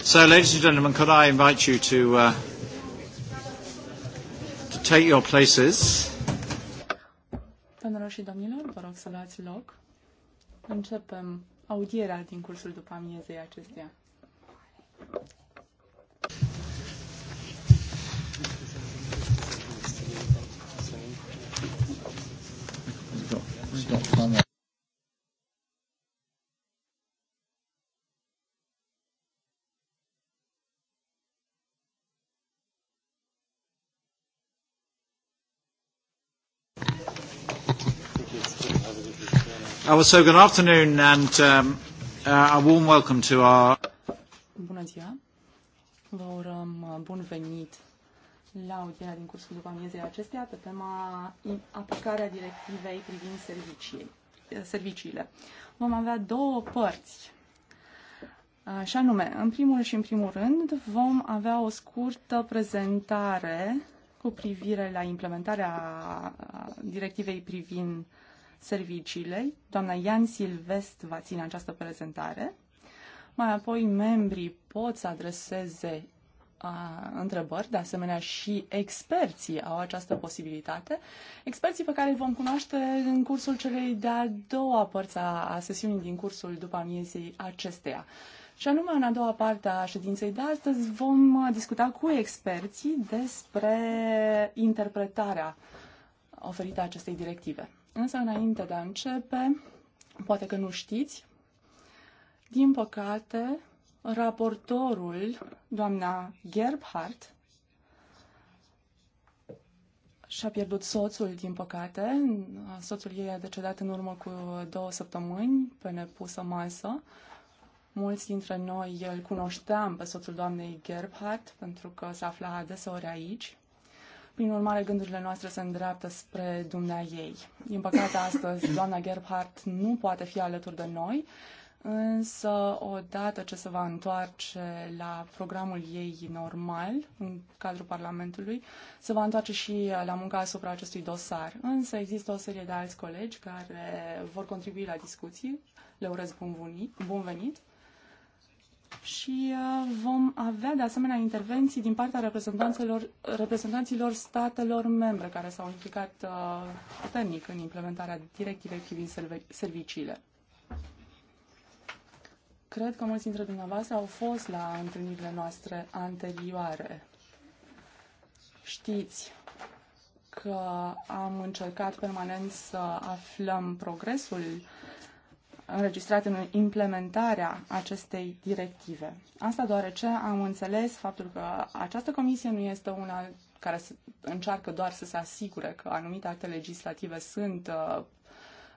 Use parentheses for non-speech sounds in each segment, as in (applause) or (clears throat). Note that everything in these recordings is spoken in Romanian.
So, ladies and gentlemen, could I invite you to, uh, to take your places? Domnilor și domnilor, vă rog să luați loc. Începem audierea din cursul după amiezei acesteia. Oh, so good afternoon and um, uh, a warm welcome to our... Bună ziua! Vă urăm uh, bun venit la audierea din cursul după amiezei acesteia pe tema aplicarea directivei privind serviciile. Vom avea două părți. Și anume, în primul și în primul rând, vom avea o scurtă prezentare cu privire la implementarea directivei privind serviciile. Doamna Ian Silvest va ține această prezentare. Mai apoi, membrii pot să adreseze întrebări, de asemenea și experții au această posibilitate, experții pe care îi vom cunoaște în cursul celei de-a doua părți a sesiunii din cursul după amiezii acesteia. Și anume, în a doua parte a ședinței de astăzi, vom discuta cu experții despre interpretarea oferită acestei directive. Însă, înainte de a începe, poate că nu știți, din păcate, Raportorul, doamna Gerbhardt, și-a pierdut soțul, din păcate. Soțul ei a decedat în urmă cu două săptămâni pe nepusă masă. Mulți dintre noi îl cunoșteam pe soțul doamnei Gerbhardt, pentru că se afla adeseori aici. Prin urmare, gândurile noastre se îndreaptă spre dumnea ei. Din păcate, astăzi, doamna Gerbhardt nu poate fi alături de noi, însă odată ce se va întoarce la programul ei normal, în cadrul Parlamentului, se va întoarce și la munca asupra acestui dosar. Însă există o serie de alți colegi care vor contribui la discuții, le urez bun venit, bun venit și uh, vom avea de asemenea intervenții din partea reprezentanților, reprezentanților statelor membre care s-au implicat uh, puternic în implementarea directivei privind serviciile. Cred că mulți dintre dumneavoastră au fost la întâlnirile noastre anterioare. Știți că am încercat permanent să aflăm progresul înregistrat în implementarea acestei directive. Asta deoarece am înțeles faptul că această comisie nu este una care încearcă doar să se asigure că anumite acte legislative sunt uh,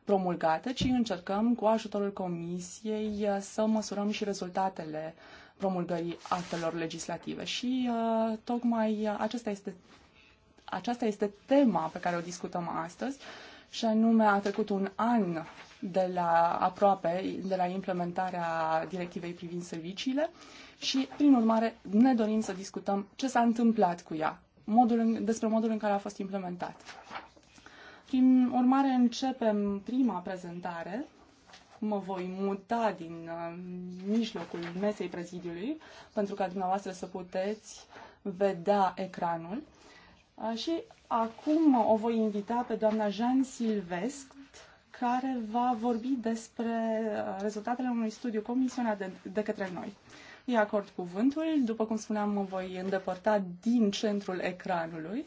promulgate, ci încercăm cu ajutorul Comisiei uh, să măsurăm și rezultatele promulgării actelor legislative. Și uh, tocmai uh, aceasta este, aceasta este tema pe care o discutăm astăzi, și anume a trecut un an de la aproape, de la implementarea directivei privind serviciile și, prin urmare, ne dorim să discutăm ce s-a întâmplat cu ea, modul în, despre modul în care a fost implementat. Prin urmare, începem prima prezentare. Mă voi muta din uh, mijlocul mesei prezidiului pentru ca dumneavoastră să puteți vedea ecranul. Uh, și acum o voi invita pe doamna Jean Silvest, care va vorbi despre uh, rezultatele unui studiu comisionat de, de către noi. Îi acord cuvântul, după cum spuneam, mă voi îndepărta din centrul ecranului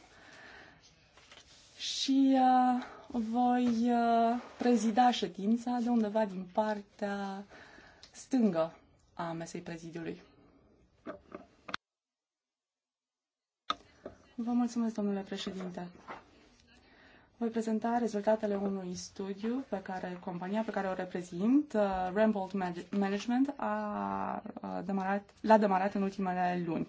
și uh, voi uh, prezida ședința de undeva din partea stângă a mesei prezidiului. Vă mulțumesc, domnule președinte. Voi prezenta rezultatele unui studiu pe care compania pe care o reprezint, uh, Rambold Management, a uh, demarat, l-a demarat în ultimele luni.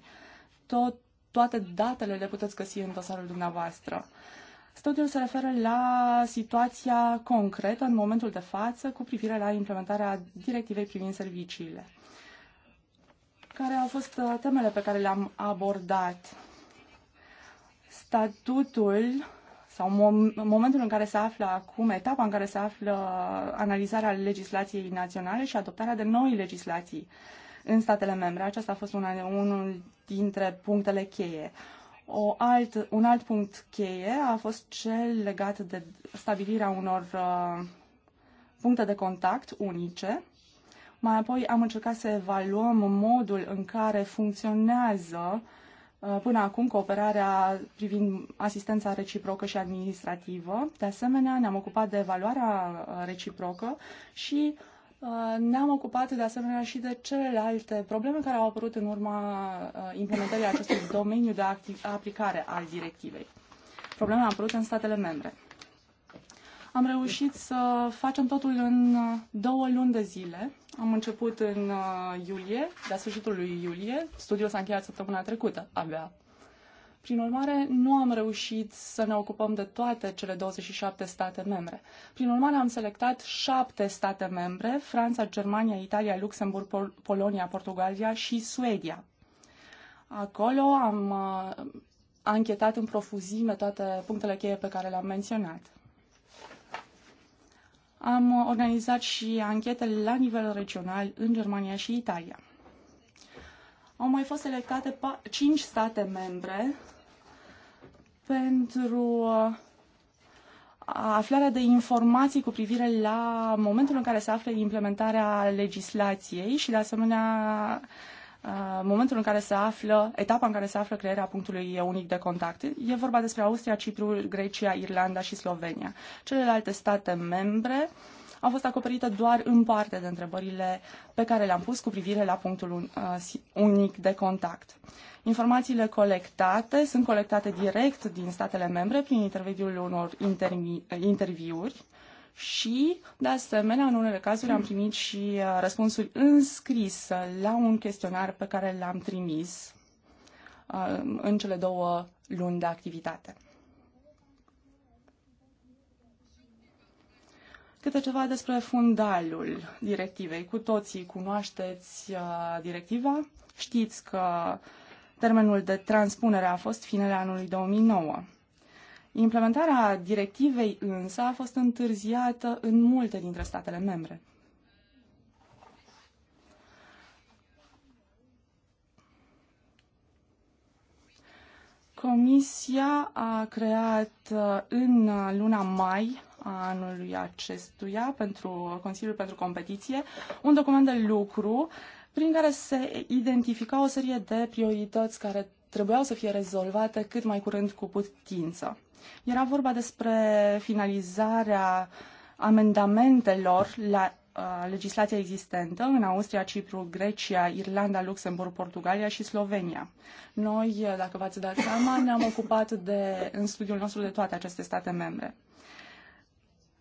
Tot, toate datele le puteți găsi în dosarul dumneavoastră. Uh, Studiul se referă la situația concretă în momentul de față cu privire la implementarea directivei privind serviciile. Care au fost uh, temele pe care le-am abordat? Statutul sau mom- momentul în care se află acum, etapa în care se află analizarea legislației naționale și adoptarea de noi legislații în statele membre. Aceasta a fost una, unul dintre punctele cheie. Uh, o alt, un alt punct cheie a fost cel legat de stabilirea unor uh, puncte de contact unice. Mai apoi am încercat să evaluăm modul în care funcționează uh, până acum cooperarea privind asistența reciprocă și administrativă. De asemenea, ne-am ocupat de evaluarea uh, reciprocă și Uh, ne-am ocupat de asemenea și de celelalte probleme care au apărut în urma uh, implementării acestui domeniu de aplicare al directivei. Problemele au apărut în statele membre. Am reușit să facem totul în uh, două luni de zile. Am început în iulie, de-a sfârșitul lui iulie. Studiul s-a încheiat săptămâna trecută, abia prin urmare, nu am reușit să ne ocupăm de toate cele 27 state membre. Prin urmare, am selectat șapte state membre, Franța, Germania, Italia, Luxemburg, Pol- Polonia, Portugalia și Suedia. Acolo am uh, anchetat în profuzime toate punctele cheie pe care le-am menționat. Am organizat și anchete la nivel regional în Germania și Italia. Au mai fost selectate 5 state membre pentru uh, aflarea de informații cu privire la momentul în care se află implementarea legislației și, de asemenea, uh, momentul în care se află, etapa în care se află crearea punctului unic de contact. E vorba despre Austria, Cipru, Grecia, Irlanda și Slovenia. Celelalte state membre uh, am fost acoperită doar în parte de întrebările pe care le-am pus cu privire la punctul uh, unic de contact. Informațiile colectate sunt colectate direct din statele membre prin intermediul unor uh, interviuri și, de asemenea, în unele cazuri am primit și uh, răspunsuri înscris la un chestionar pe care l-am trimis în cele două luni de activitate. Câte ceva despre fundalul directivei. Cu toții cunoașteți uh, directiva. Știți că termenul de transpunere a fost finele anului 2009. Implementarea directivei însă a fost întârziată în multe dintre statele membre. Comisia a creat uh, în luna mai anului acestuia pentru Consiliul pentru Competiție un document de lucru prin care se identifica o serie de priorități care trebuiau să fie rezolvate cât mai curând cu putință. Era vorba despre finalizarea amendamentelor la uh, legislația existentă în Austria, Cipru, Grecia, Irlanda, Luxemburg, Portugalia și Slovenia. Noi, uh, dacă v-ați dat seama, ne-am ocupat de, în studiul nostru de toate aceste state membre.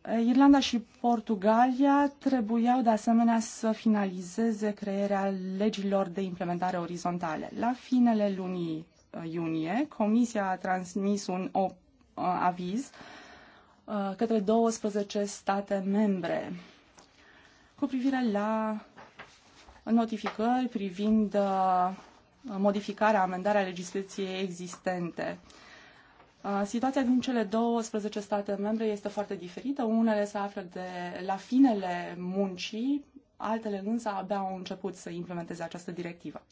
Eh, Irlanda și Portugalia trebuiau de asemenea să finalizeze crearea legilor de implementare orizontale. La finele lunii eh, iunie, Comisia a transmis un eh, aviz către 12 state membre cu privire la notificări privind modificarea, amendarea legislației existente. Uh, Situația din cele 12 state membre este foarte diferită. Unele se află de la finele muncii, altele însă abia au început să implementeze această directivă.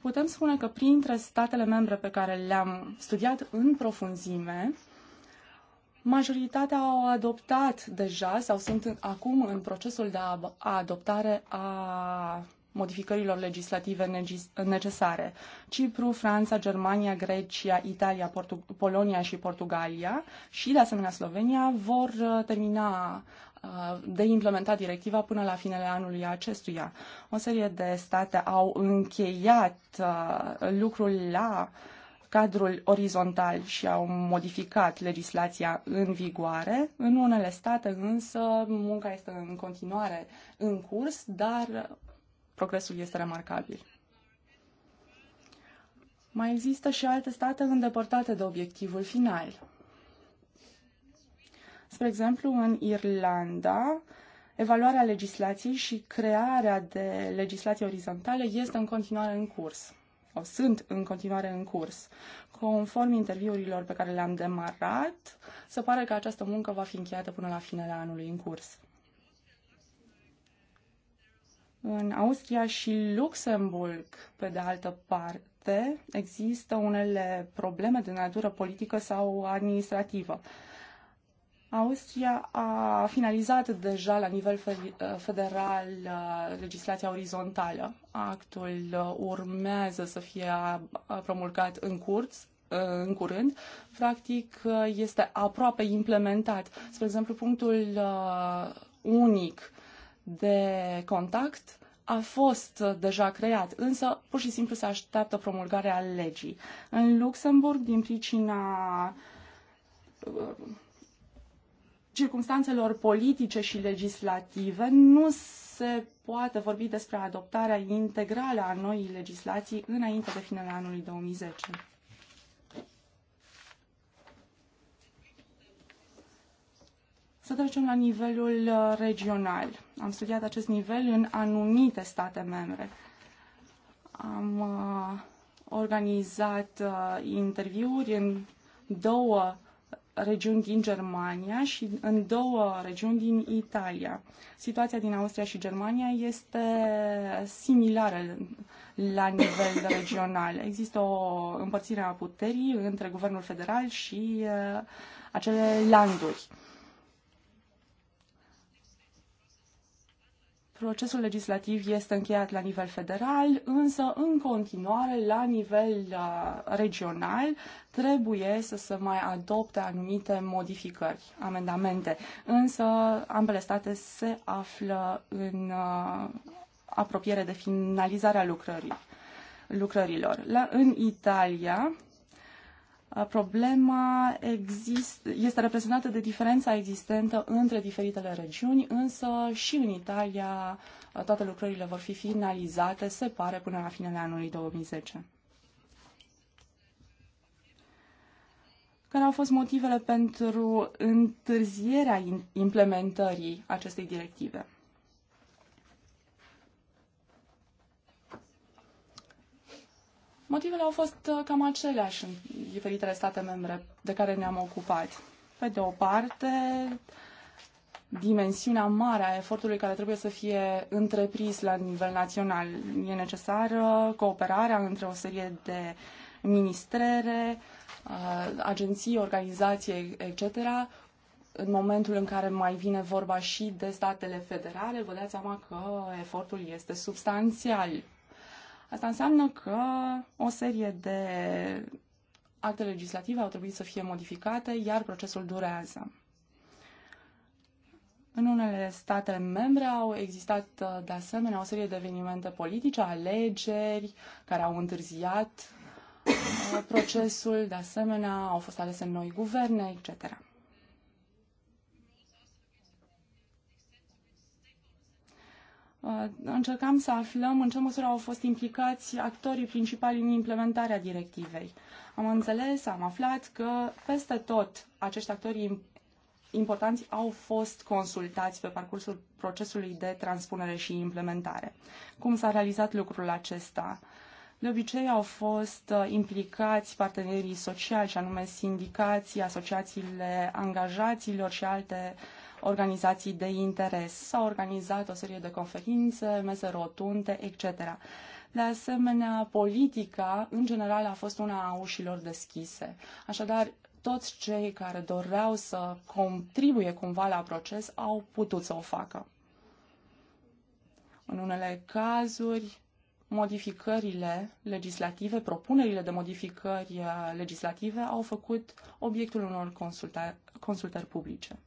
Putem spune că printre statele membre pe care le-am studiat în profunzime, majoritatea au adoptat deja sau sunt acum în procesul de adoptare a modificărilor legislative necesare. Cipru, Franța, Germania, Grecia, Italia, Portu- Polonia și Portugalia și, de asemenea, Slovenia vor uh, termina uh, de implementat directiva până la finele anului acestuia. O serie de state au încheiat uh, lucrul la cadrul orizontal și au modificat legislația în vigoare. În unele state însă munca este în continuare în curs, dar progresul este remarcabil. Mai există și alte state îndepărtate de obiectivul final. Spre exemplu, în Irlanda, evaluarea legislației și crearea de legislație orizontale este în continuare în curs O, sunt în continuare în curs. Conform interviurilor pe care le-am demarat, se pare că această muncă va fi încheiată până la finele anului în curs. În Austria și Luxemburg, pe de altă parte, există unele probleme de natură politică sau administrativă. Austria a finalizat deja la nivel federal uh, legislația orizontală. Actul uh, urmează să fie uh, promulgat în curs, în curând, practic este aproape implementat. Spre exemplu, punctul unic de contact a fost deja creat, însă pur și simplu se așteaptă promulgarea legii. În Luxemburg, din pricina uh, circumstanțelor politice și legislative, nu se poate vorbi despre adoptarea integrală a noii legislații înainte de finele anului 2010. Să trecem la nivelul uh, regional. Am studiat acest nivel în anumite state membre. Am uh, organizat uh, interviuri în două regiuni din Germania și în două regiuni din Italia. Situația din Austria și Germania este similară la nivel regional. Există o împărțire a puterii între guvernul federal și uh, acele landuri. Procesul legislativ este încheiat la nivel federal, însă în continuare, la nivel uh, regional, trebuie să se mai adopte anumite modificări, amendamente. Însă ambele state se află în uh, apropiere de finalizarea lucrării, lucrărilor. La, în Italia, Problema exist, este reprezentată de diferența existentă între diferitele regiuni, însă și în Italia toate lucrările vor fi finalizate, se pare, până la finele anului 2010. Care au fost motivele pentru întârzierea implementării acestei directive? Motivele au fost uh, cam aceleași în diferitele state membre de care ne-am ocupat. Pe de o parte, dimensiunea mare a efortului care trebuie să fie întreprins la nivel național. E necesară cooperarea între o serie de ministere, uh, agenții, organizații, etc., în momentul în care mai vine vorba și de statele federale, vă dați seama că efortul este substanțial. Asta înseamnă că o serie de acte legislative au trebuit să fie modificate, iar procesul durează. În unele state membre au existat uh, de asemenea o serie de evenimente politice, alegeri care au întârziat uh, procesul, de asemenea au fost alese noi guverne, etc. Uh, încercam să aflăm în ce măsură au fost implicați actorii principali în implementarea directivei. Am înțeles, am aflat că peste tot acești actori importanți au fost consultați pe parcursul procesului de transpunere și implementare. Cum s-a realizat lucrul acesta? De obicei au fost uh, implicați partenerii sociali, și anume sindicații, asociațiile angajaților și alte uh, organizații de interes. S-au organizat o serie de conferințe, mese rotunde, etc. De asemenea, politica, în general, a fost una a ușilor deschise. Așadar, toți cei care doreau să contribuie cumva la proces au putut să o facă. În unele cazuri, modificările legislative, propunerile de modificări uh, legislative au făcut obiectul unor consulta- consultări publice.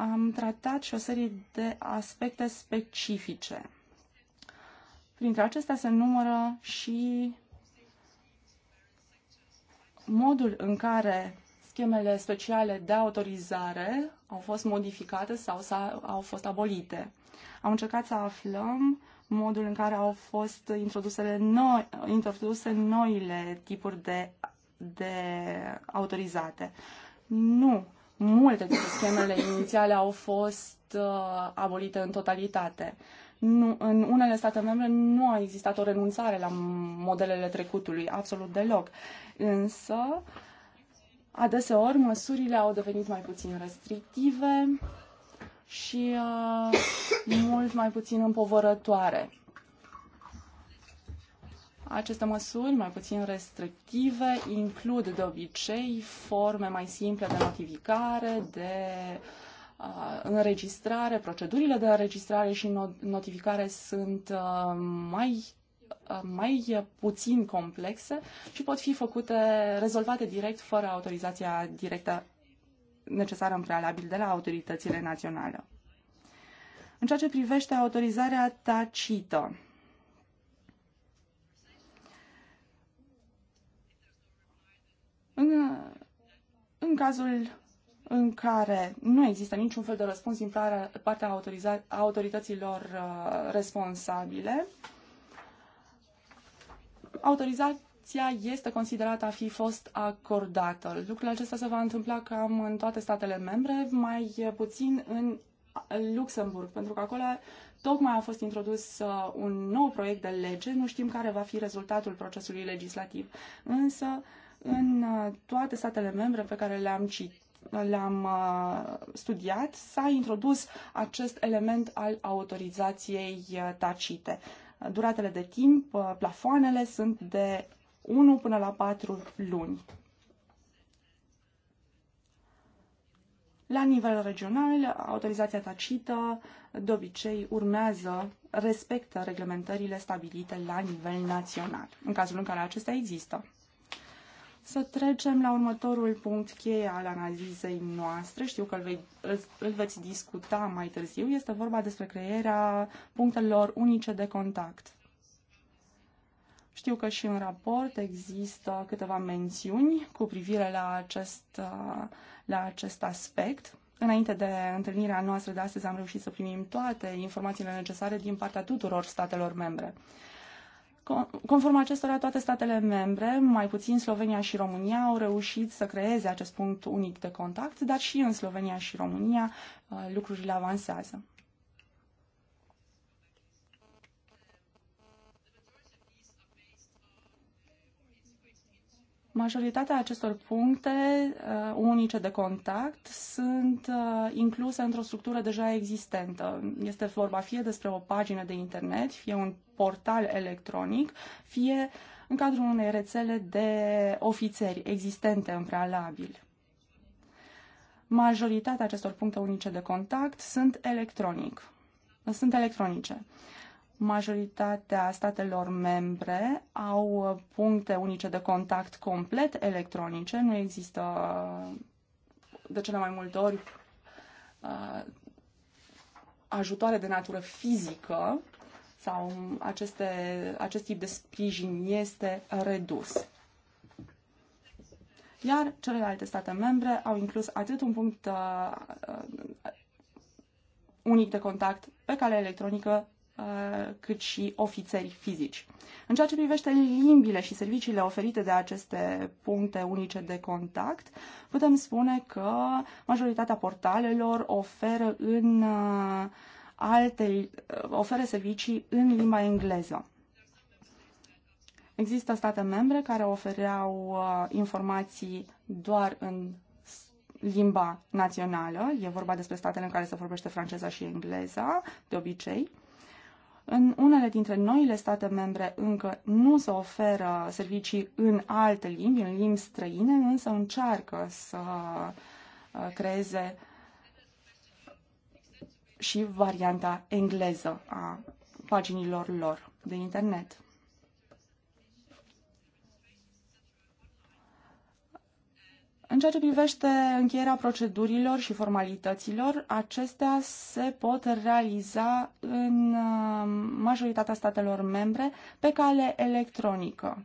am tratat și o serie de aspecte specifice. Printre acestea se numără și modul în care schemele speciale de autorizare au fost modificate sau au fost abolite. Am încercat să aflăm modul în care au fost introduse, noi, introduse noile tipuri de, de autorizate. Nu Multe dintre schemele inițiale au fost uh, abolite în totalitate. Nu, în unele state membre nu a existat o renunțare la modelele trecutului, absolut deloc. Însă, adeseori, măsurile au devenit mai puțin restrictive și uh, mult mai puțin împovărătoare. Aceste măsuri, mai puțin restrictive, includ de obicei forme mai simple de notificare, de uh, înregistrare, procedurile de înregistrare și notificare sunt uh, mai uh, mai puțin complexe și pot fi făcute, rezolvate direct fără autorizația directă necesară în prealabil de la autoritățile naționale. În ceea ce privește autorizarea tacită, cazul în care nu există niciun fel de răspuns din partea autorităților uh, responsabile, autorizația este considerată a fi fost acordată. Lucrul acesta se va întâmpla cam în toate statele membre, mai puțin în Luxemburg, pentru că acolo tocmai a fost introdus uh, un nou proiect de lege, nu știm care va fi rezultatul procesului legislativ. Însă, în uh, toate statele membre pe care le-am citit, le-am uh, studiat, s-a introdus acest element al autorizației uh, tacite. Duratele de timp, plafoanele sunt de 1 până la 4 luni. La nivel regional, autorizația tacită de obicei urmează, respectă reglementările stabilite la nivel național, în cazul în care acestea există. Să trecem la următorul punct cheie al analizei noastre. Știu că îl, vei, îl, îl veți discuta mai târziu. Este vorba despre crearea punctelor unice de contact. Știu că și în raport există câteva mențiuni cu privire la acest, la acest aspect. Înainte de întâlnirea noastră de astăzi am reușit să primim toate informațiile necesare din partea tuturor statelor membre. Conform acestora, toate statele membre, mai puțin Slovenia și România, au reușit să creeze acest punct unic de contact, dar și în Slovenia și România uh, lucrurile avansează. Majoritatea acestor puncte uh, unice de contact sunt uh, incluse într-o structură deja existentă. Este vorba fie despre o pagină de internet, fie un portal electronic, fie în cadrul unei rețele de ofițeri existente în prealabil. Majoritatea acestor puncte unice de contact sunt electronic. Sunt electronice majoritatea statelor membre au puncte unice de contact complet electronice, nu există de cele mai multe ori uh, ajutoare de natură fizică sau aceste, acest tip de sprijin este redus. Iar celelalte state membre au inclus atât un punct uh, uh, unic de contact pe cale electronică, Uh, cât și ofițeri fizici. În ceea ce privește limbile și serviciile oferite de aceste puncte unice de contact, putem spune că majoritatea portalelor oferă în uh, alte, uh, oferă servicii în limba engleză. Există state membre care ofereau informații doar în limba națională, e vorba despre statele în care se vorbește franceza și engleza, de obicei, în unele dintre noile state membre încă nu se oferă servicii în alte limbi, în limbi străine, însă încearcă să uh, creeze și varianta engleză a paginilor lor de internet. În ceea ce privește încheierea procedurilor și formalităților, acestea se pot realiza în uh, majoritatea statelor membre pe cale electronică.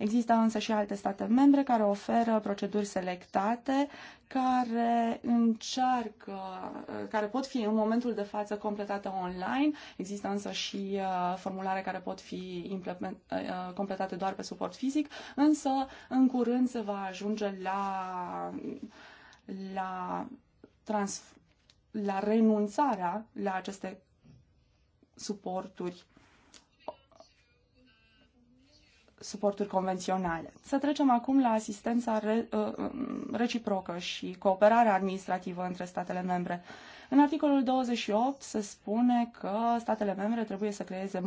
Există însă și alte state membre care oferă proceduri selectate care încearcă, care pot fi în momentul de față completate online. Există însă și uh, formulare care pot fi uh, uh, completate doar pe suport fizic, însă în curând se va ajunge la, la, trans, la renunțarea la aceste suporturi suporturi convenționale. Să trecem acum la asistența re, uh, um, reciprocă și cooperarea administrativă între statele membre. În articolul 28 se spune că statele membre trebuie să creeze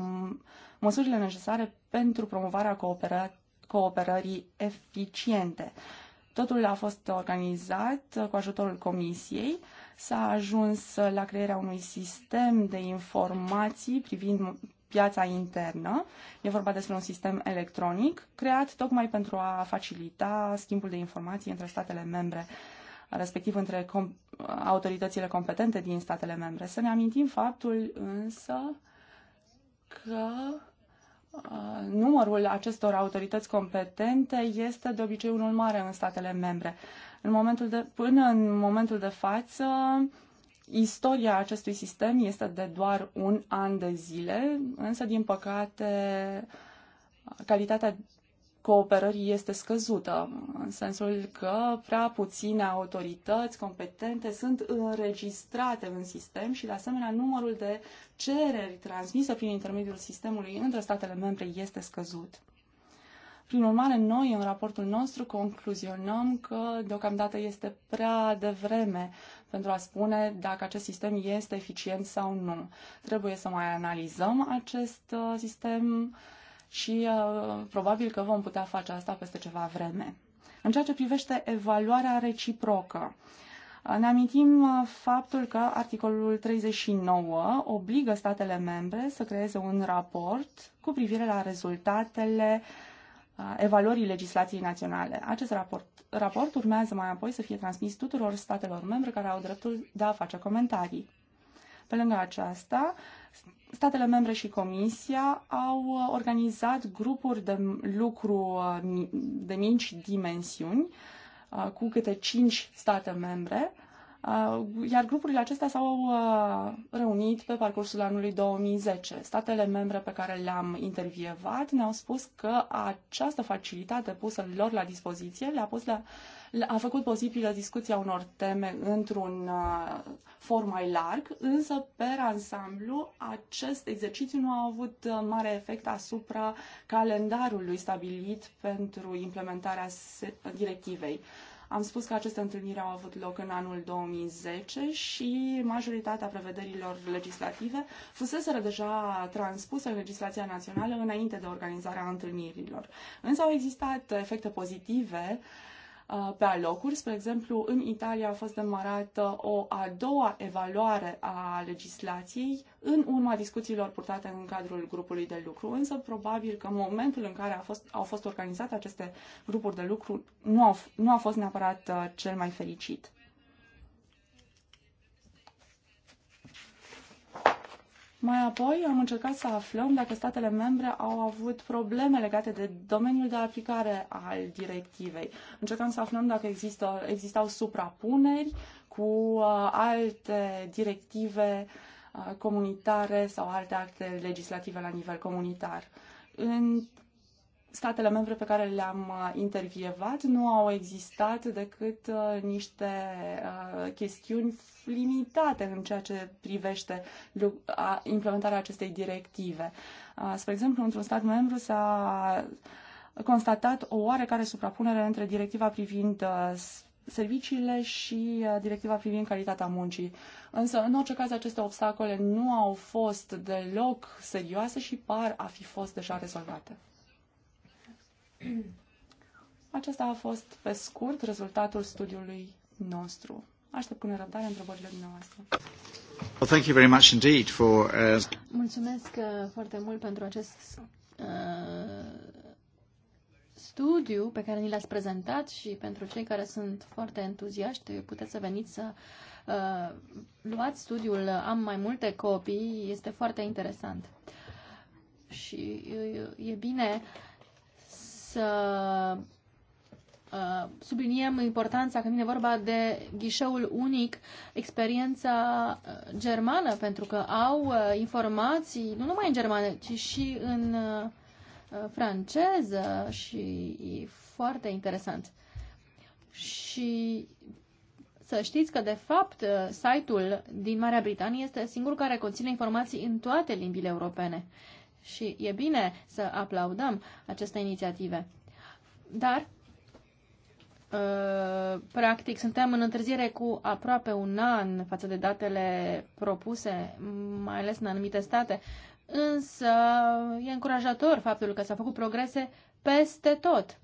măsurile necesare pentru promovarea cooperă, cooperării eficiente. Totul a fost organizat cu ajutorul Comisiei. S-a ajuns la crearea unui sistem de informații privind piața internă. E vorba despre un sistem electronic creat tocmai pentru a facilita schimbul de informații între statele membre respectiv între com- autoritățile competente din statele membre. Să ne amintim faptul însă că uh, numărul acestor autorități competente este de obicei unul mare în statele membre. În momentul de, până în momentul de față, Istoria acestui sistem este de doar un an de zile, însă, din păcate, calitatea cooperării este scăzută, în sensul că prea puține autorități competente sunt înregistrate în sistem și, de asemenea, numărul de cereri transmise prin intermediul sistemului între statele membre este scăzut. Prin urmare, noi, în raportul nostru, concluzionăm că deocamdată este prea devreme pentru a spune dacă acest sistem este eficient sau nu. Trebuie să mai analizăm acest uh, sistem și uh, probabil că vom putea face asta peste ceva vreme. În ceea ce privește evaluarea reciprocă, uh, ne amintim faptul că articolul 39 obligă statele membre să creeze un raport cu privire la rezultatele evaluării legislației naționale. Acest raport raport urmează mai apoi să fie transmis tuturor statelor membre care au dreptul de a face comentarii. Pe lângă aceasta, statele membre și Comisia au organizat grupuri de lucru de mici dimensiuni uh, cu câte cinci state membre Uh, iar grupurile acestea s-au uh, reunit pe parcursul anului 2010. Statele membre pe care le-am intervievat ne-au spus că această facilitate pusă lor la dispoziție le-a pus la, a făcut posibilă discuția unor teme într-un uh, form mai larg, însă, pe ansamblu, acest exercițiu nu a avut mare efect asupra calendarului stabilit pentru implementarea directivei. Am spus că aceste întâlniri au avut loc în anul 2010 și majoritatea prevederilor legislative fuseseră deja transpuse în legislația națională înainte de organizarea întâlnirilor. Însă au existat efecte pozitive uh, Uh, pe alocuri. Spre exemplu, în Italia a fost demarată o a doua evaluare a legislației în urma discuțiilor purtate în cadrul grupului de lucru, însă probabil că momentul în care a fost, au fost organizate aceste grupuri de lucru nu, au, nu a fost neapărat uh, cel mai fericit. Mai apoi am încercat să aflăm dacă statele membre au avut probleme legate de domeniul de aplicare al directivei. Încercam să aflăm dacă există, existau suprapuneri cu uh, alte directive uh, comunitare sau alte acte legislative la nivel comunitar. În statele membre pe care le-am uh, intervievat nu au existat decât uh, niște uh, chestiuni limitate în ceea ce privește implementarea acestei directive. Spre exemplu, într-un stat membru s-a constatat o oarecare suprapunere între directiva privind serviciile și directiva privind calitatea muncii. Însă, în orice caz, aceste obstacole nu au fost deloc serioase și par a fi fost deja rezolvate. (clears throat) Acesta a fost, pe scurt, rezultatul studiului nostru. Aștept cu nerăbdare întrebările dumneavoastră. Well, thank you very much indeed for, uh... Mulțumesc uh, foarte mult pentru acest uh, studiu pe care ni l-ați prezentat și pentru cei care sunt foarte entuziaști, puteți să veniți să uh, luați studiul. Am mai multe copii, este foarte interesant. Și e, uh, e bine uh, să uh, subliniem importanța când vine vorba de ghișeul unic, experiența uh, germană, pentru că au uh, informații nu numai în germană, ci și în franceză și e foarte interesant. Și să știți că, de fapt, site-ul din Marea Britanie este singurul care conține informații în toate limbile europene și e bine să aplaudăm aceste inițiative. Dar, ă, practic, suntem în întârziere cu aproape un an față de datele propuse, mai ales în anumite state, însă e încurajator faptul că s-au făcut progrese peste tot.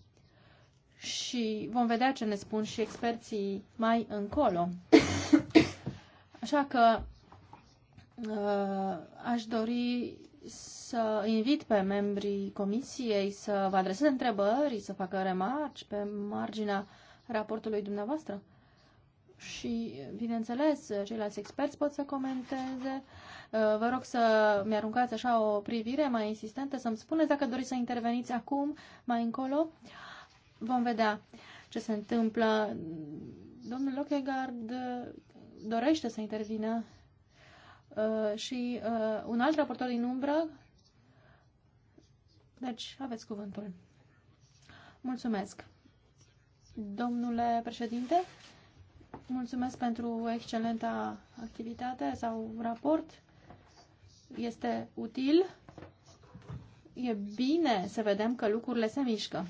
Și vom vedea ce ne spun și experții mai încolo. (coughs) Așa că ă, aș dori să invit pe membrii comisiei să vă adreseze întrebări, să facă remarci pe marginea raportului dumneavoastră. Și, bineînțeles, ceilalți experți pot să comenteze. Uh, vă rog să mi-aruncați așa o privire mai insistentă, să-mi spuneți dacă doriți să interveniți acum, mai încolo. Vom vedea ce se întâmplă. Domnul Lockegaard uh, dorește să intervină. Uh, și uh, un alt raportor din umbră. Deci, aveți cuvântul. Mulțumesc. Domnule președinte, mulțumesc pentru excelenta activitate sau raport. Este util. E bine să vedem că lucrurile se mișcă.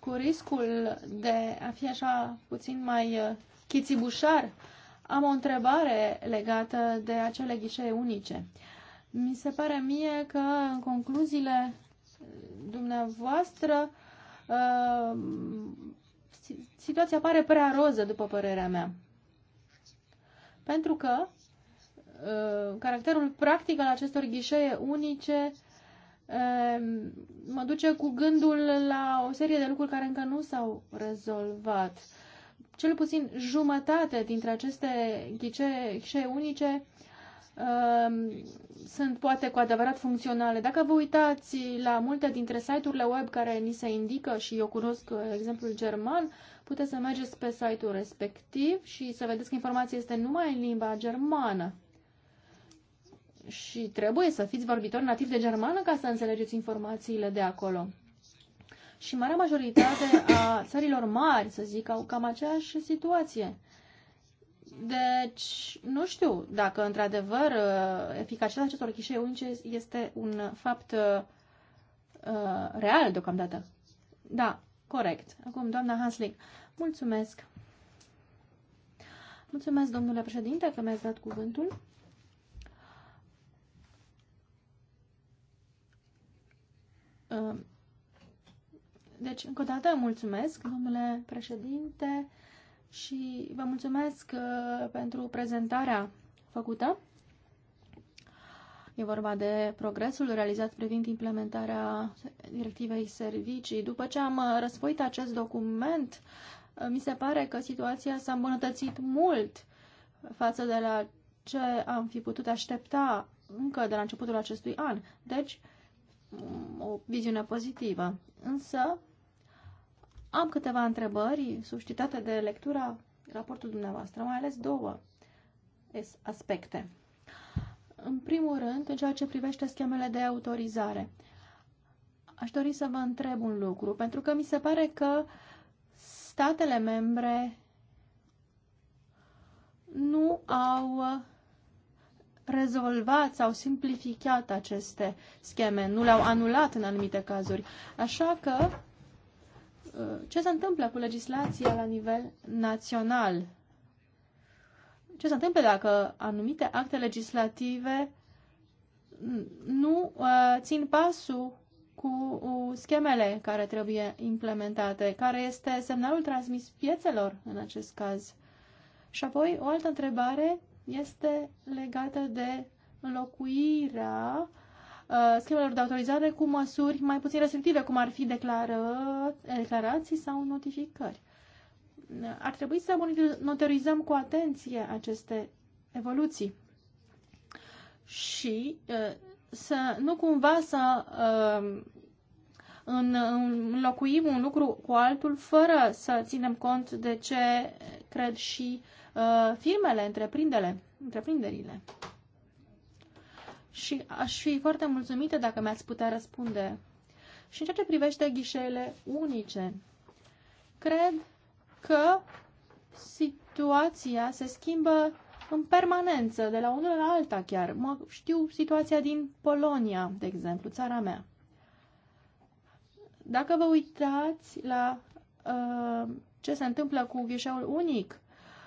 Cu riscul de a fi așa puțin mai uh, chițibușar, am o întrebare legată de acele ghișee unice. Mi se pare mie că în concluziile dumneavoastră uh, situația pare prea roză, după părerea mea. Pentru că uh, caracterul practic al acestor ghișee unice uh, mă duce cu gândul la o serie de lucruri care încă nu s-au rezolvat. Cel puțin jumătate dintre aceste ghișe unice um, sunt poate cu adevărat funcționale. Dacă vă uitați la multe dintre site-urile web care ni se indică și eu cunosc uh, exemplul german, puteți să mergeți pe site-ul respectiv și să vedeți că informația este numai în limba germană. Și trebuie să fiți vorbitori nativ de germană ca să înțelegeți informațiile de acolo și marea majoritate a țărilor mari, să zic, au cam aceeași situație. Deci, nu știu dacă, într-adevăr, uh, eficacitatea acestor ghișee unice este un fapt uh, uh, real deocamdată. Da, corect. Acum, doamna Hanslick, mulțumesc. Mulțumesc, domnule președinte, că mi-ați dat cuvântul. Uh, deci, încă o dată, mulțumesc, domnule președinte, și vă mulțumesc uh, pentru prezentarea făcută. E vorba de progresul realizat privind implementarea directivei servicii. După ce am uh, răsfoit acest document, uh, mi se pare că situația s-a îmbunătățit mult față de la ce am fi putut aștepta încă de la începutul acestui an. Deci, mm, o viziune pozitivă. Însă, am câteva întrebări suscitate de lectura raportul dumneavoastră, mai ales două aspecte. În primul rând, în ceea ce privește schemele de autorizare, aș dori să vă întreb un lucru, pentru că mi se pare că statele membre nu au rezolvat sau simplificat aceste scheme, nu le-au anulat în anumite cazuri. Așa că Uh, ce se întâmplă cu legislația la nivel național? Ce se întâmplă dacă anumite acte legislative nu uh, țin pasul cu uh, schemele care trebuie implementate? Care este semnalul transmis piețelor în acest caz? Și apoi, o altă întrebare este legată de înlocuirea uh, Uh, schemelor de autorizare cu măsuri mai puțin restrictive, cum ar fi declară, declarații sau notificări. Uh, ar trebui să monitorizăm cu atenție aceste evoluții și uh, să nu cumva să înlocuim un lucru cu altul fără să ținem cont de ce cred și firmele, întreprinderile și aș fi foarte mulțumită dacă mi-ați putea răspunde. Și în ceea ce privește ghișeele unice, cred că situația se schimbă în permanență, de la unul la alta chiar. Mă știu situația din Polonia, de exemplu, țara mea. Dacă vă uitați la uh, ce se întâmplă cu ghișeul unic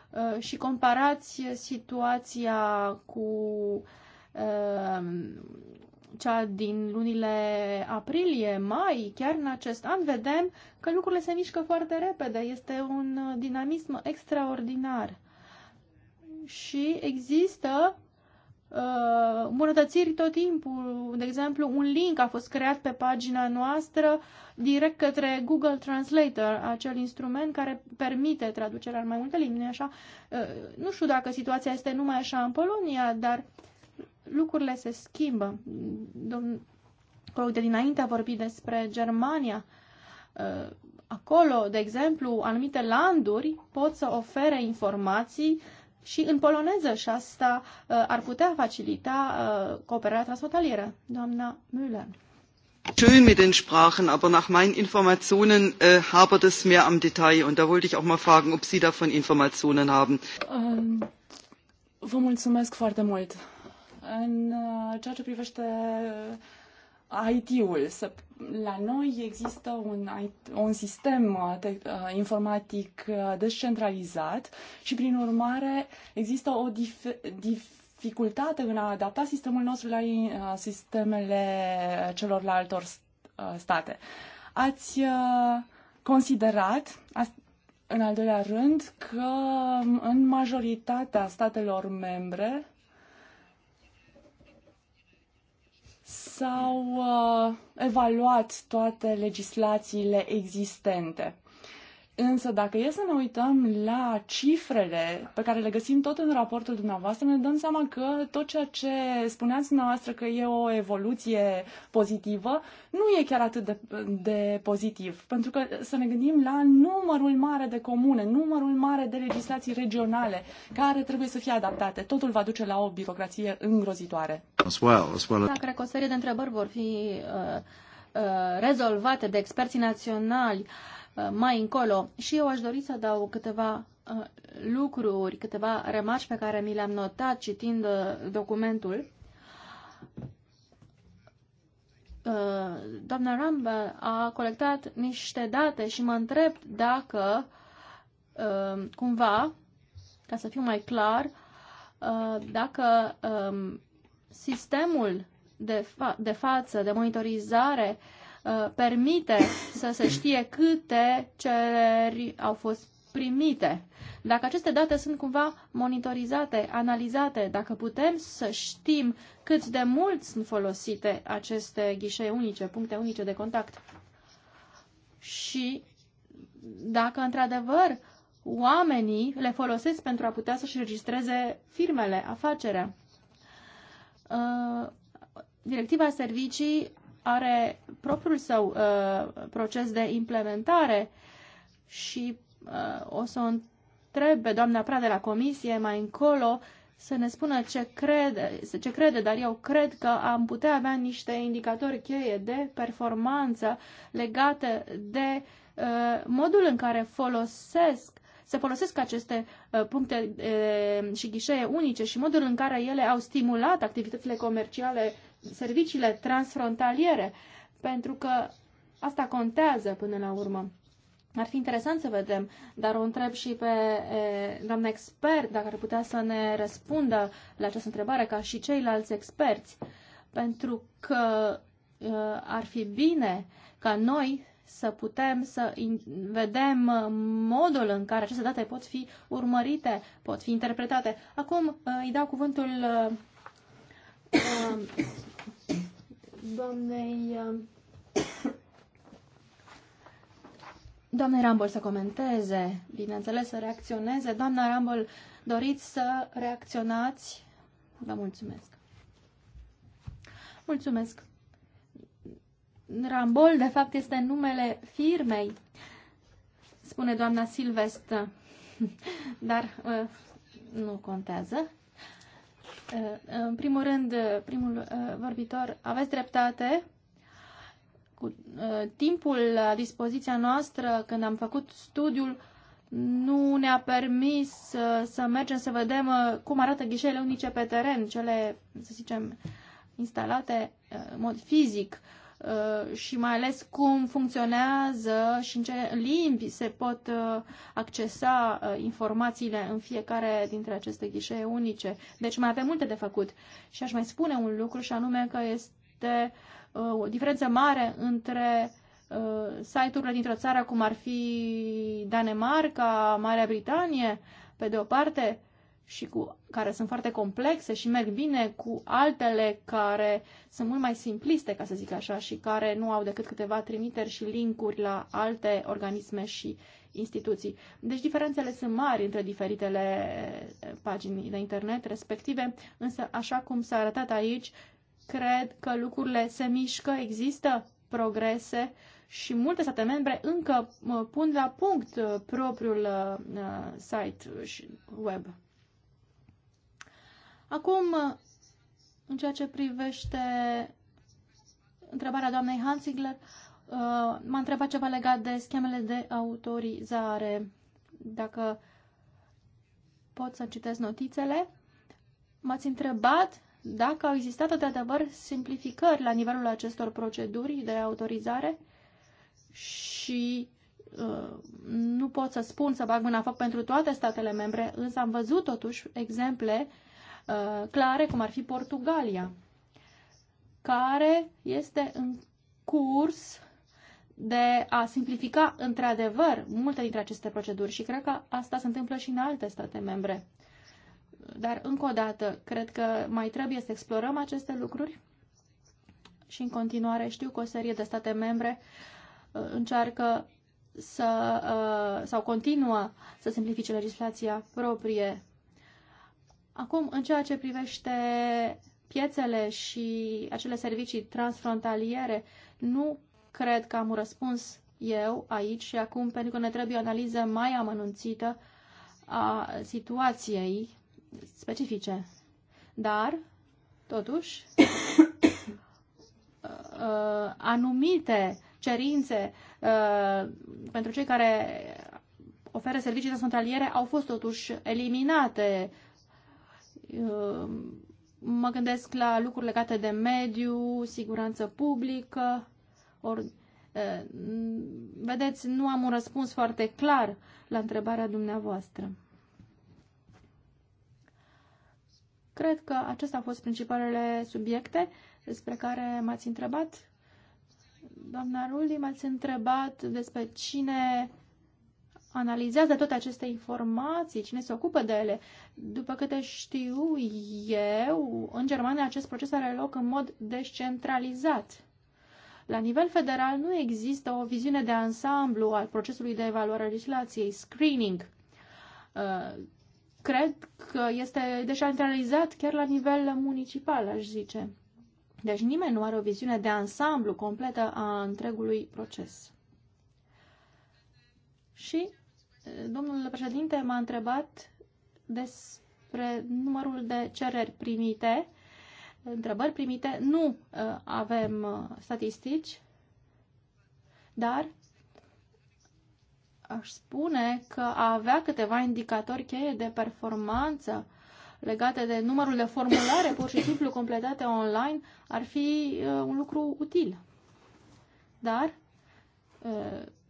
uh, și comparați situația cu uh, Ehm, cea din lunile aprilie, mai, chiar în acest an, vedem că lucrurile se mișcă foarte repede. Este un uh, dinamism extraordinar. Și există uh, tot timpul. De exemplu, un link a fost creat pe pagina noastră direct către Google Translator, acel instrument care permite traducerea în mai multe limbi. Așa, uh, nu știu dacă situația este numai așa în Polonia, dar uh, lucrurile se schimbă. Domnul de dinainte a vorbit despre Germania. Uh, acolo, de exemplu, anumite landuri pot să ofere informații și în poloneză și asta uh, ar putea facilita uh, cooperarea transfrontalieră. Doamna Müller. Schön mit den Sprachen, aber nach meinen Informationen äh, hapert es mehr am Detail. Und da wollte ich auch mal fragen, ob Sie davon Informationen haben. Ähm, vă mulțumesc foarte mult. În uh, ceea ce privește uh, IT-ul, la noi există un, un sistem uh, informatic descentralizat și, prin urmare, există o dif- dif- dificultate în a adapta sistemul nostru la sistemele celorlalte state. Ați considerat, în al doilea rând, că um, în majoritatea statelor membre s-au uh, evaluat toate legislațiile existente. Însă, dacă e să ne uităm la cifrele pe care le găsim tot în raportul dumneavoastră, ne dăm seama că tot ceea ce spuneați dumneavoastră că e o evoluție pozitivă, nu e chiar atât de, de pozitiv. Pentru că să ne gândim la numărul mare de comune, numărul mare de legislații regionale care trebuie să fie adaptate. Totul va duce la o birocrație îngrozitoare. As well, as well. Da, cred că o serie de întrebări vor fi uh, uh, rezolvate de experții naționali. Uh, Uh, mai încolo. Și eu aș dori să dau câteva uh, lucruri, câteva remarci pe care mi le-am notat citind uh, documentul. Doamna Rambel a colectat niște date și mă întreb dacă cumva, ca să fiu mai clar, dacă um, sistemul de, fa- de față, de monitorizare uh, Uh, permite să se știe câte cereri au fost primite. Dacă aceste date sunt cumva monitorizate, analizate, dacă putem să știm cât de mult sunt folosite aceste ghișe unice, puncte unice de contact. Și dacă într-adevăr oamenii le folosesc pentru a putea să-și registreze firmele, afacerea. Uh, directiva servicii are propriul său uh, proces de implementare și uh, o să o întreb pe doamna Pra de la comisie mai încolo să ne spună ce crede, ce crede, dar eu cred că am putea avea niște indicatori cheie de performanță legate de uh, modul în care folosesc se folosesc aceste uh, puncte uh, și ghișee unice și modul în care ele au stimulat activitățile comerciale serviciile transfrontaliere, pentru că asta contează până la urmă. Ar fi interesant să vedem, dar o întreb și pe e, doamna expert dacă ar putea să ne răspundă la această întrebare ca și ceilalți experți, pentru că e, ar fi bine ca noi să putem să vedem modul în care aceste date pot fi urmărite, pot fi interpretate. Acum îi dau cuvântul doamnei uh, doamnei Rambol să comenteze, bineînțeles să reacționeze. Doamna Rambol, doriți să reacționați? Vă mulțumesc. Mulțumesc. Rambol, de fapt, este numele firmei, spune doamna Silvest, (laughs) dar uh, nu contează. Uh, în primul rând, uh, primul uh, vorbitor, aveți dreptate. Cu timpul la dispoziția noastră, când am făcut studiul, nu ne-a permis să, mergem să vedem cum arată ghișele unice pe teren, cele, să zicem, instalate în mod fizic. Uh, și mai ales cum funcționează și în ce limbi se pot uh, accesa uh, informațiile în fiecare dintre aceste ghișee unice. Deci mai avem multe de făcut. Și aș mai spune un lucru și anume că este o diferență mare între site-urile dintr-o țară cum ar fi Danemarca, Marea Britanie, pe de o parte, și cu, care sunt foarte complexe și merg bine cu altele care sunt mult mai simpliste, ca să zic așa, și care nu au decât câteva trimiteri și linkuri la alte organisme și instituții. Deci diferențele sunt mari între diferitele eh, pagini de internet respective, însă așa cum s-a arătat aici, cred că lucrurile se mișcă, există progrese și multe state membre încă pun la punct eh, propriul eh, site web. Acum, în ceea ce privește întrebarea doamnei Hansigler, uh, m-a întrebat ceva legat de schemele de autorizare. Dacă pot să citesc notițele, m-ați întrebat dacă au existat de adevăr simplificări la nivelul acestor proceduri de autorizare și uh, nu pot să spun să bag mâna foc pentru toate statele membre, însă am văzut totuși exemple Uh, clare, cum ar fi Portugalia, care este în curs de a simplifica într-adevăr multe dintre aceste proceduri și cred că asta se întâmplă și în alte state membre. Dar, încă o dată, cred că mai trebuie să explorăm aceste lucruri și, în continuare, știu că o serie de state membre uh, încearcă să, uh, sau continuă să simplifice legislația proprie Acum, în ceea ce privește piețele și acele servicii transfrontaliere, nu cred că am un răspuns eu aici și acum, pentru că ne trebuie o analiză mai amănunțită a situației specifice. Dar, totuși, uh, anumite cerințe uh, pentru cei care oferă servicii transfrontaliere au fost totuși eliminate Mă gândesc la lucruri legate de mediu, siguranță publică. Or, vedeți, nu am un răspuns foarte clar la întrebarea dumneavoastră. Cred că acestea au fost principalele subiecte despre care m-ați întrebat. Doamna Rulli, m-ați întrebat despre cine analizează toate aceste informații, cine se ocupă de ele. După câte știu eu, în Germania acest proces are loc în mod descentralizat. La nivel federal nu există o viziune de ansamblu al procesului de evaluare a legislației, screening. Uh, cred că este descentralizat chiar la nivel municipal, aș zice. Deci nimeni nu are o viziune de ansamblu completă a întregului proces. Și Domnul președinte m-a întrebat despre numărul de cereri primite, întrebări primite. Nu uh, avem uh, statistici, dar aș spune că a avea câteva indicatori cheie de performanță legate de numărul de formulare pur și simplu completate online ar fi uh, un lucru util. Dar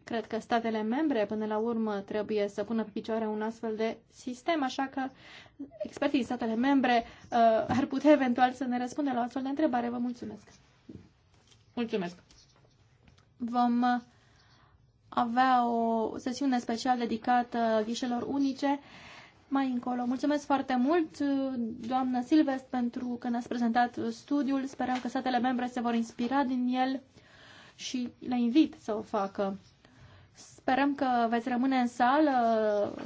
Cred că statele membre, până la urmă, trebuie să pună pe picioare un astfel de sistem, așa că experții din statele membre uh, ar putea eventual să ne răspundă la o astfel de întrebare. Vă mulțumesc! Mulțumesc! Vom uh, avea o sesiune special dedicată ghișelor unice mai încolo. Mulțumesc foarte mult, uh, doamnă Silvest, pentru că ne-ați prezentat studiul. Sperăm că statele membre se vor inspira din el și le invit să o facă. Sperăm că veți rămâne în sală.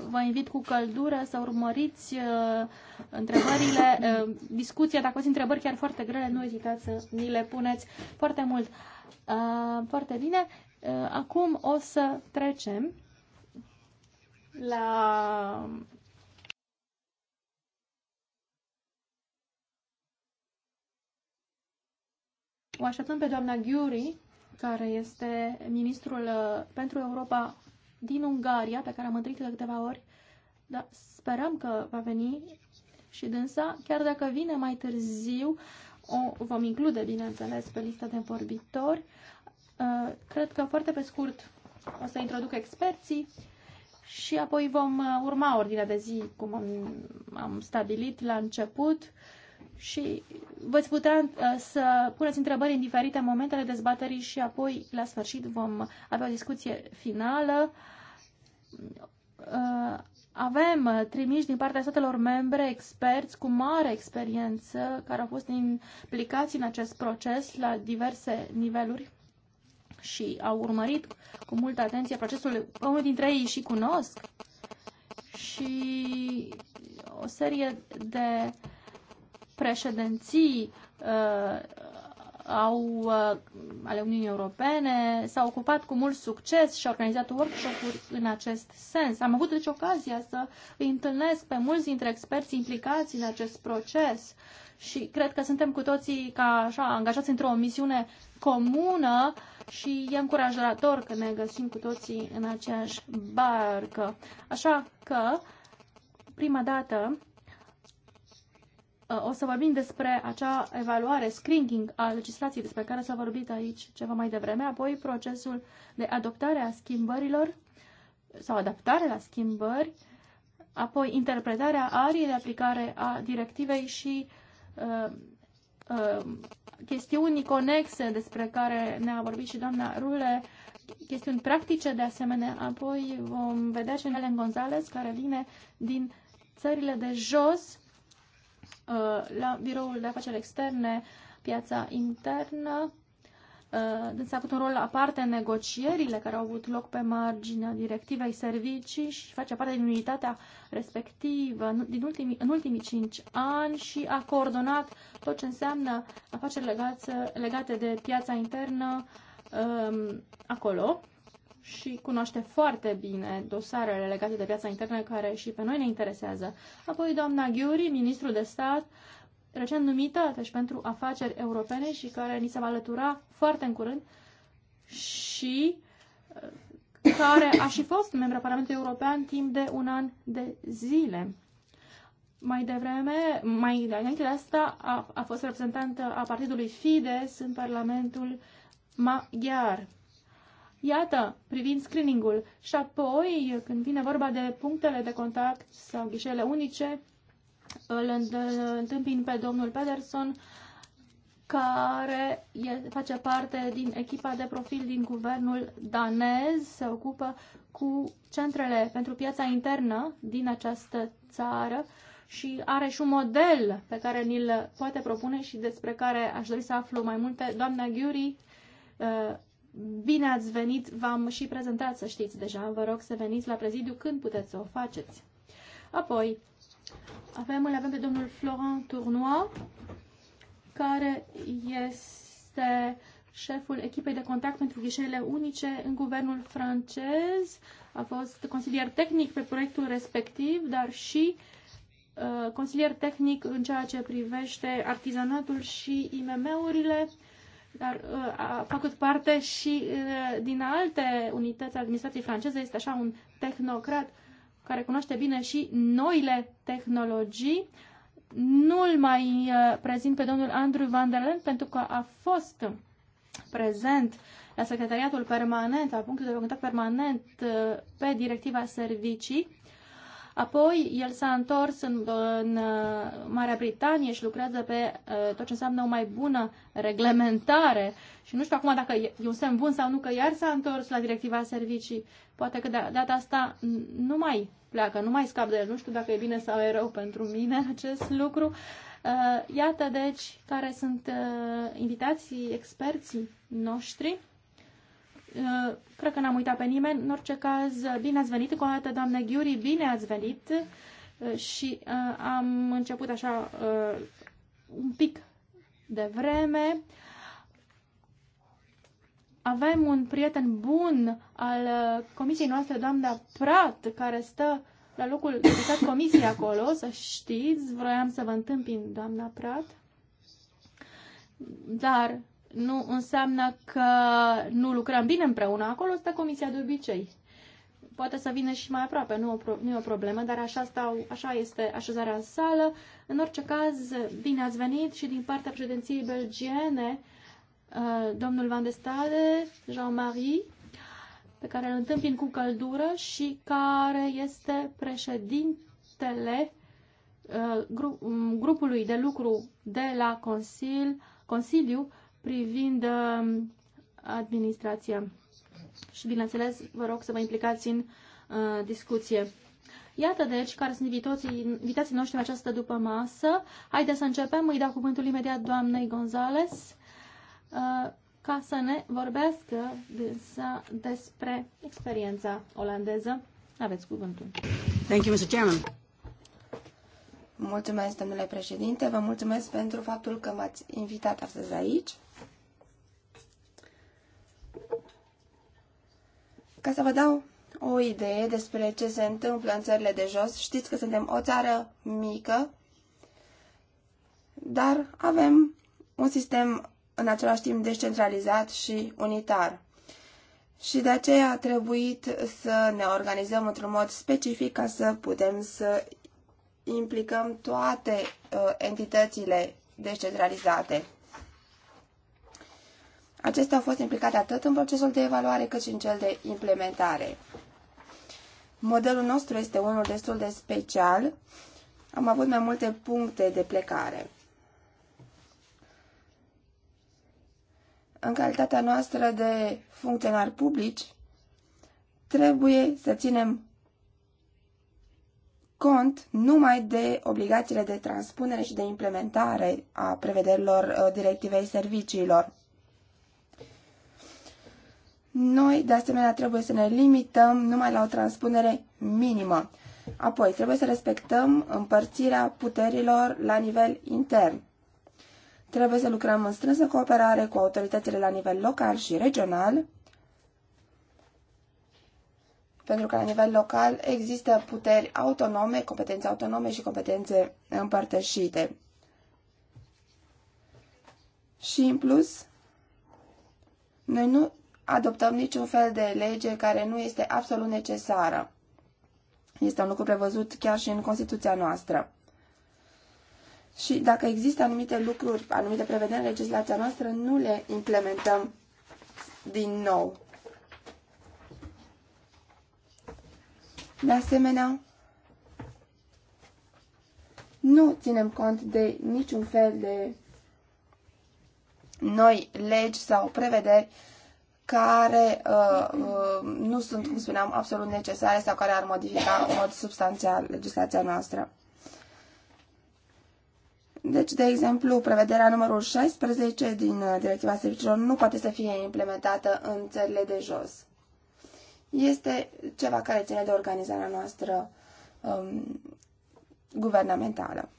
Vă invit cu căldură să urmăriți uh, întrebările, uh, discuția. Dacă aveți întrebări chiar foarte grele, nu ezitați să ni le puneți foarte mult. Uh, foarte bine. Acum o să trecem la O așteptăm pe doamna Ghiuri care este ministrul uh, pentru Europa din Ungaria, pe care am întâlnit de câteva ori, dar sperăm că va veni și dânsa, chiar dacă vine mai târziu, o vom include, bineînțeles, pe lista de vorbitori. Uh, cred că foarte pe scurt o să introduc experții și apoi vom uh, urma ordinea de zi, cum am, am stabilit la început și veți putea uh, să puneți întrebări în diferite momente ale dezbaterii și apoi, la sfârșit, vom avea o discuție finală. Uh, avem trimiși din partea statelor membre experți cu mare experiență care au fost implicați în acest proces la diverse niveluri și au urmărit cu multă atenție procesul. Unul dintre ei și cunosc și o serie de uh, președinții uh, au, uh, ale Uniunii Europene s-au ocupat cu mult succes și au organizat workshop-uri în acest sens. Am avut deci ocazia să îi întâlnesc pe mulți dintre experți implicați în acest proces și cred că suntem cu toții ca așa angajați într-o misiune comună și e încurajator că ne găsim cu toții în aceeași barcă. Așa că prima dată Uh, o să vorbim despre acea evaluare, screening a legislației despre care s-a vorbit aici ceva mai devreme, apoi procesul de adoptare a schimbărilor sau adaptare la schimbări, apoi interpretarea ariei de aplicare a directivei și uh, uh, chestiuni conexe despre care ne-a vorbit și doamna Rule, chestiuni practice de asemenea. Apoi vom vedea și Nelen Gonzalez, care vine din țările de jos, Uh, la biroul de afaceri externe, piața internă. Uh, dânsa a avut un rol aparte în negocierile care au avut loc pe marginea directivei servicii și face parte din unitatea respectivă din ultimii, în ultimii cinci ani și a coordonat tot ce înseamnă afaceri legate, legate de piața internă um, acolo și cunoaște foarte bine dosarele legate de piața internă care și pe noi ne interesează. Apoi doamna Ghiuri, ministru de stat, recent numită, deci pentru afaceri europene și care ni se va alătura foarte în curând și uh, care a și fost membru a Parlamentului European timp de un an de zile. Mai devreme, mai înainte de asta, a, a fost reprezentantă a partidului Fides în Parlamentul maghiar. Iată, privind screening-ul Și apoi, când vine vorba de punctele de contact sau ghișele unice, îl întâmpin pe domnul Pederson, care face parte din echipa de profil din guvernul danez, se ocupă cu centrele pentru piața internă din această țară și are și un model pe care ni-l poate propune și despre care aș dori să aflu mai multe. Doamna Ghiuri uh, Bine ați venit, v-am și prezentat, să știți deja. Vă rog să veniți la prezidiu când puteți să o faceți. Apoi, avem, îl avem pe domnul Florent Tournois, care este șeful echipei de contact pentru ghișeile unice în guvernul francez. A fost consilier tehnic pe proiectul respectiv, dar și uh, consilier tehnic în ceea ce privește artizanatul și IMM-urile dar uh, a făcut parte și uh, din alte unități administrației franceze. Este așa un tehnocrat care cunoaște bine și noile tehnologii. Nu-l mai uh, prezint pe domnul Andrew Van der Lent pentru că a fost prezent la secretariatul permanent, a punctului de contact permanent pe directiva servicii Apoi, el s-a întors în, în uh, Marea Britanie și lucrează pe uh, tot ce înseamnă o mai bună reglementare. Și nu știu acum dacă e un semn bun sau nu că iar s-a întors la directiva servicii. Poate că de data asta nu mai pleacă, nu mai scap de el. Nu știu dacă e bine sau e rău pentru mine (laughs) acest lucru. Uh, iată, deci, care sunt invitații, experții noștri. Eh, cred că n-am uitat pe nimeni. În orice caz, bine ați venit. Încă o dată, doamnă Ghiuri, bine ați venit. Eh, și eh, am început așa un pic de vreme. Avem un prieten bun al comisiei noastre, doamna Prat, care stă la locul dedicat comisiei acolo, să știți, vroiam să vă întâmpin, doamna Prat. Dar nu înseamnă că nu lucrăm bine împreună. Acolo stă comisia de obicei. Poate să vină și mai aproape, nu, o pro- nu e o problemă, dar așa, stau, așa este așezarea în sală. În orice caz, bine ați venit și din partea președinției belgiene, uh, domnul Van de Stade, Jean-Marie, pe care îl întâmpin cu căldură și care este președintele uh, um, grupului de lucru de la Consiliu, Consiliu privind uh, administrația. Și, bineînțeles, vă rog să vă implicați în uh, discuție. Iată, deci, care sunt invitații, invitații noștri în această după masă. Haideți să începem. Îi dau cuvântul imediat doamnei Gonzales uh, ca să ne vorbească despre experiența olandeză. Aveți cuvântul. Thank you, Mr. Chairman. Mulțumesc, domnule președinte. Vă mulțumesc pentru faptul că m-ați invitat astăzi aici. Ca să vă dau o idee despre ce se întâmplă în țările de jos, știți că suntem o țară mică, dar avem un sistem în același timp descentralizat și unitar. Și de aceea a trebuit să ne organizăm într-un mod specific ca să putem să implicăm toate uh, entitățile descentralizate. Acestea au fost implicate atât în procesul de evaluare cât și în cel de implementare. Modelul nostru este unul destul de special. Am avut mai multe puncte de plecare. În calitatea noastră de funcționari publici, trebuie să ținem cont numai de obligațiile de transpunere și de implementare a prevederilor uh, directivei serviciilor. Noi, de asemenea, trebuie să ne limităm numai la o transpunere minimă. Apoi, trebuie să respectăm împărțirea puterilor la nivel intern. Trebuie să lucrăm în strânsă cooperare cu autoritățile la nivel local și regional, pentru că la nivel local există puteri autonome, competențe autonome și competențe împărtășite. Și în plus, noi nu adoptăm niciun fel de lege care nu este absolut necesară. Este un lucru prevăzut chiar și în Constituția noastră. Și dacă există anumite lucruri, anumite prevederi în legislația noastră, nu le implementăm din nou. De asemenea, nu ținem cont de niciun fel de noi legi sau prevederi care uh, uh, nu sunt, cum spuneam, absolut necesare sau care ar modifica în mod substanțial legislația noastră. Deci, de exemplu, prevederea numărul 16 din uh, Directiva Serviciilor nu poate să fie implementată în țările de jos. Este ceva care ține de organizarea noastră um, guvernamentală.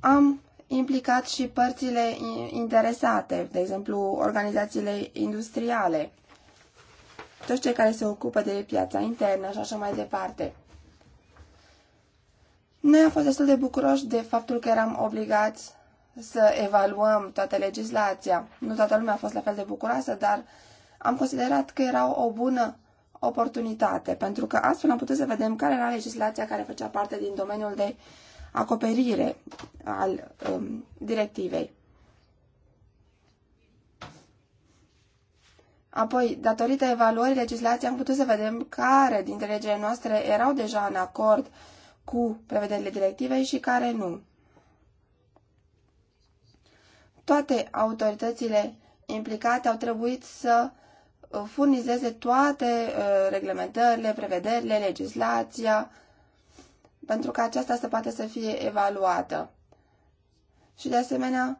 Am implicat și părțile interesate, de exemplu organizațiile industriale, toți cei care se ocupă de piața internă și așa mai departe. Noi am fost destul de bucuroși de faptul că eram obligați să evaluăm toată legislația. Nu toată lumea a fost la fel de bucuroasă, dar am considerat că era o bună oportunitate, pentru că astfel am putut să vedem care era legislația care făcea parte din domeniul de acoperire al um, directivei. Apoi, datorită evaluării legislației, am putut să vedem care dintre legile noastre erau deja în acord cu prevederile directivei și care nu. Toate autoritățile implicate au trebuit să uh, furnizeze toate uh, reglementările, prevederile, legislația pentru că aceasta să poată să fie evaluată. Și de asemenea,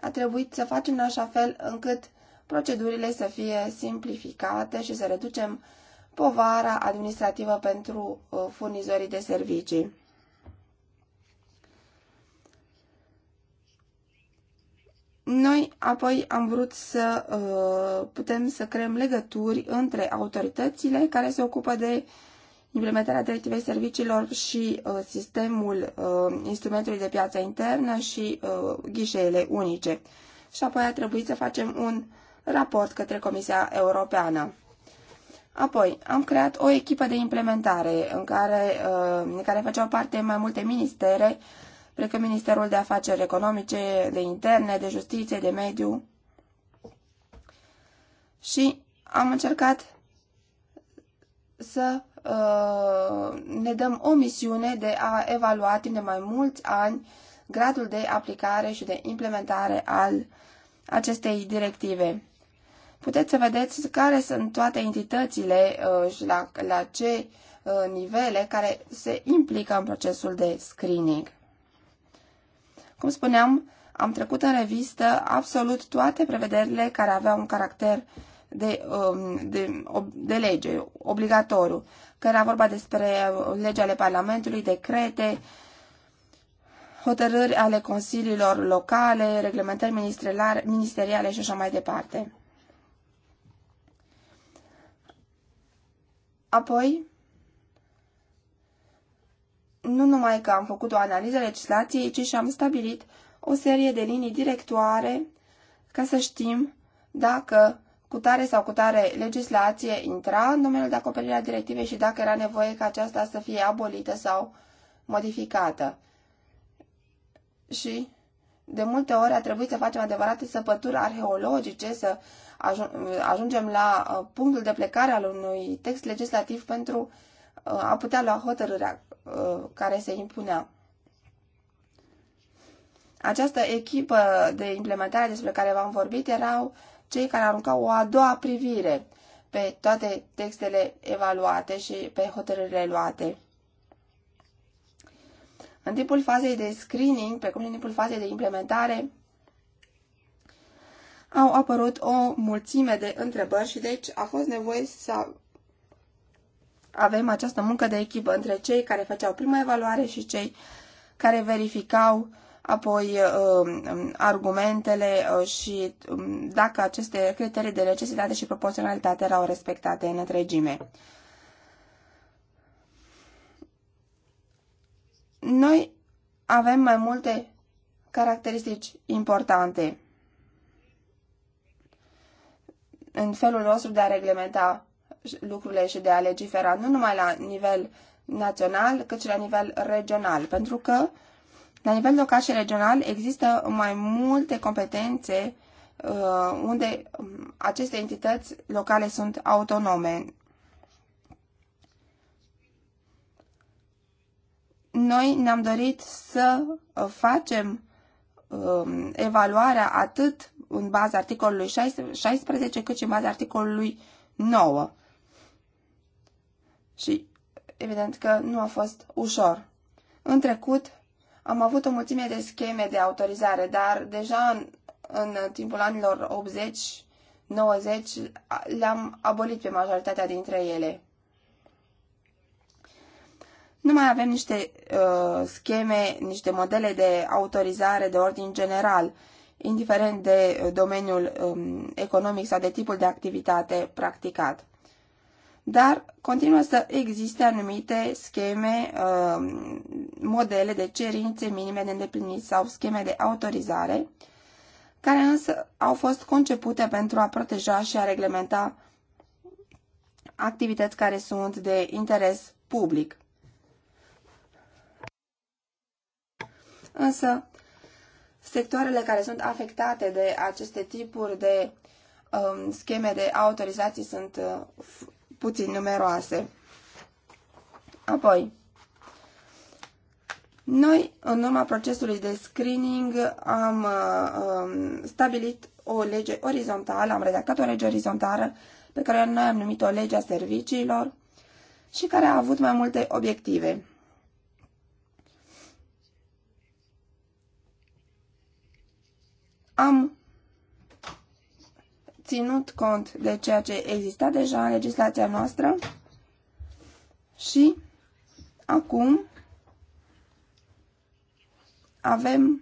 a trebuit să facem în așa fel încât procedurile să fie simplificate și să reducem povara administrativă pentru uh, furnizorii de servicii. Noi apoi am vrut să uh, putem să creăm legături între autoritățile care se ocupă de uh, implementarea directivei serviciilor și uh, sistemul uh, instrumentului de piață internă și uh, ghișeele unice. Și apoi a trebuit să facem un raport către Comisia Europeană. Apoi, am creat o echipă de implementare în care, uh, în care făceau parte mai multe ministere, precum Ministerul de Afaceri Economice, de Interne, de Justiție, de Mediu. Și am încercat să Uh, ne dăm o misiune de a evalua timp de mai mulți ani gradul de aplicare și de implementare al acestei directive. Puteți să vedeți care sunt toate entitățile uh, și la, la ce uh, nivele care se implică în procesul de screening. Cum spuneam, am trecut în revistă absolut toate prevederile care aveau un caracter de, um, de, de lege, obligatoriu că era vorba despre legea ale Parlamentului, decrete, hotărâri ale consiliilor locale, reglementări ministeriale și așa mai departe. Apoi, nu numai că am făcut o analiză legislației, ci și am stabilit o serie de linii directoare ca să știm dacă cu tare sau cu tare legislație intra în domeniul de acoperire a directivei și dacă era nevoie ca aceasta să fie abolită sau modificată. Și de multe ori a trebuit să facem adevărate săpături arheologice, să ajungem la uh, punctul de plecare al unui text legislativ pentru uh, a putea lua hotărârea uh, care se impunea. Această echipă de implementare despre care v-am vorbit erau cei care aruncau o a doua privire pe toate textele evaluate și pe hotărârile luate. În timpul fazei de screening, precum și în timpul fazei de implementare, au apărut o mulțime de întrebări și deci a fost nevoie să avem această muncă de echipă între cei care făceau prima evaluare și cei care verificau apoi um, argumentele uh, și um, dacă aceste criterii de necesitate și proporționalitate erau respectate în întregime. Noi avem mai multe caracteristici importante în felul nostru de a reglementa lucrurile și de a legifera, nu numai la nivel național, cât și la nivel regional, pentru că uh, la nivel local și regional există mai multe competențe uh, unde um, aceste entități locale sunt autonome. Noi ne-am dorit să uh, facem um, evaluarea atât în baza articolului 16 cât și în baza articolului 9. Și evident că nu a fost ușor. În trecut, am avut o mulțime de scheme de autorizare, dar deja în, în timpul anilor 80 90 le-am abolit pe majoritatea dintre ele. Nu mai avem niște uh, scheme, niște modele de autorizare de ordin general, indiferent de domeniul um, economic sau de tipul de activitate practicat dar continuă să existe anumite scheme, uh, modele de cerințe minime de îndeplinit sau scheme de autorizare, care însă au fost concepute pentru a proteja și a reglementa activități care sunt de interes public. Însă, sectoarele care sunt afectate de aceste tipuri de um, scheme de autorizații sunt uh, puțin numeroase. Apoi, noi, în urma procesului de screening, am um, stabilit o lege orizontală, am redactat o lege orizontală pe care noi am numit-o legea serviciilor și care a avut mai multe obiective. Am ținut cont de ceea ce exista deja în legislația noastră și acum avem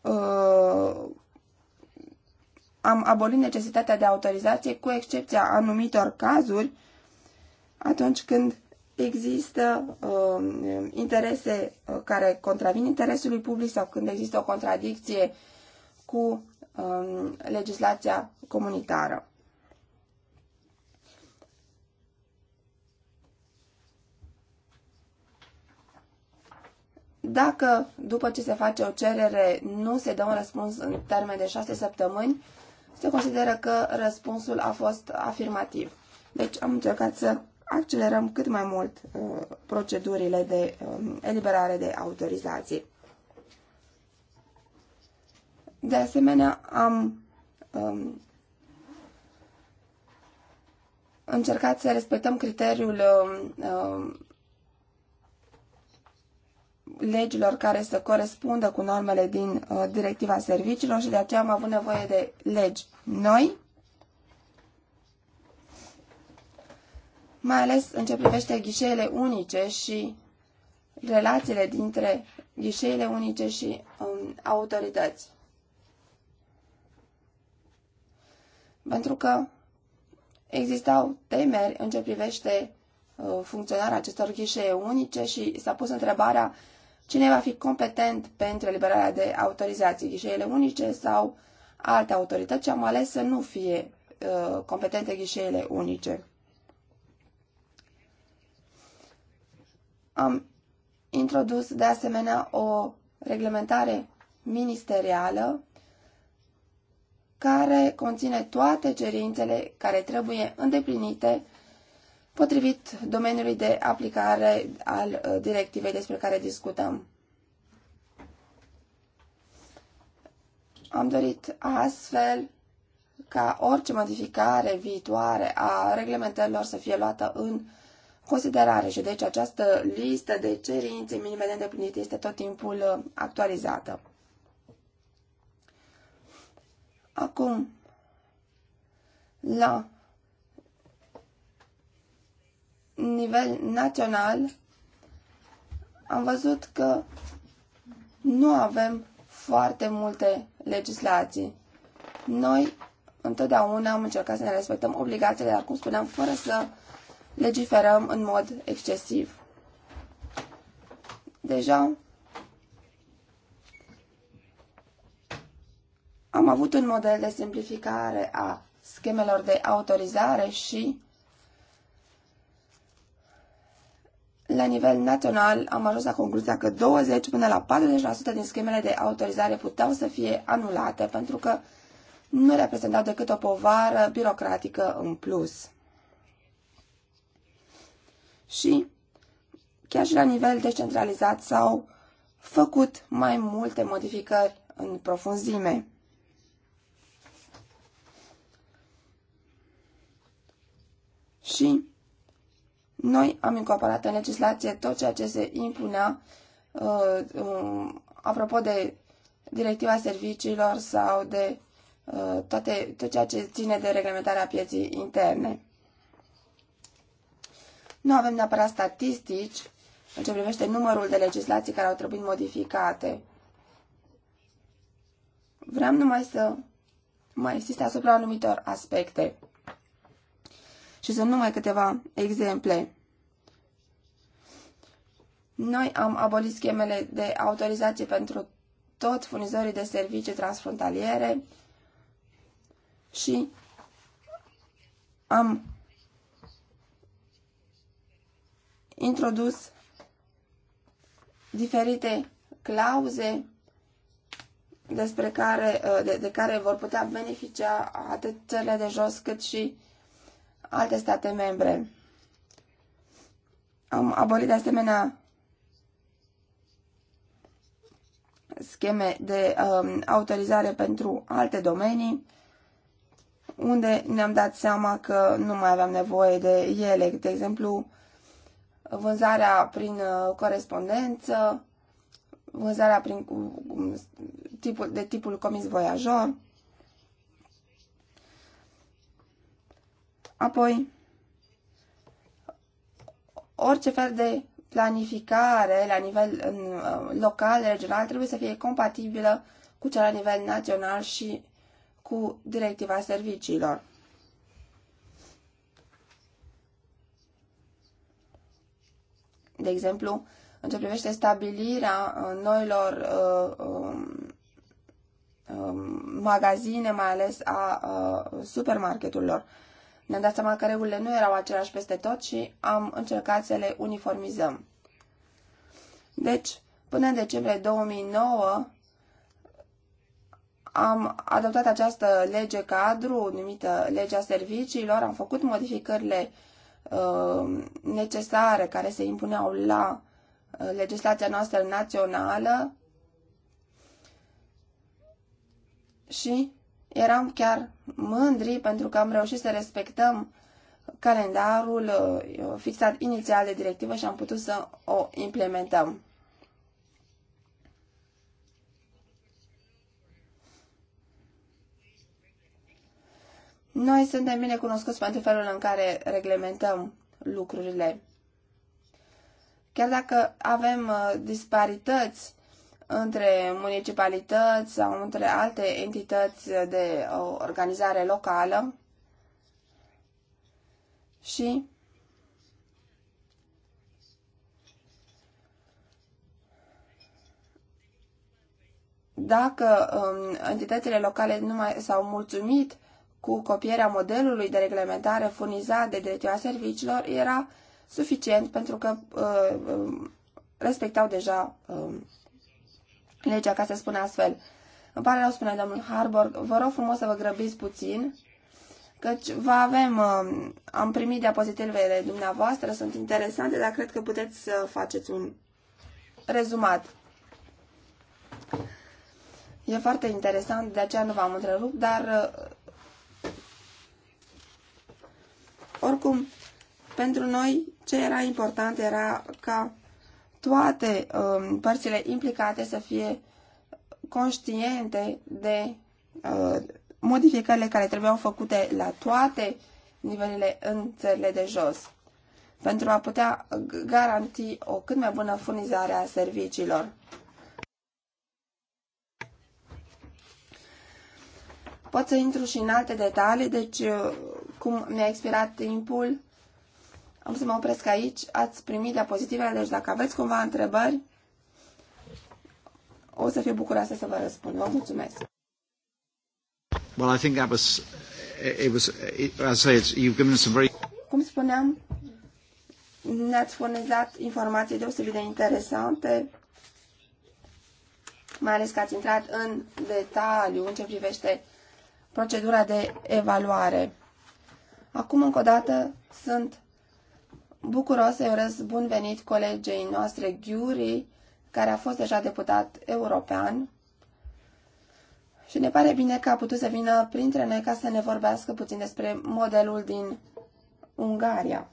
uh, am abolit necesitatea de autorizație cu excepția anumitor cazuri atunci când există uh, interese uh, care contravin interesului public sau când există o contradicție cu Um, legislația comunitară. Dacă, după ce se face o cerere, nu se dă un răspuns în termen de șase săptămâni, se consideră că răspunsul a fost afirmativ. Deci am încercat să accelerăm cât mai mult uh, procedurile de uh, eliberare de autorizații. De asemenea, am um, încercat să respectăm criteriul um, um, legilor care să corespundă cu normele din uh, directiva serviciilor și de aceea am avut nevoie de legi noi, mai ales în ce privește ghișeele unice și relațiile dintre ghișeile unice și um, autorități. pentru că existau temeri în ce privește uh, funcționarea acestor ghișee unice și s-a pus întrebarea cine va fi competent pentru eliberarea de autorizații, ghișeele unice sau alte autorități și am ales să nu fie uh, competente ghișeele unice. Am introdus de asemenea o reglementare ministerială care conține toate cerințele care trebuie îndeplinite potrivit domeniului de aplicare al uh, directivei despre care discutăm. Am dorit astfel ca orice modificare viitoare a reglementărilor să fie luată în considerare și deci această listă de cerințe minime de îndeplinit este tot timpul uh, actualizată. Acum, la nivel național, am văzut că nu avem foarte multe legislații. Noi întotdeauna am încercat să ne respectăm obligațiile, dar cum spuneam, fără să legiferăm în mod excesiv. Deja Am avut un model de simplificare a schemelor de autorizare și la nivel național am ajuns la concluzia că 20 până la 40% din schemele de autorizare puteau să fie anulate pentru că nu reprezentau decât o povară birocratică în plus. Și chiar și la nivel descentralizat s-au făcut mai multe modificări în profunzime. și noi am incorporat în legislație tot ceea ce se impunea uh, um, apropo de directiva serviciilor sau de uh, toate, tot ceea ce ține de reglementarea pieții interne. Nu avem neapărat statistici în ce privește numărul de legislații care au trebuit modificate. Vreau numai să mai insist asupra anumitor aspecte. Și sunt numai câteva exemple. Noi am abolit schemele de autorizație pentru tot furnizorii de servicii transfrontaliere și am introdus diferite clauze despre care, de, de care vor putea beneficia atât cele de jos cât și alte state membre. Am abolit de asemenea scheme de um, autorizare pentru alte domenii unde ne-am dat seama că nu mai aveam nevoie de ele, de exemplu vânzarea prin uh, corespondență, vânzarea prin, tipul, de tipul comis voiajor. Apoi, orice fel de planificare la nivel uh, local, regional, trebuie să fie compatibilă cu cea la nivel național și cu directiva serviciilor. De exemplu, în ce privește stabilirea uh, noilor uh, uh, uh, magazine, mai ales a uh, supermarketurilor. Ne-am dat seama că regulile nu erau aceleași peste tot și am încercat să le uniformizăm. Deci, până în decembrie 2009, am adoptat această lege cadru, numită legea serviciilor, am făcut modificările uh, necesare care se impuneau la uh, legislația noastră națională și Eram chiar mândri pentru că am reușit să respectăm calendarul uh, fixat inițial de directivă și am putut să o implementăm. Noi suntem bine cunoscuți pentru felul în care reglementăm lucrurile. Chiar dacă avem uh, disparități între municipalități sau între alte entități de organizare locală și dacă um, entitățile locale nu mai s-au mulțumit cu copierea modelului de reglementare furnizat de directiva serviciilor, era suficient pentru că uh, um, respectau deja uh, legea ca să spun astfel. Îmi pare rău, spune domnul Harborg, vă rog frumos să vă grăbiți puțin, căci vă avem, um, am primit diapozitivele dumneavoastră, sunt interesante, dar cred că puteți să faceți un rezumat. E foarte interesant, de aceea nu v-am întrerupt, dar uh, oricum, pentru noi ce era important era ca toate um, părțile implicate să fie conștiente de uh, modificările care trebuiau făcute la toate nivelele în țările de jos, pentru a putea garanti o cât mai bună furnizare a serviciilor. Pot să intru și în alte detalii, deci uh, cum mi-a expirat timpul, am să mă opresc aici. Ați primit diapozitivele, deci dacă aveți cumva întrebări, o să fiu bucuroasă să vă răspund. Vă mulțumesc. Well, I think that was, it was, it, as I say, it's, you've given some very... Cum spuneam, ne-ați furnizat informații deosebit de interesante, mai ales că ați intrat în detaliu în ce privește procedura de evaluare. Acum, încă o dată, sunt bucuros să-i urez bun venit colegei noastre Ghiuri, care a fost deja deputat european și ne pare bine că a putut să vină printre noi ca să ne vorbească puțin despre modelul din Ungaria.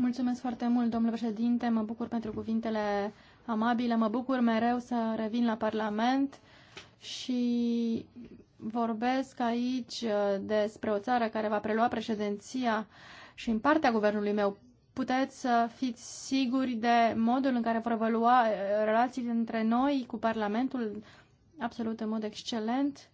Mulțumesc foarte mult, domnule președinte, mă bucur pentru cuvintele amabile, mă bucur mereu să revin la Parlament și vorbesc aici uh, despre o țară care va prelua președinția și în partea guvernului meu puteți să fiți siguri de modul în care prevălua eh, relațiile între noi cu Parlamentul absolut în mod excelent.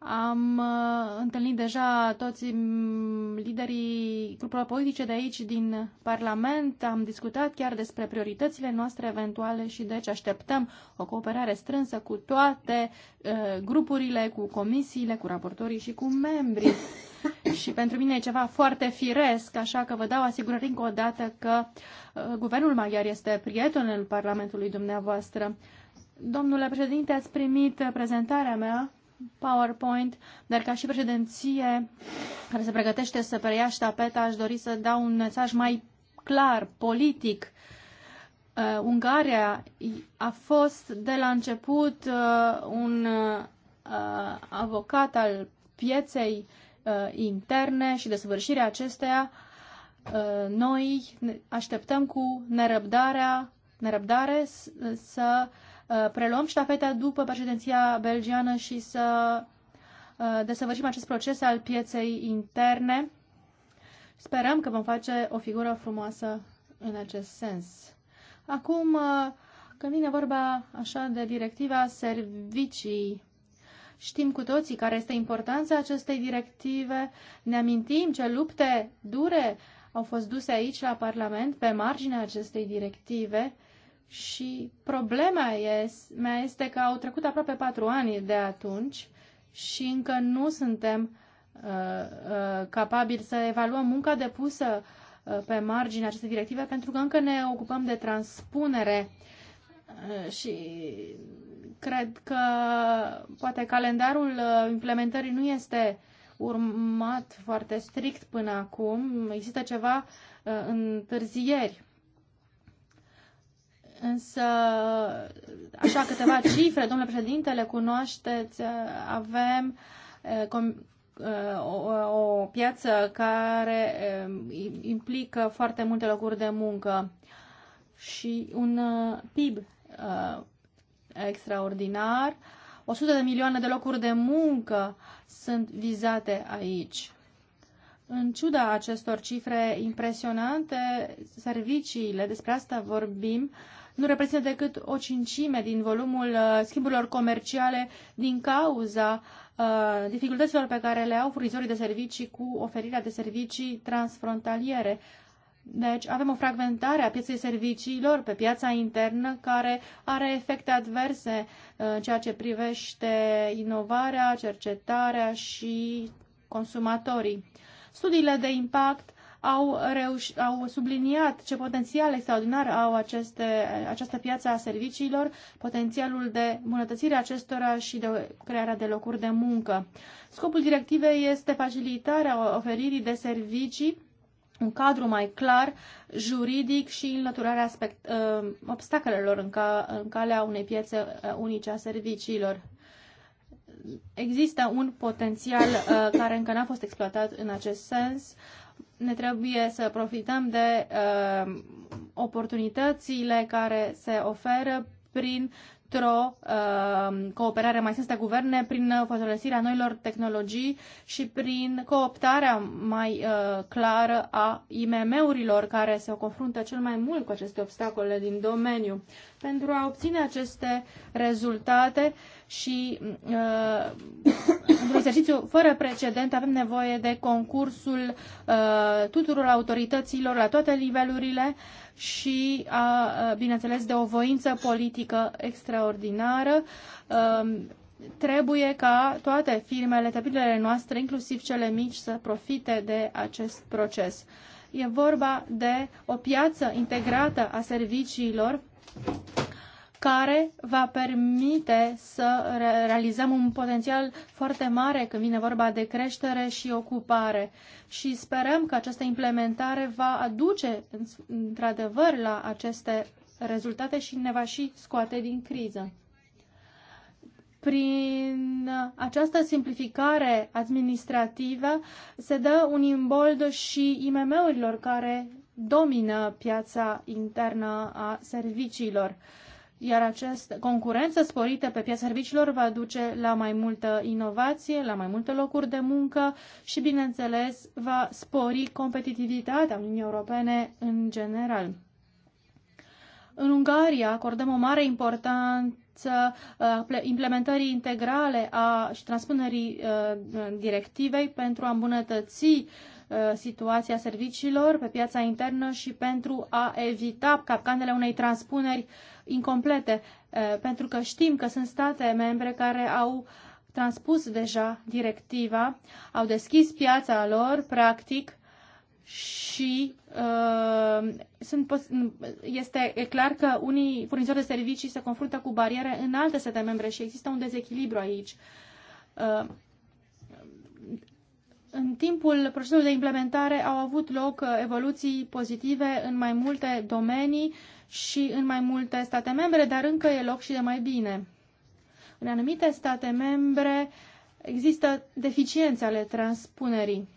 Am uh, întâlnit deja toți mm, liderii grupurilor politice de aici din Parlament, am discutat chiar despre prioritățile noastre eventuale și deci așteptăm o cooperare strânsă cu toate uh, grupurile, cu comisiile, cu raportorii și cu membrii. (laughs) și pentru mine e ceva foarte firesc, așa că vă dau asigurări încă o dată că uh, guvernul maghiar este prietenul Parlamentului dumneavoastră. Domnule președinte, ați primit prezentarea mea PowerPoint, dar ca și președinție care se pregătește să preia ștapeta, aș dori să dau un mesaj mai clar, politic. Uh, Ungaria a fost de la început uh, un uh, avocat al pieței Uh, interne și desăvârșirea acesteia, uh, noi așteptăm cu nerăbdarea, nerăbdare să uh, preluăm ștafeta după președinția belgiană și să desăvârșim acest proces al pieței interne. Sperăm că vom face o figură frumoasă în acest sens. Acum, când vine vorba așa de directiva servicii Știm cu toții care este importanța acestei directive. Ne amintim ce lupte dure au fost duse aici la Parlament pe marginea acestei directive și problema mea este că au trecut aproape patru ani de atunci și încă nu suntem uh, uh, capabili să evaluăm munca depusă uh, pe marginea acestei directive pentru că încă ne ocupăm de transpunere uh, Eh, și cred că poate calendarul eh, implementării nu este urmat foarte strict până acum. Există ceva eh, întârzieri. Însă, așa câteva (coughs) cifre, domnule președintele, cunoașteți, avem o, o piață care implică foarte multe locuri de muncă și un PIB uh, extraordinar. 100 de milioane de locuri de muncă sunt vizate aici. În ciuda acestor cifre impresionante, serviciile, despre asta vorbim, nu reprezintă decât o cincime din volumul uh, schimburilor comerciale din cauza uh, dificultăților pe care le au furnizorii de servicii cu oferirea de servicii transfrontaliere. Deci avem o fragmentare a pieței serviciilor pe piața internă care are efecte adverse uh, în ceea ce privește inovarea, cercetarea și consumatorii. Studiile de impact au, reuș- au subliniat ce potențial extraordinar au aceste, această piață a serviciilor, potențialul de îmbunătățire acestora și de crearea de locuri de muncă. Scopul directivei este facilitarea oferirii de servicii un cadru mai clar juridic și înlăturarea aspect, uh, ă, obstacolelor în, ca, în calea unei piețe ă, unice a serviciilor. Există un potențial uh, care încă n-a fost exploatat în acest sens. Ne trebuie să profităm de uh, oportunitățile care se oferă prin într-o uh, cooperare mai strânsă guverne prin folosirea noilor tehnologii și prin cooptarea mai uh, clară a IMM-urilor care se confruntă cel mai mult cu aceste obstacole din domeniu. Pentru a obține aceste rezultate și uh, (coughs) un exercițiu fără precedent avem nevoie de concursul uh, tuturor autorităților la toate nivelurile uh, și, a, bineînțeles, de o voință politică extraordinară. Um, trebuie ca toate firmele, tăpilele noastre, inclusiv cele mici, să profite de acest proces. E vorba de o piață integrată a serviciilor care va permite să realizăm un potențial foarte mare când vine vorba de creștere și ocupare. Și sperăm că această implementare va aduce într-adevăr la aceste rezultate și ne va și scoate din criză. Prin această simplificare administrativă se dă un imbold și IMM-urilor care domină piața internă a serviciilor iar această concurență sporită pe piața serviciilor va duce la mai multă inovație, la mai multe locuri de muncă și, bineînțeles, va spori competitivitatea Uniunii Europene în general. În Ungaria acordăm o mare importanță uh, implementării integrale a, și transpunerii uh, directivei pentru a îmbunătăți uh, Uh, situația serviciilor pe piața internă și pentru a evita capcanele unei transpuneri incomplete, uh, pentru că știm că sunt state membre care au transpus deja directiva, au deschis piața lor, practic, și uh, sunt este e clar că unii furnizori de servicii se confruntă cu bariere în alte state membre și există un dezechilibru aici. Uh, în timpul procesului de implementare au avut loc uh, evoluții pozitive în mai multe domenii și în mai multe state membre, dar încă e loc și de mai bine. În anumite state membre există deficiențe ale transpunerii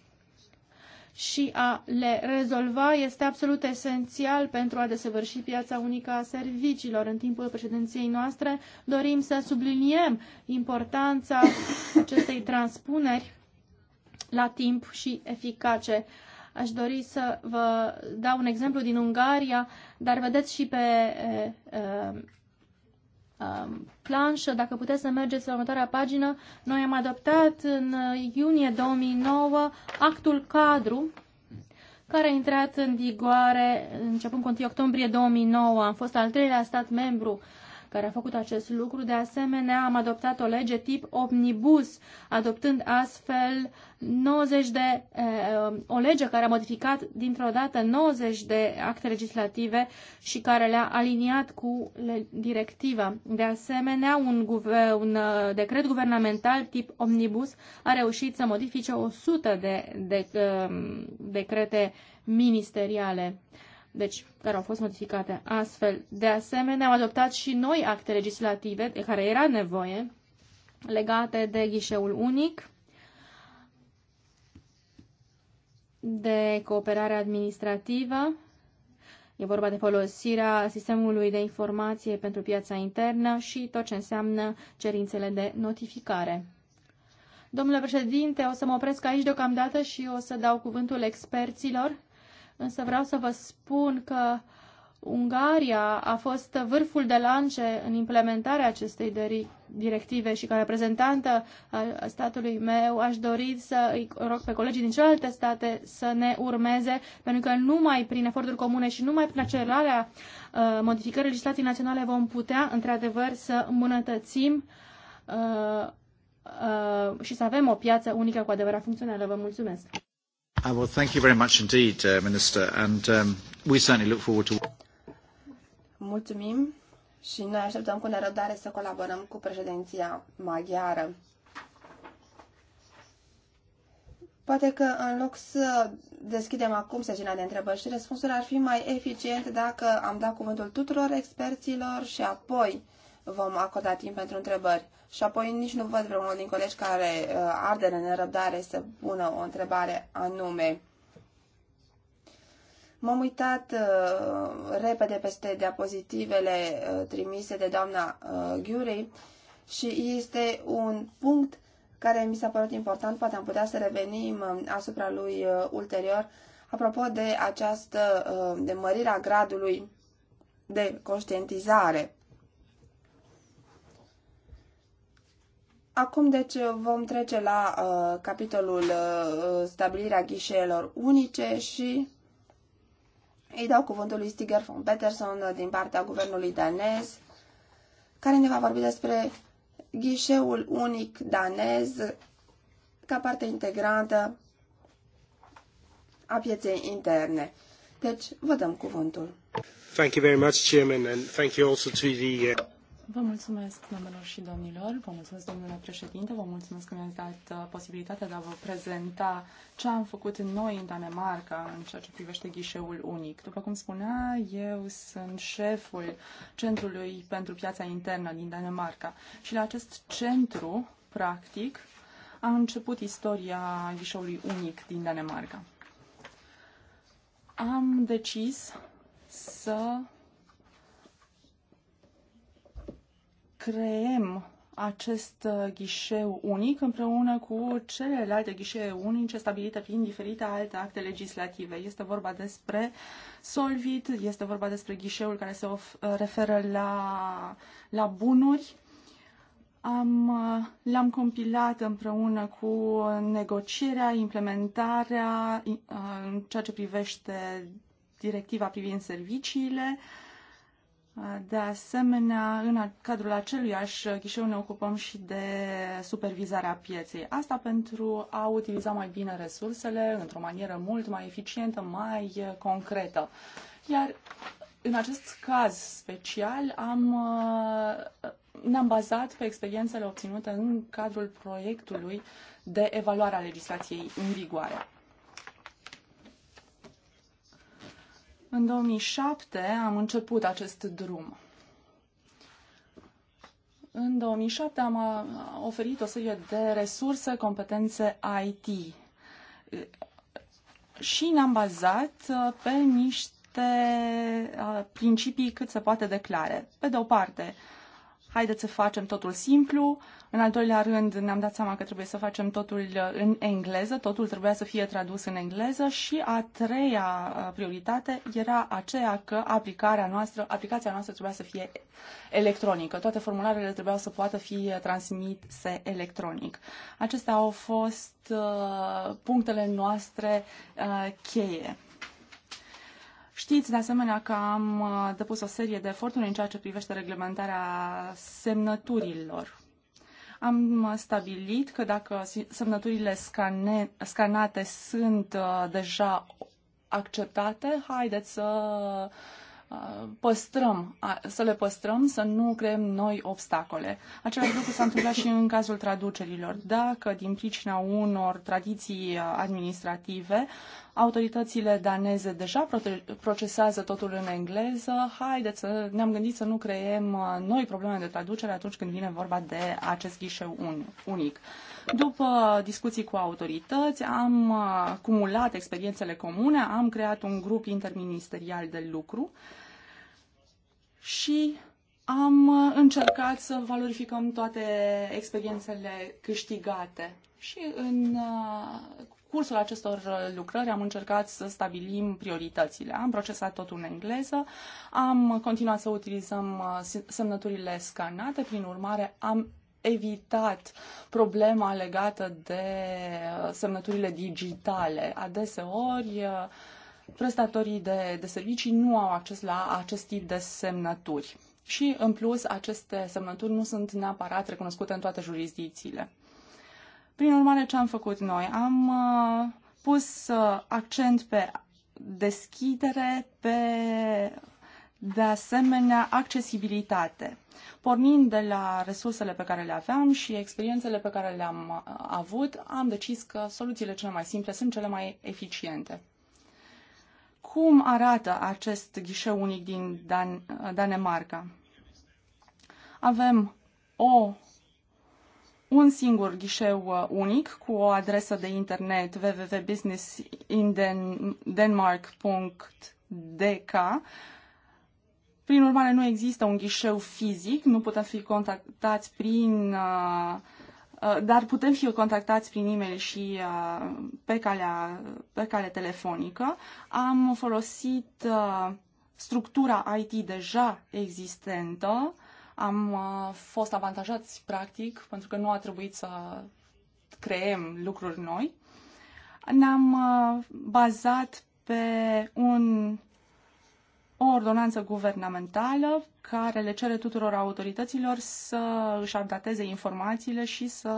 și a le rezolva este absolut esențial pentru a desăvârși piața unică a serviciilor. În timpul președinției noastre dorim să subliniem importanța acestei transpuneri la timp și eficace. Aș dori să vă dau un exemplu din Ungaria, dar vedeți și pe planșă, dacă puteți să mergeți la următoarea pagină, noi am adoptat în iunie 2009 actul cadru care a intrat în vigoare începând cu 1 octombrie 2009. Am fost al treilea stat membru care a făcut acest lucru. De asemenea, am adoptat o lege tip omnibus, adoptând astfel 90 de, o lege care a modificat dintr-o dată 90 de acte legislative și care le-a aliniat cu directiva. De asemenea, un, guver, un decret guvernamental tip omnibus a reușit să modifice 100 de, de, de decrete ministeriale deci care au fost modificate astfel. De asemenea, am adoptat și noi acte legislative de care era nevoie legate de ghișeul unic, de cooperare administrativă, e vorba de folosirea sistemului de informație pentru piața internă și tot ce înseamnă cerințele de notificare. Domnule președinte, o să mă opresc aici deocamdată și o să dau cuvântul experților însă vreau să vă spun că Ungaria a fost vârful de lance în implementarea acestei directive și ca reprezentantă a statului meu aș dori să îi rog pe colegii din celelalte state să ne urmeze, pentru că numai prin eforturi comune și numai prin accelerarea uh, modificării legislației naționale vom putea, într-adevăr, să îmbunătățim uh, uh, și să avem o piață unică cu adevărat funcțională. Vă mulțumesc! Uh, well, thank you very much indeed, uh, Minister, and um, we certainly look forward to... Mulțumim și noi așteptăm cu nerăbdare să colaborăm cu președinția maghiară. Poate că în loc să deschidem acum sesiunea de întrebări și răspunsuri, ar fi mai eficient dacă am dat cuvântul tuturor experților și apoi vom acorda timp pentru întrebări. Și apoi nici nu văd vreunul din colegi care uh, arde în nerăbdare să pună o întrebare anume. M-am uitat uh, repede peste diapozitivele uh, trimise de doamna uh, Ghiuri și este un punct care mi s-a părut important, poate am putea să revenim uh, asupra lui uh, ulterior, apropo de această uh, de mărirea gradului de conștientizare. Acum, deci, vom trece la uh, capitolul uh, uh, stabilirea ghișeelor unice și îi dau cuvântul lui Stiger von Peterson uh, din partea guvernului danez, care ne va vorbi despre ghișeul unic danez ca parte integrantă a pieței interne. Deci, vă dăm cuvântul. Thank you very much, Chairman, and thank you also to the... Uh, Vă mulțumesc, domnilor și domnilor, vă mulțumesc, domnule președinte, vă mulțumesc că mi-ați dat uh, posibilitatea de a vă prezenta ce am făcut noi în Danemarca în ceea ce privește ghișeul unic. După cum spunea, eu sunt șeful Centrului pentru Piața Internă din Danemarca și la acest centru, practic, a început istoria ghișeului unic din Danemarca. Am decis să creem acest uh, ghișeu unic împreună cu celelalte ghișee unice stabilite prin diferite alte acte legislative. Este vorba despre Solvit, este vorba despre ghișeul care se uh, referă la, la bunuri. Am, uh, l-am compilat împreună cu negocierea, implementarea în ceea ce privește directiva privind serviciile, de asemenea, în cadrul aceluiași uh, ghișeu ne ocupăm și de supervizarea pieței. Asta pentru a utiliza mai bine resursele într-o manieră mult mai eficientă, mai uh, concretă. Iar în acest caz special am, uh, ne-am bazat pe experiențele obținute în cadrul proiectului de evaluare a legislației în vigoare. În 2007 am început acest drum. În 2007 am uh, oferit o serie de resurse, competențe IT și ne-am bazat uh, pe niște uh, principii cât se poate declare. Pe de o parte, haideți să facem totul simplu, în al doilea rând, ne-am dat seama că trebuie să facem totul uh, în engleză, totul trebuia să fie tradus în engleză și a treia uh, prioritate era aceea că aplicarea noastră, aplicația noastră trebuia să fie electronică. Toate formularele trebuiau să poată fi uh, transmise electronic. Acestea au fost punctele noastre cheie. Știți, de asemenea, că am depus o serie de eforturi în ceea ce privește reglementarea semnăturilor. Am uh, stabilit că dacă semnăturile scane, scanate sunt uh, deja acceptate, haideți să păstrăm, să le păstrăm, să nu creăm noi obstacole. Același lucru s-a întâmplat și în cazul traducerilor. Dacă din pricina unor tradiții administrative autoritățile daneze deja procesează totul în engleză, haideți să ne-am gândit să nu creăm noi probleme de traducere atunci când vine vorba de acest ghișeu unic. După discuții cu autorități, am cumulat experiențele comune, am creat un grup interministerial de lucru și am încercat să valorificăm toate experiențele câștigate. Și în uh, cursul acestor lucrări am încercat să stabilim prioritățile. Am procesat totul în engleză, am continuat să utilizăm uh, semnăturile scanate, prin urmare am evitat problema legată de uh, semnăturile digitale. Adeseori prestatorii de, de servicii nu au acces la acest tip de semnături. Și, în plus, aceste semnături nu sunt neapărat recunoscute în toate jurisdicțiile. Prin urmare, ce am făcut noi? Am uh, pus uh, accent pe deschidere, pe de asemenea accesibilitate. Pornind de la resursele pe care le aveam și experiențele pe care le-am uh, avut, am decis că soluțiile cele mai simple sunt cele mai eficiente. Cum arată acest ghișeu unic din Dan- Danemarca? Avem o un singur ghișeu uh, unic cu o adresă de internet www.businessindenmark.dk. Prin urmare, nu există un ghișeu fizic, nu putem fi contactați prin uh, Uh, dar putem fi contactați prin e-mail și uh, pe, calea, pe cale telefonică. Am folosit uh, structura IT deja existentă. Am fost avantajați practic pentru că nu a trebuit să creăm lucruri noi. Ne-am bazat pe un o ordonanță guvernamentală care le cere tuturor autorităților să își updateze informațiile și să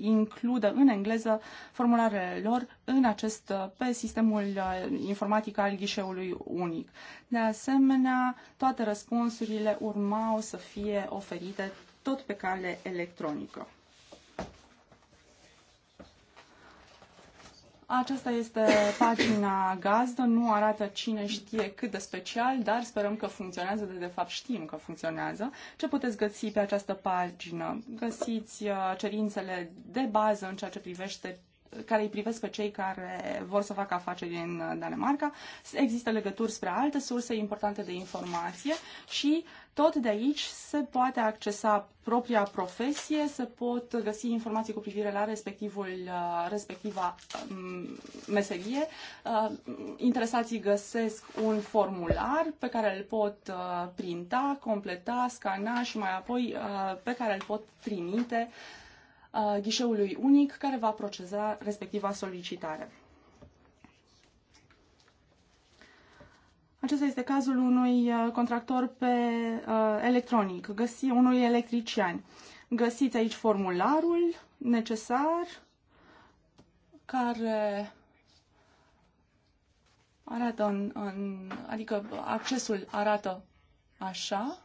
includă în engleză formularele lor în acest, pe sistemul uh, informatic al ghișeului unic. De asemenea, toate răspunsurile urmau să fie oferite tot pe cale electronică. Aceasta este pagina gazdă, nu arată cine știe cât de special, dar sperăm că funcționează, de, de fapt știm că funcționează. Ce puteți găsi pe această pagină? Găsiți uh, cerințele de bază în ceea ce privește care îi privesc pe cei care vor să facă afaceri în Danemarca. Există legături spre alte surse importante de informație și tot de aici se poate accesa propria profesie, se pot găsi informații cu privire la respectivul, uh, respectiva um, meserie. Uh, interesații găsesc un formular pe care îl pot uh, printa, completa, scana și mai apoi pe care îl pot trimite ghișeului unic care va procesa respectiva solicitare. Acesta este cazul unui uh, contractor pe uh, electronic, găsi, unui electrician. Găsiți aici formularul necesar care arată în, în adică accesul arată așa.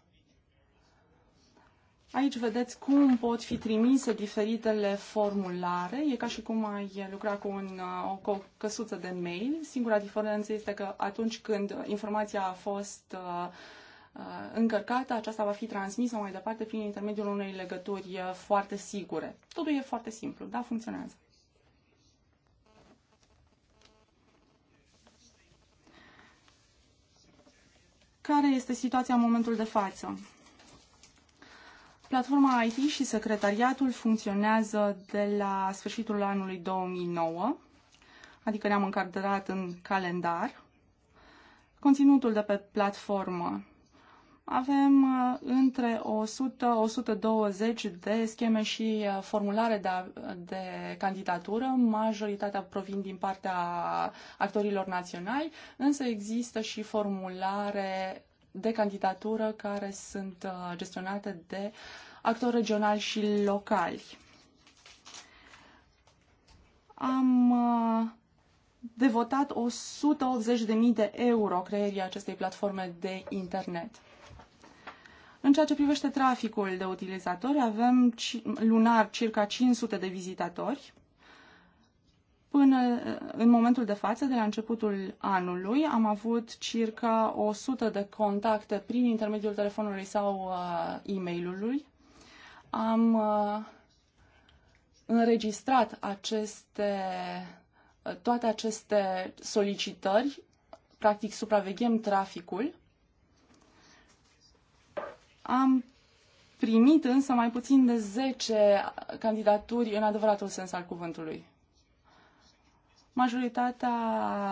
Aici vedeți cum pot fi trimise diferitele formulare. E ca și cum ai lucra cu, un, cu o căsuță de mail. Singura diferență este că atunci când informația a fost uh, uh, încărcată, aceasta va fi transmisă mai departe prin intermediul unei legături uh, foarte sigure. Totul e foarte simplu, da? Funcționează. Care este situația în momentul de față? Platforma IT și secretariatul funcționează de la sfârșitul anului 2009, adică ne-am încadrat în calendar. Conținutul de pe platformă. Avem uh, între 100-120 de scheme și uh, formulare de, de candidatură. Majoritatea provin din partea actorilor naționali, însă există și formulare de candidatură care sunt uh, gestionate de actori regionali și locali. Am uh, devotat 180.000 de euro creierii acestei platforme de internet. În ceea ce privește traficul de utilizatori, avem lunar circa 500 de vizitatori Până în momentul de față, de la începutul anului, am avut circa 100 de contacte prin intermediul telefonului sau uh, e mail Am uh, înregistrat aceste, uh, toate aceste solicitări, practic supraveghem traficul. Am primit însă mai puțin de 10 candidaturi în adevăratul sens al cuvântului. Majoritatea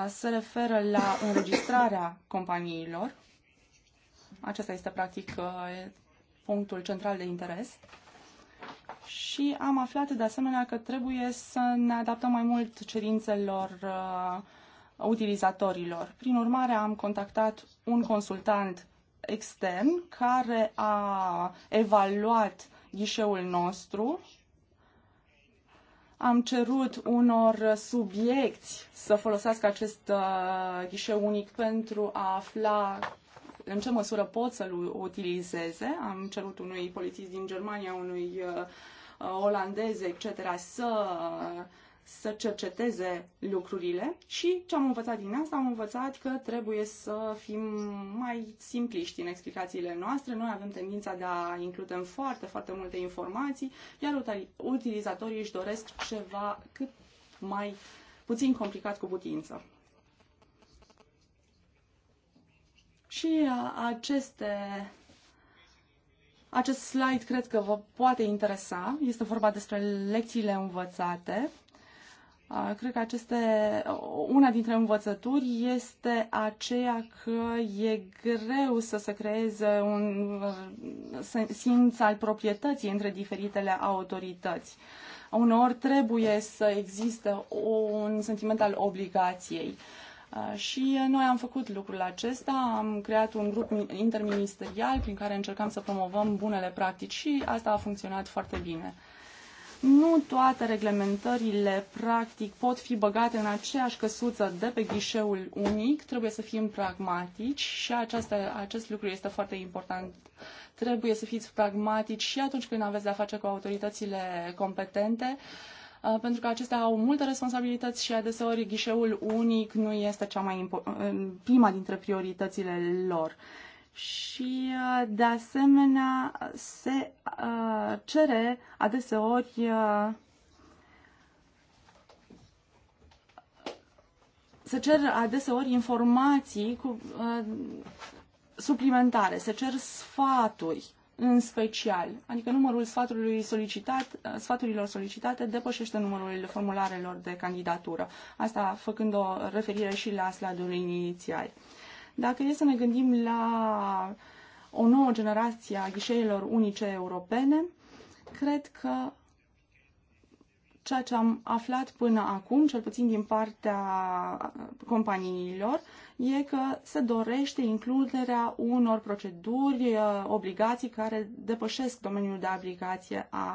se referă la înregistrarea companiilor. Acesta este, practic, uh, punctul central de interes. Și am aflat, de asemenea, că trebuie să ne adaptăm mai mult cerințelor uh, utilizatorilor. Prin urmare, am contactat un consultant extern care a evaluat ghișeul nostru am cerut unor subiecti să folosească acest uh, ghișeu unic pentru a afla în ce măsură pot să-l utilizeze. Am cerut unui polițist din Germania, unui uh, olandez, etc., să să cerceteze lucrurile și ce am învățat din asta, am învățat că trebuie să fim mai simpliști în explicațiile noastre. Noi avem tendința de a includem foarte, foarte multe informații, iar utilizatorii își doresc ceva cât mai puțin complicat cu putință. Și uh, aceste acest slide cred că vă poate interesa. Este vorba despre lecțiile învățate. Cred că aceste, una dintre învățături este aceea că e greu să se creeze un simț al proprietății între diferitele autorități. Uneori trebuie să existe un sentiment al obligației. Și noi am făcut lucrul acesta, am creat un grup interministerial prin care încercam să promovăm bunele practici și asta a funcționat foarte bine. Nu toate reglementările, practic, pot fi băgate în aceeași căsuță de pe ghișeul unic. Trebuie să fim pragmatici și aceasta, acest lucru este foarte important. Trebuie să fiți pragmatici și atunci când aveți de-a face cu autoritățile competente, uh, pentru că acestea au multe responsabilități și adeseori ghișeul unic nu este cea mai uh, prima dintre prioritățile lor și, uh, de asemenea, se uh, cere adeseori uh, se cer adeseori informații cu, suplimentare, se cer sfaturi în special, adică numărul sfatului solicitat, sfaturilor solicitate depășește numărul formularelor de candidatură. Asta făcând o referire și la slide-ul inițial. Uh, dacă e să ne gândim la o nouă generație a ghișeilor unice europene, cred că ceea ce am aflat până acum, cel puțin din partea companiilor, e că se dorește includerea unor proceduri, uh, obligații care depășesc domeniul de aplicație a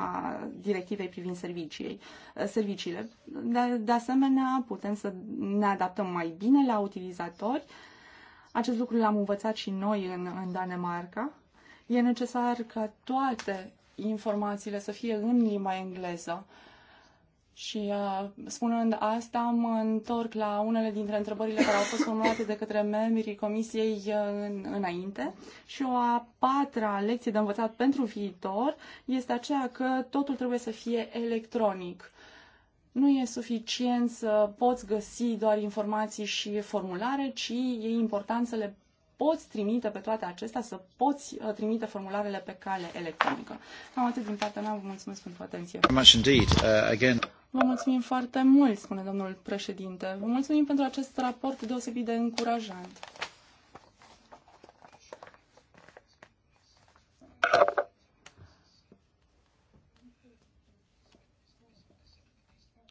directivei privind serviciei, uh, serviciile. De, de asemenea, putem să ne adaptăm mai bine la utilizatori acest lucru l-am învățat și noi în, în Danemarca. E necesar ca toate informațiile să fie în limba engleză. Și uh, spunând asta, mă întorc la unele dintre întrebările care au fost formulate de către membrii comisiei uh, în, înainte. Și o a patra lecție de învățat pentru viitor este aceea că totul trebuie să fie electronic. Nu e suficient să poți găsi doar informații și formulare, ci e important să le poți trimite pe toate acestea, să poți uh, trimite formularele pe cale electronică. Cam atât din partea mea, vă mulțumesc pentru atenție. Uh, vă mulțumim foarte mult, spune domnul președinte. Vă mulțumim pentru acest raport deosebit de încurajant.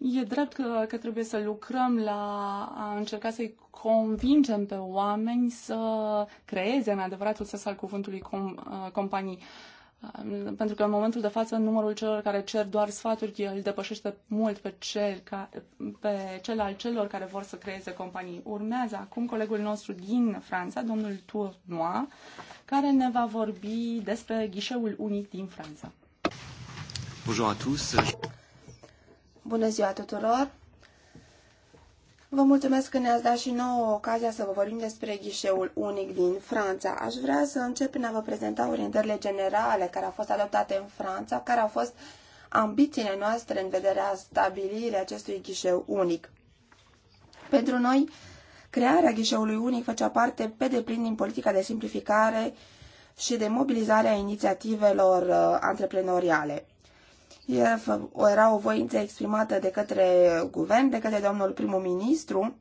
E drept că, că trebuie să lucrăm la a încerca să-i convingem pe oameni să creeze în adevăratul sens al cuvântului com, uh, companii. Uh, pentru că în momentul de față numărul celor care cer doar sfaturi îl depășește mult pe cel, ca, pe cel al celor care vor să creeze companii. Urmează acum colegul nostru din Franța, domnul Tournois, care ne va vorbi despre ghișeul unic din Franța. Bonjour à tous. Bună ziua tuturor! Vă mulțumesc că ne-ați dat și nouă ocazia să vă vorbim despre ghișeul unic din Franța. Aș vrea să încep prin a vă prezenta orientările generale care au fost adoptate în Franța, care au fost ambițiile noastre în vederea stabilirii acestui ghișeu unic. Pentru noi, crearea ghișeului unic făcea parte pe deplin din politica de simplificare și de mobilizare a inițiativelor uh, antreprenoriale era o voință exprimată de către guvern, de către domnul prim-ministru.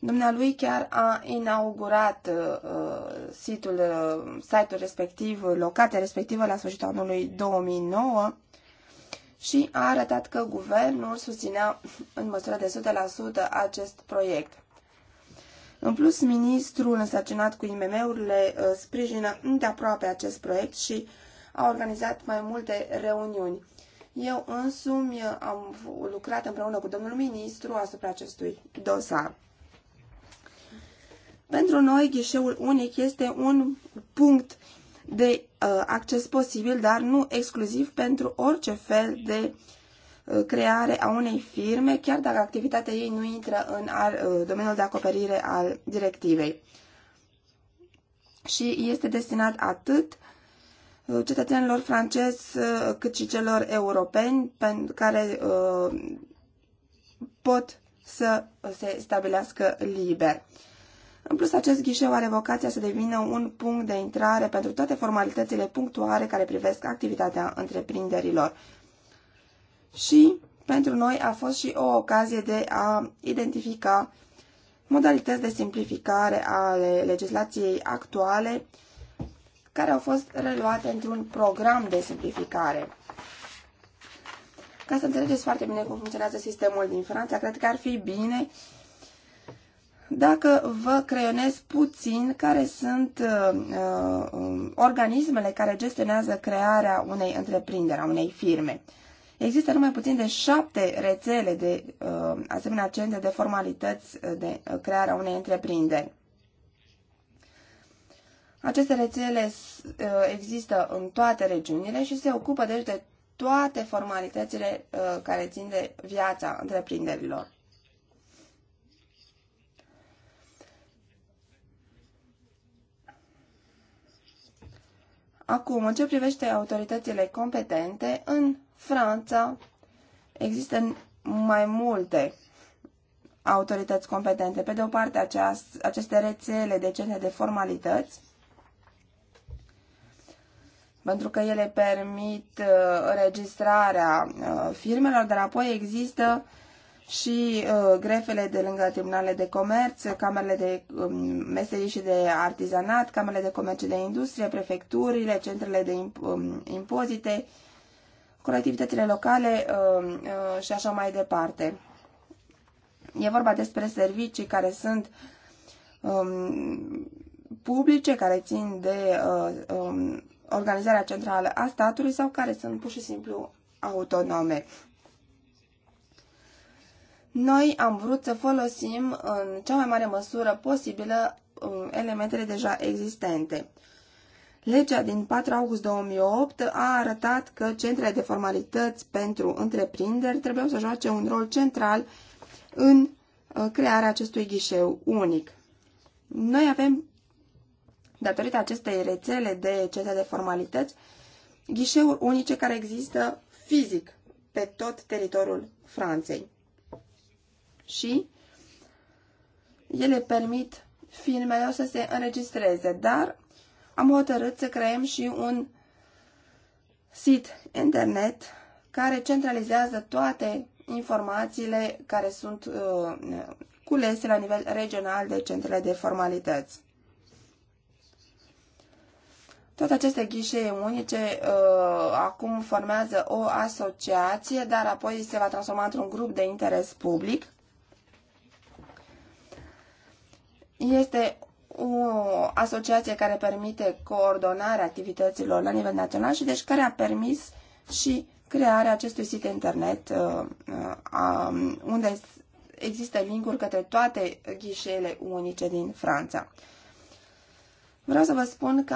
Dumnealui chiar a inaugurat uh, uh situl, uh, site-ul respectiv, locația respectivă la sfârșitul anului 2009 și a arătat că guvernul susținea în măsură de 100% acest proiect. În plus, ministrul însărcinat cu IMM-urile uh, sprijină îndeaproape acest proiect și a organizat mai multe reuniuni. Eu însumi am lucrat împreună cu domnul ministru asupra acestui dosar. Pentru noi, ghișeul unic este un punct de uh, acces posibil, dar nu exclusiv pentru orice fel de uh, creare a unei firme, chiar dacă activitatea ei nu intră în ar, uh, domeniul de acoperire al directivei. Și este destinat atât Uh, cetățenilor francezi uh, cât și celor europeni care uh, pot să se stabilească liber. În plus, acest ghișeu are vocația să devină un punct de intrare pentru toate formalitățile punctuare care privesc activitatea întreprinderilor. Și pentru noi a fost și o ocazie de a identifica modalități de simplificare ale legislației actuale care au fost reluate într-un program de simplificare. Ca să înțelegeți foarte bine cum funcționează sistemul din Franța, cred că ar fi bine dacă vă creionez puțin care sunt uh, uh, organismele care gestionează crearea unei întreprinderi, a unei firme. Există numai puțin de șapte rețele de uh, asemenea centre de formalități de uh, crearea unei întreprinderi. Aceste rețele uh, există în toate regiunile și se ocupă deci de toate formalitățile uh, care țin de viața întreprinderilor. Acum, în ce privește autoritățile competente, în Franța există mai multe autorități competente. Pe de o parte, aceste rețele decente de formalități pentru că ele permit uh, registrarea uh, firmelor, dar apoi există și uh, grefele de lângă tribunale de comerț, camerele de um, meserii și de artizanat, camerele de comerț și de industrie, prefecturile, centrele de um, impozite, colectivitățile locale și așa mai departe. E vorba despre servicii care sunt um, publice, care țin de organizarea centrală a statului sau care sunt pur și simplu autonome. Noi am vrut să folosim în cea mai mare măsură posibilă um, elementele deja existente. Legea din 4 august 2008 a arătat că centrele de formalități pentru întreprinderi trebuiau să joace un rol central în uh, crearea acestui ghișeu unic. Noi avem datorită acestei rețele de cete de formalități, ghișeuri unice care există fizic pe tot teritoriul Franței. Și ele permit firmelor să se înregistreze, dar am hotărât să creăm și un sit internet care centralizează toate informațiile care sunt uh, culese la nivel regional de centrele de formalități. Toate aceste ghișee unice uh, acum formează o asociație, dar apoi se va transforma într-un grup de interes public. Este o asociație care permite coordonarea activităților la nivel național și deci care a permis și crearea acestui sit internet uh, uh, um, unde există linkuri către toate ghișeele unice din Franța. Vreau să vă spun că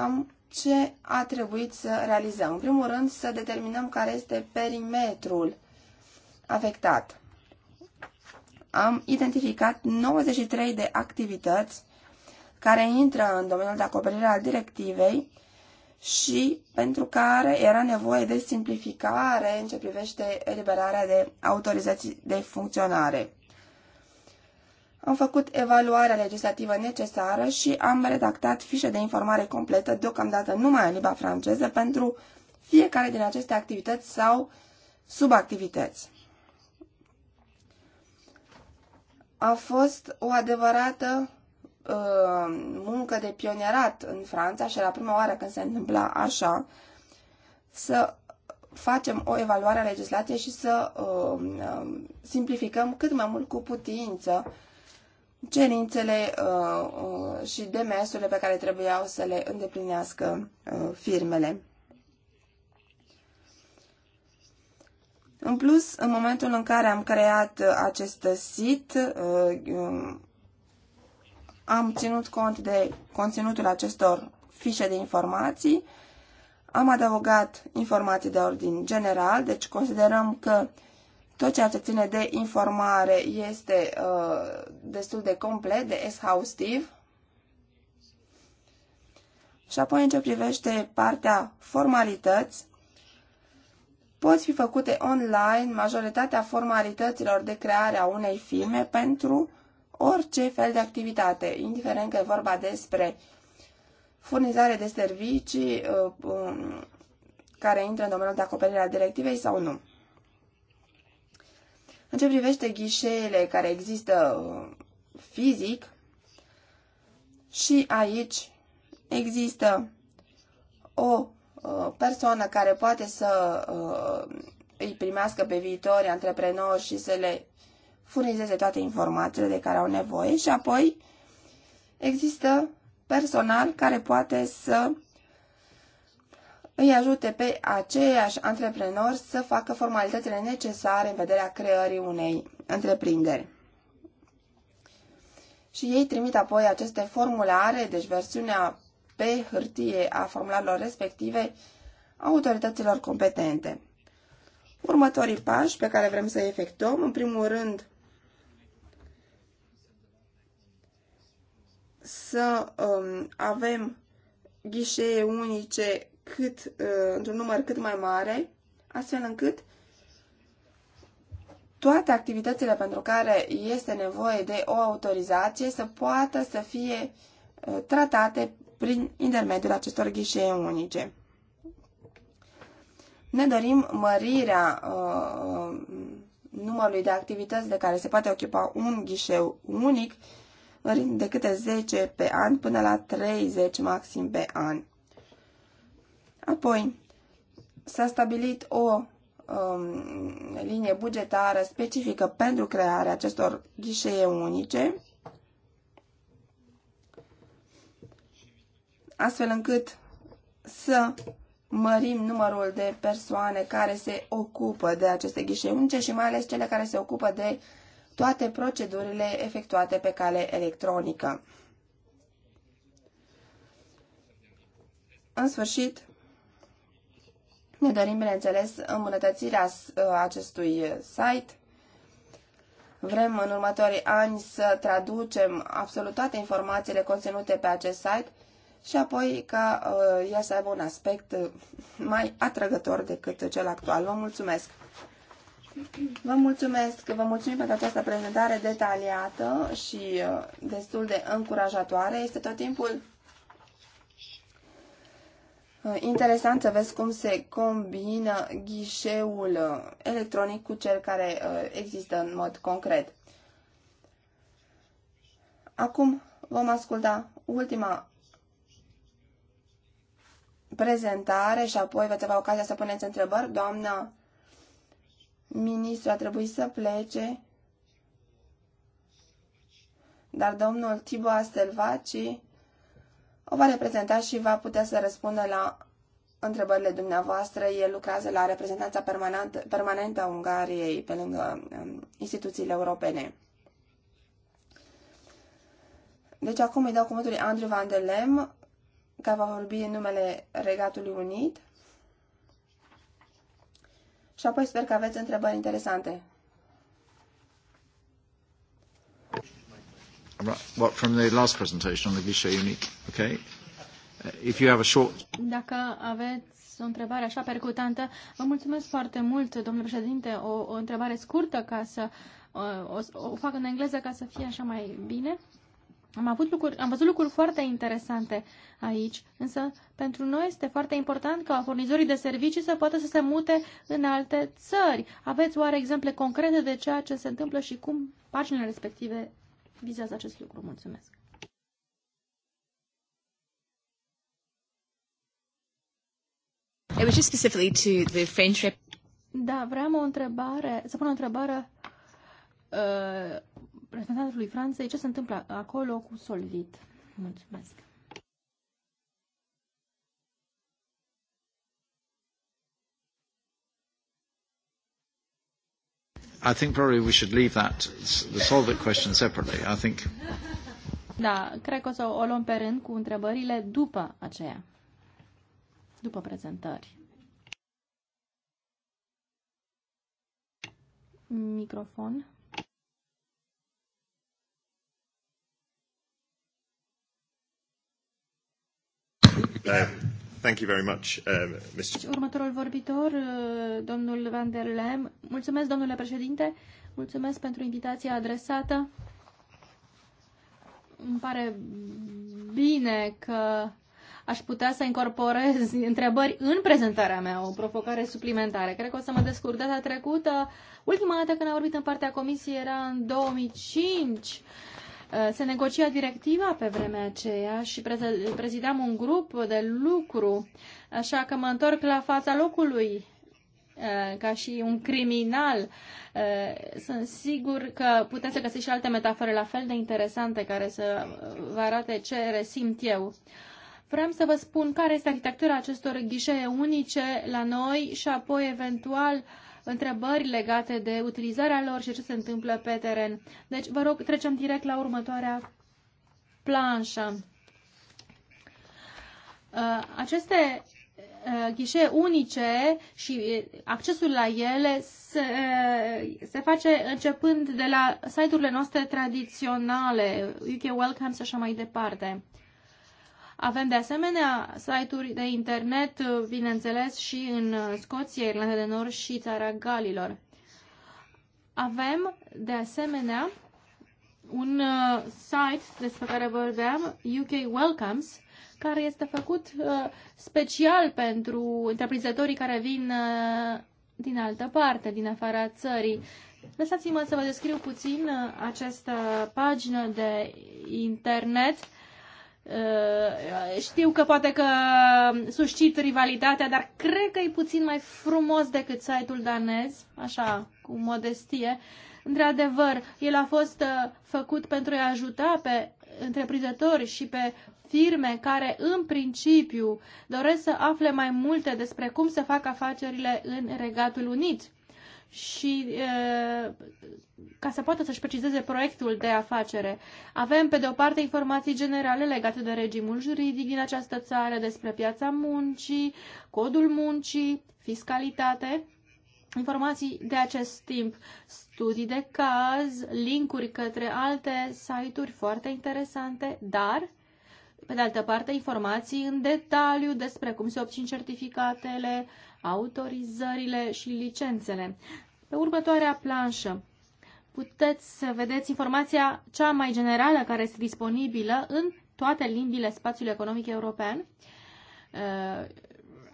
ce a trebuit să realizăm. În primul rând, să determinăm care este perimetrul afectat. Am identificat 93 de activități care intră în domeniul de acoperire al directivei și pentru care era nevoie de simplificare în ce privește eliberarea de autorizații de funcționare. Am făcut evaluarea legislativă necesară și am redactat fișe de informare completă, deocamdată numai în limba franceză, pentru fiecare din aceste activități sau subactivități. A fost o adevărată uh, muncă de pionierat în Franța și la prima oară când se întâmpla așa să facem o evaluare a legislației și să uh, uh simplificăm cât mai mult cu putință cerințele uh, uh, și demersurile pe care trebuiau să le îndeplinească uh, firmele. În plus, în momentul în care am creat uh, acest sit, uh, um, am ținut cont de conținutul acestor fișe de informații, am adăugat informații de ordin general, deci considerăm că tot ceea ce ține de informare este uh, destul de complet, de exhaustiv. Și apoi, în ce privește partea formalități, pot fi făcute online majoritatea formalităților de creare a unei firme pentru orice fel de activitate, indiferent că e vorba despre furnizare de servicii uh, um, care intră în domeniul de acoperire a directivei sau nu. În ce privește ghișeele care există uh, fizic, și aici există o uh, persoană care poate să uh, îi primească pe viitori antreprenori și să le furnizeze toate informațiile de care au nevoie și apoi există personal care poate să îi ajute pe aceiași antreprenori să facă formalitățile necesare în vederea creării unei întreprinderi. Și ei trimit apoi aceste formulare, deci versiunea pe hârtie a formularilor respective, autorităților competente. Următorii pași pe care vrem să efectuăm, în primul rând, să um, avem ghișee unice cât, uh, într-un număr cât mai mare, astfel încât toate activitățile pentru care este nevoie de o autorizație să poată să fie uh, tratate prin intermediul acestor ghișee unice. Ne dorim mărirea uh, numărului de activități de care se poate ocupa un ghișeu unic, de câte 10 pe an până la 30 maxim pe an. Apoi, s-a stabilit o um, linie bugetară specifică pentru crearea acestor ghișee unice, astfel încât să mărim numărul de persoane care se ocupă de aceste ghișee unice și mai ales cele care se ocupă de toate procedurile efectuate pe cale electronică. În sfârșit, ne dorim, bineînțeles, îmbunătățirea uh, acestui site. Vrem în următorii ani să traducem absolut toate informațiile conținute pe acest site și apoi ca uh, ea să aibă un aspect uh, mai atrăgător decât cel actual. Vă mulțumesc! Vă mulțumesc, vă mulțumim pentru această prezentare detaliată și destul de încurajatoare. Este tot timpul Uh, interesant să vezi cum se combină ghișeul uh, electronic cu cel care uh, există în mod concret. Acum vom asculta ultima prezentare și apoi veți avea ocazia să puneți întrebări. Doamna ministru a trebuit să plece, dar domnul Tibo Astelvaci o va reprezenta și va putea să răspundă la întrebările dumneavoastră. El lucrează la reprezentanța permanent, permanentă a Ungariei pe lângă um, instituțiile europene. Deci acum îi dau cuvântul lui Andrew Van der Lem, care va vorbi în numele Regatului Unit. Și apoi sper că aveți întrebări interesante. What, from the last presentation on the Okay. Uh, if you have a short... Dacă aveți o întrebare așa percutantă, vă mulțumesc foarte mult, domnule președinte, o, o întrebare scurtă ca să uh, o, o fac în engleză ca să fie așa mai bine. Am, avut lucruri, am văzut lucruri foarte interesante aici, însă pentru noi este foarte important ca furnizorii de servicii să poată să se mute în alte țări. Aveți oare exemple concrete de ceea ce se întâmplă și cum paginile respective vizează acest lucru. Mulțumesc! It was just specifically to the friendship. Da, vreau o întrebare, să pun o întrebare uh, reprezentantului Franței. Ce se întâmplă acolo cu Solvit? Mulțumesc! I think probably we should leave that, the Solvit question separately. I think. Da, cred că o să o luăm pe rând cu întrebările după aceea, după prezentări. Microfon. Da. Thank you very much, uh, Mr. Următorul vorbitor, uh, domnul Van der Lem. Mulțumesc, domnule președinte. Mulțumesc pentru invitația adresată. Îmi pare bine că aș putea să incorporez (laughs) întrebări în prezentarea mea, o provocare suplimentare. Cred că o să mă descurc data trecută. Ultima dată când am vorbit în partea comisiei era în 2005 Uh, se negocia directiva pe vremea aceea și prezideam un grup de lucru, așa că mă întorc la fața locului uh, ca și un criminal. Uh, sunt sigur că puteți să găsiți și alte metafore la fel de interesante care să vă arate ce resimt eu. Vreau să vă spun care este arhitectura acestor ghișee unice la noi și apoi eventual uh, întrebări legate de utilizarea lor și ce se întâmplă pe teren. Deci, vă rog, trecem direct la următoarea planșă. Uh, aceste uh, ghișe unice și uh, accesul la ele se, se face începând de la site-urile noastre tradiționale, UK Welcome și așa mai departe. Avem de asemenea site-uri de internet, bineînțeles, și în Scoția, Irlanda de Nord și Țara Galilor. Avem de asemenea un uh, site despre care vorbeam, UK Welcomes, care este făcut uh, special pentru întreprinzătorii care vin uh, din altă parte, din afara țării. Lăsați-mă să vă descriu puțin această pagină de internet Eh, știu că poate că suscit rivalitatea, dar cred că e puțin mai frumos decât site-ul danez, așa, cu modestie. Într-adevăr, el a fost eh, făcut pentru a ajuta pe întreprinzători și pe firme care, în principiu, doresc să afle mai multe despre cum se fac afacerile în Regatul Unit și ca să poată să-și precizeze proiectul de afacere. Avem, pe de o parte, informații generale legate de regimul juridic din această țară, despre piața muncii, codul muncii, fiscalitate, informații de acest timp, studii de caz, linkuri către alte site-uri foarte interesante, dar pe de altă parte, informații în detaliu despre cum se obțin certificatele, autorizările și licențele. Pe următoarea planșă puteți să vedeți informația cea mai generală care este disponibilă în toate limbile spațiului economic european. Uh,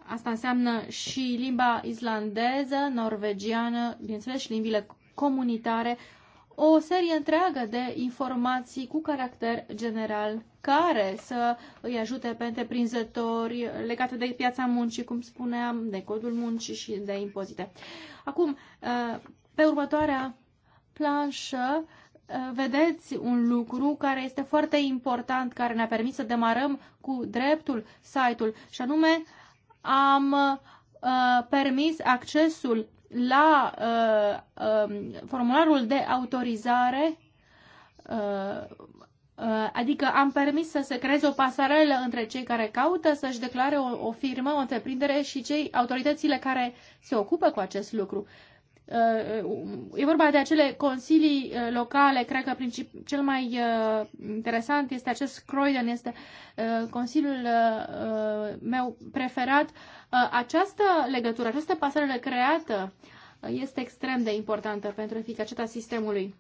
asta înseamnă și limba islandeză, norvegiană, bineînțeles și limbile comunitare, o serie întreagă de informații cu caracter general care să îi ajute pe întreprinzători legate de piața muncii, cum spuneam, de codul muncii și de impozite. Acum, ă, pe următoarea planșă, ă, vedeți un lucru care este foarte important, care ne-a permis să demarăm cu dreptul site-ul, și anume am ă, permis accesul la formularul de autorizare Uh, adică am permis să se creeze o pasarelă între cei care caută să-și declare o, o firmă, o întreprindere și cei autoritățile care se ocupă cu acest lucru. Uh, e vorba de acele consilii uh, locale, cred că princip, cel mai interesant este acest Croydon, este consiliul meu preferat. Această legătură, această pasarelă creată este extrem de importantă pentru eficacitatea sistemului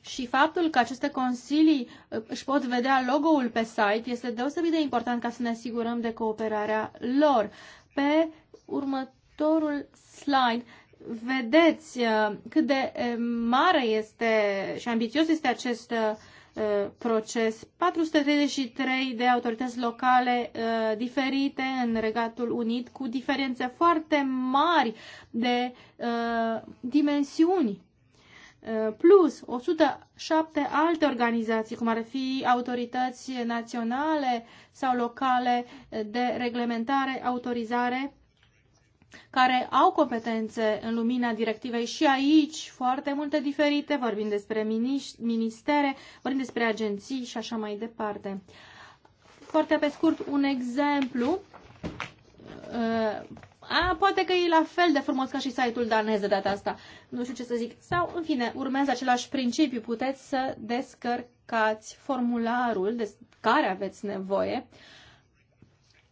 și faptul că aceste consilii uh, își pot vedea logo-ul pe site este deosebit de important ca să ne asigurăm de cooperarea lor. Pe următorul slide vedeți uh, cât de uh, mare este și ambițios este acest proces. 433 de autorități locale diferite în Regatul Unit cu diferențe foarte mari de dimensiuni Eh, plus 107 alte organizații, cum ar fi autorități naționale sau locale de reglementare, autorizare, care au competențe în lumina directivei și aici foarte multe diferite, vorbim despre ministere, vorbim despre agenții și așa mai departe. Foarte pe scurt, un exemplu eh, a, poate că e la fel de frumos ca și site-ul danez de data asta. Nu știu ce să zic. Sau, în fine, urmează același principiu. Puteți să descărcați formularul de care aveți nevoie.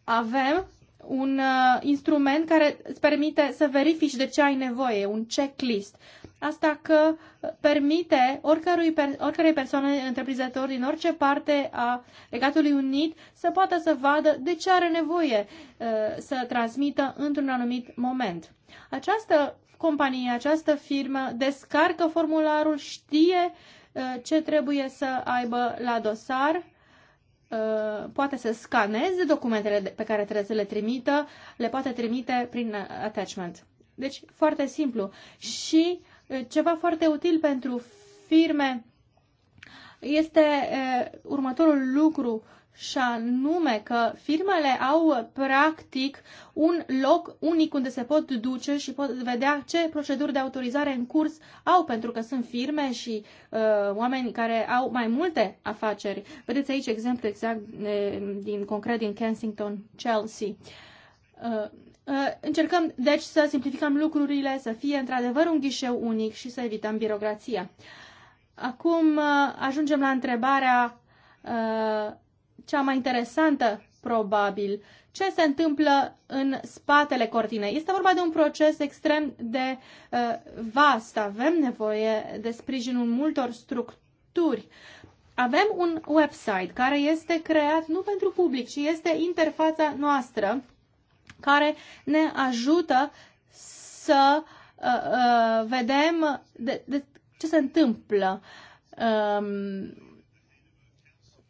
Avem un uh, instrument care îți permite să verifici de ce ai nevoie, un checklist asta că permite oricărui, oricărei persoane întreprinzător din orice parte a Regatului Unit să poată să vadă de ce are nevoie uh, să transmită într-un anumit moment. Această companie, această firmă descarcă formularul, știe uh, ce trebuie să aibă la dosar, uh, poate să scaneze documentele pe care trebuie să le trimită, le poate trimite prin attachment. Deci, foarte simplu. Și ceva foarte util pentru firme este următorul lucru și anume că firmele au practic un loc unic unde se pot duce și pot vedea ce proceduri de autorizare în curs au, pentru că sunt firme și uh, oameni care au mai multe afaceri. Vedeți aici exemplu exact uh, din concret din Kensington, Chelsea. Uh, Uh, încercăm, deci, să simplificăm lucrurile, să fie într-adevăr un ghișeu unic și să evităm birocrația. Acum uh, ajungem la întrebarea uh, cea mai interesantă, probabil. Ce se întâmplă în spatele cortinei? Este vorba de un proces extrem de vast. Avem nevoie de sprijinul multor structuri. Avem un website care este creat nu pentru public, ci este interfața noastră care ne ajută să uh, uh, vedem de, de ce se întâmplă. Um,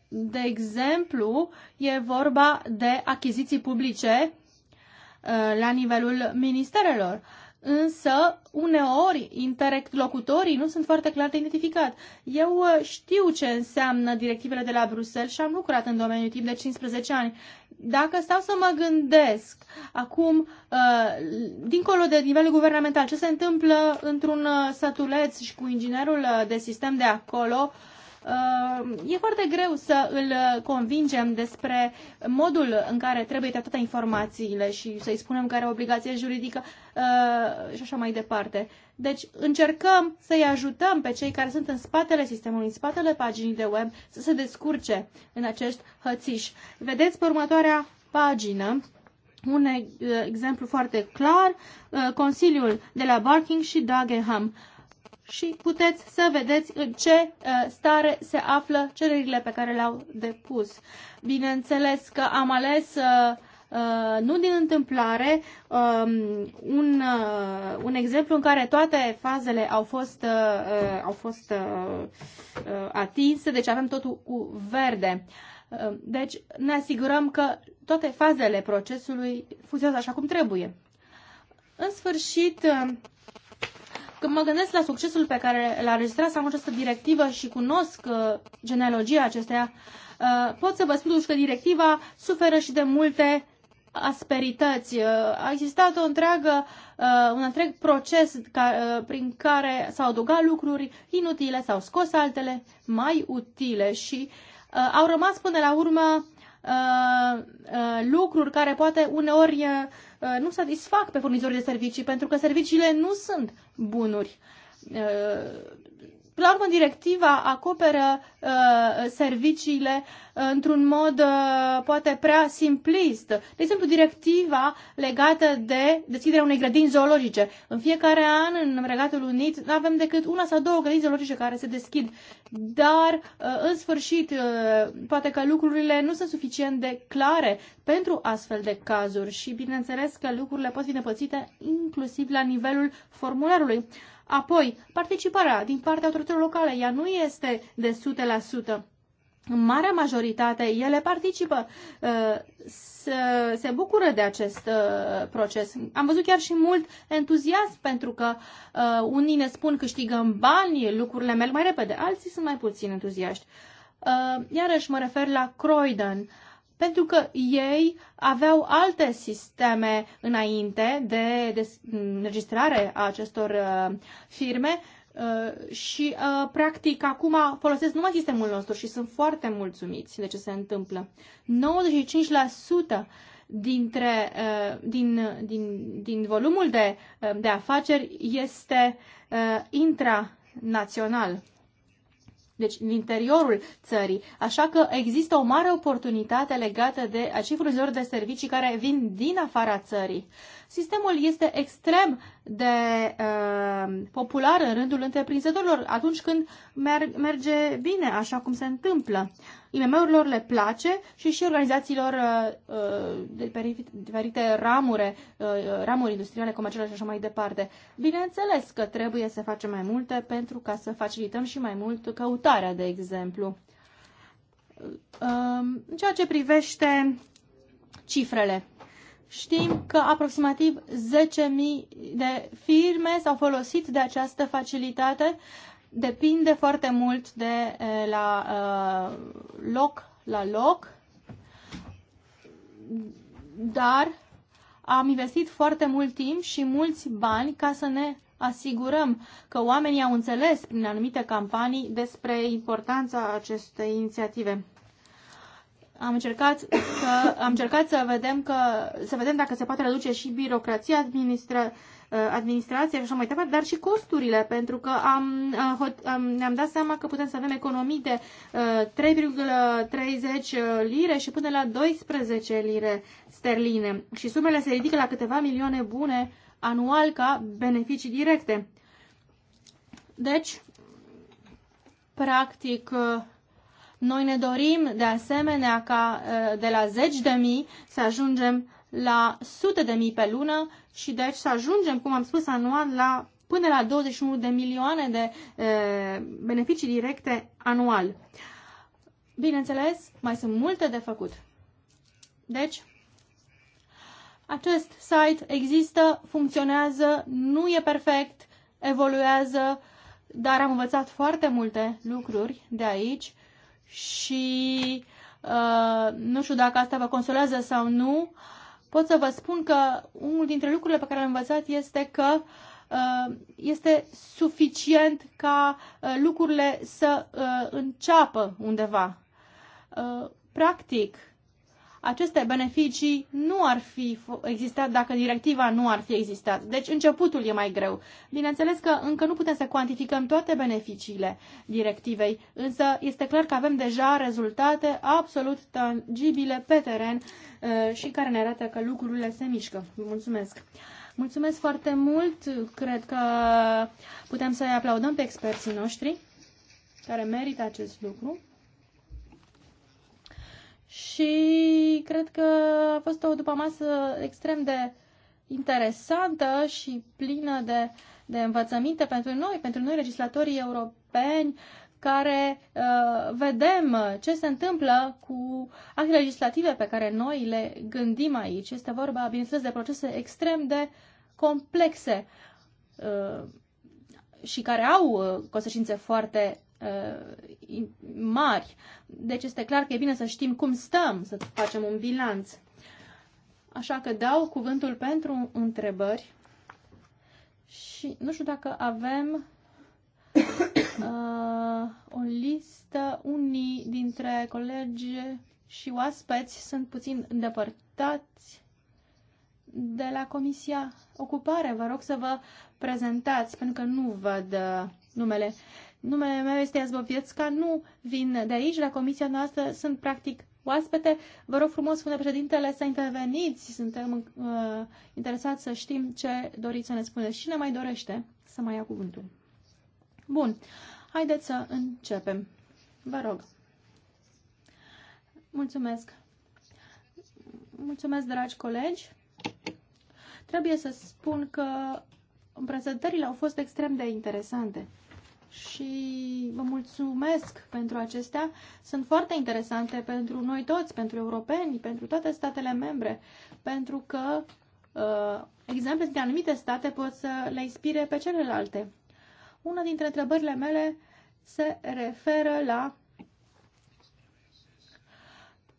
de exemplu, e vorba de achiziții publice uh, la nivelul ministerelor însă uneori interlocutorii nu sunt foarte clar de identificat. Eu uh, știu ce înseamnă directivele de la Bruxelles și am lucrat în domeniul timp de 15 ani. Dacă stau să mă gândesc acum, uh, dincolo de nivelul guvernamental, ce se întâmplă într-un uh, satuleț și cu inginerul de sistem de acolo, Ehm, e foarte greu să îl uh, convingem despre modul în care trebuie tratate informațiile și să-i spunem că are obligație juridică uh, și așa mai departe. Deci încercăm să-i ajutăm pe cei care sunt în spatele sistemului, în spatele paginii de web, să se descurce în acest hățiș. Vedeți pe următoarea pagină un uh, exemplu foarte clar, Consiliul de la Barking și Dagenham și puteți să vedeți în ce uh, stare se află cererile pe care le-au depus. Bineînțeles că am ales uh, uh, nu din întâmplare um, un, un exemplu în care toate fazele au fost, au fost atinse, deci avem totul cu verde. Deci ne asigurăm că toate fazele procesului funcționează așa cum trebuie. În sfârșit, când mă gândesc la succesul pe care l-a registrat sau această directivă și cunosc uh, genealogia acesteia, uh, pot să vă spun că directiva suferă și de multe asperități. Uh, a existat o întreagă, uh, un întreg proces ca, uh, prin care s-au adugat lucruri inutile, s-au scos altele mai utile și uh, au rămas până la urmă Uh, uh, lucruri care poate uneori uh, uh nu satisfac pe furnizorii de servicii, pentru că serviciile nu sunt bunuri uh, Până la urmă, directiva acoperă uh, serviciile uh, într-un mod uh, poate prea simplist. De exemplu, directiva legată de deschiderea unei grădini zoologice. În fiecare an, în Regatul Unit, nu avem decât una sau două grădini zoologice care se deschid. Dar, uh, în sfârșit, uh, poate că lucrurile nu sunt suficient de clare pentru astfel de cazuri și, bineînțeles, că lucrurile pot fi nepățite inclusiv la nivelul formularului. Uh, Apoi, participarea din partea autorităților locale, ea nu este de 100%. În marea majoritate, ele participă, uh, se bucură de acest uh, proces. Am văzut chiar și mult entuziasm pentru că uh, unii ne spun câștigăm bani, lucrurile merg mai repede, alții sunt mai puțin entuziaști. Iarăși mă refer la Croydon pentru că ei aveau alte sisteme înainte de înregistrare a acestor uh, firme uh, și uh, practic acum folosesc numai sistemul nostru și sunt foarte mulțumiți de ce se întâmplă. 95% dintre, din, din, din volumul de, de afaceri este intranațional deci în interiorul țării. Așa că există o mare oportunitate legată de acei furnizori de servicii care vin din afara țării. Sistemul este extrem de uh, popular în rândul întreprinzătorilor atunci când mer- merge bine, așa cum se întâmplă. IMM-urilor le place și și organizațiilor uh, uh de diferite ramure, uh, uh, ramuri industriale, comerciale și așa mai departe. Bineînțeles că trebuie să facem mai multe pentru ca să facilităm și mai mult căutarea, de exemplu. Uh, în ceea ce privește cifrele știm că aproximativ 10.000 de firme s-au folosit de această facilitate. Depinde foarte mult de la loc la loc, dar am investit foarte mult timp și mulți bani ca să ne asigurăm că oamenii au înțeles prin anumite campanii despre importanța acestei inițiative am încercat, că, am încercat să, vedem că, să vedem dacă se poate reduce și birocrația, administra, uh, administrația și așa mai departe, dar și costurile, pentru că am, uh, am, ne-am dat seama că putem să avem economii de 3,30 uh, lire și până la 12 lire sterline și sumele se ridică la câteva milioane bune anual ca beneficii directe. Deci, practic, noi ne dorim de asemenea ca ă, de la zeci de mii să ajungem la sute de mii pe lună și deci să ajungem, cum am spus anual, la până la 21 de milioane de e, ă, beneficii directe anual. Bineînțeles, mai sunt multe de făcut. Deci, acest site există, funcționează, nu e perfect, evoluează, dar am învățat foarte multe lucruri de aici și uh, nu știu dacă asta vă consolează sau nu, pot să vă spun că unul dintre lucrurile pe care le-am învățat este că uh, este suficient ca uh, lucrurile să uh, înceapă undeva. Practic, aceste beneficii nu ar fi existat dacă directiva nu ar fi existat. Deci începutul e mai greu. Bineînțeles că încă nu putem să cuantificăm toate beneficiile directivei, însă este clar că avem deja rezultate absolut tangibile pe teren uh, și care ne arată că lucrurile se mișcă. Mulțumesc! Mulțumesc foarte mult! Cred că putem să-i aplaudăm pe experții noștri care merită acest lucru și cred că a fost o masă extrem de interesantă și plină de, de învățăminte pentru noi, pentru noi legislatorii europeni, care uh, vedem ce se întâmplă cu actele legislative pe care noi le gândim aici. Este vorba, bineînțeles, de procese extrem de complexe uh, și care au uh, consecințe foarte Uh, mari. Deci este clar că e bine să știm cum stăm, să facem un bilanț. Așa că dau cuvântul pentru întrebări și nu știu dacă avem (coughs) uh, o listă. Unii dintre colegi și oaspeți sunt puțin îndepărtați de la Comisia Ocupare. Vă rog să vă prezentați, pentru că nu văd uh, numele. Numele meu este Iazbovietska, nu vin de aici, la comisia noastră sunt practic oaspete. Vă rog frumos, spune președintele, să interveniți. Suntem uh, interesați să știm ce doriți să ne spuneți. Cine mai dorește să mai ia cuvântul? Bun, haideți să începem. Vă rog. Mulțumesc. Mulțumesc, dragi colegi. Trebuie să spun că prezentările au fost extrem de interesante și vă mulțumesc pentru acestea. Sunt foarte interesante pentru noi toți, pentru europeni, pentru toate statele membre, pentru că uh, exemple din anumite state pot să le inspire pe celelalte. Una dintre întrebările mele se referă la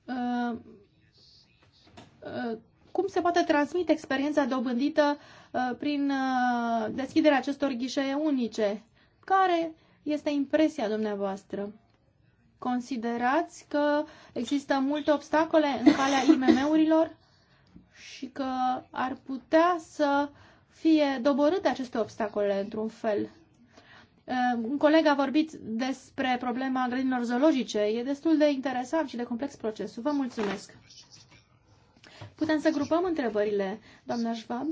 uh, uh cum se poate transmite experiența dobândită uh, prin uh, deschiderea acestor ghișee unice care este impresia dumneavoastră? Considerați că există multe obstacole în calea IMM-urilor și că ar putea să fie doborâte aceste obstacole într-un fel? Uh, un coleg a vorbit despre problema grădinilor zoologice. E destul de interesant și de complex procesul. Vă mulțumesc! Putem să grupăm întrebările, doamna Schwab?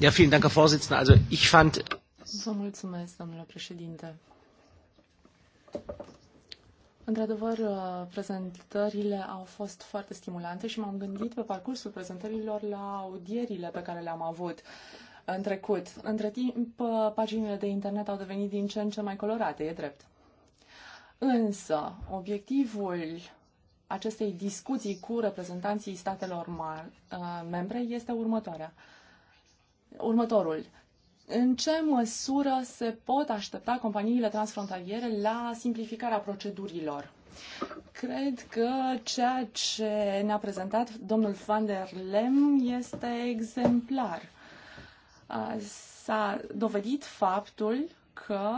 Ja, vielen Dank, Herr Vorsitzender. Also ich fand Vă mulțumesc, domnule președinte. Într-adevăr, prezentările au fost foarte stimulante și m-am gândit pe parcursul prezentărilor la audierile pe care le-am avut în trecut. Între timp, paginile de internet au devenit din ce în ce mai colorate, e drept. Însă, obiectivul acestei discuții cu reprezentanții statelor uh, membre este următoarea. Următorul în ce măsură se pot aștepta companiile transfrontaliere la simplificarea procedurilor? Cred că ceea ce ne-a prezentat domnul van der Lem este exemplar. S-a dovedit faptul că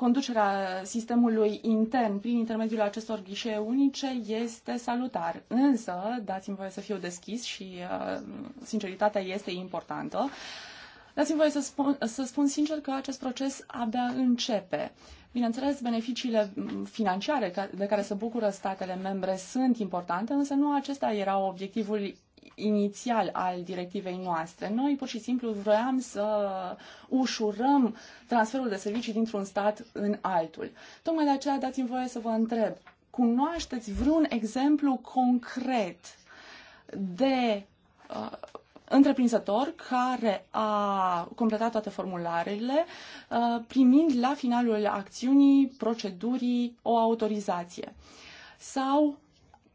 conducerea sistemului intern prin intermediul acestor ghișee unice este salutar. Însă, dați-mi voie să fiu deschis și uh, sinceritatea este importantă. Dați-mi voie să spun, să spun sincer că acest proces abia începe. Bineînțeles, beneficiile mm, financiare de care se bucură statele membre sunt importante, însă nu acesta era obiectivul inițial al directivei noastre. Noi pur și simplu vroiam să ușurăm transferul de servicii dintr-un stat în altul. Tocmai de aceea dați-mi voie să vă întreb, cunoașteți vreun exemplu concret de uh, întreprinzător care a completat toate formularele, uh, primind la finalul acțiunii procedurii o autorizație? Sau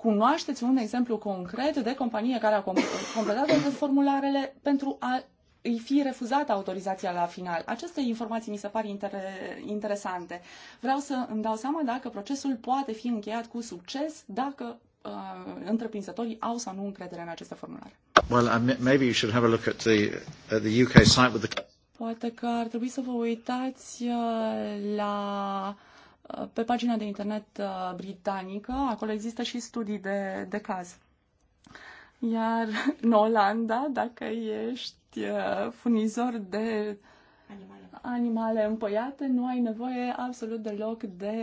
cunoașteți un exemplu concret de companie care a completat toate formularele pentru a îi fi refuzată autorizația la final. Aceste informații mi se par inter- interesante. Vreau să îmi dau seama dacă procesul poate fi încheiat cu succes, dacă uh, întreprinzătorii au sau nu încredere în aceste formulare. Well, maybe you should have a look at the, at the UK site with the... Poate că ar trebui să vă uitați uh, la Uh, pe pagina de internet uh, britanică, acolo există și studii de, de caz. Iar (laughs) în Olanda, dacă ești uh, furnizor de animale. animale împăiate, nu ai nevoie absolut deloc de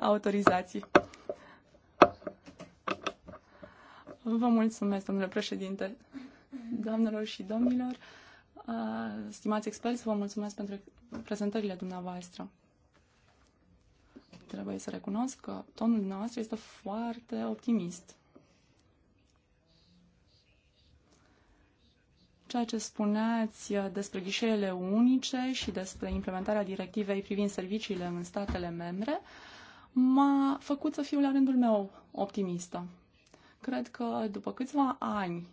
autorizații. Vă mulțumesc, domnule președinte. Doamnelor și domnilor, stimați experți, vă mulțumesc pentru prezentările dumneavoastră. Trebuie să recunosc că tonul nostru este foarte optimist. Ceea ce spuneați despre ghișeele unice și despre implementarea directivei privind serviciile în statele membre m-a făcut să fiu la rândul meu optimistă. Cred că după câțiva ani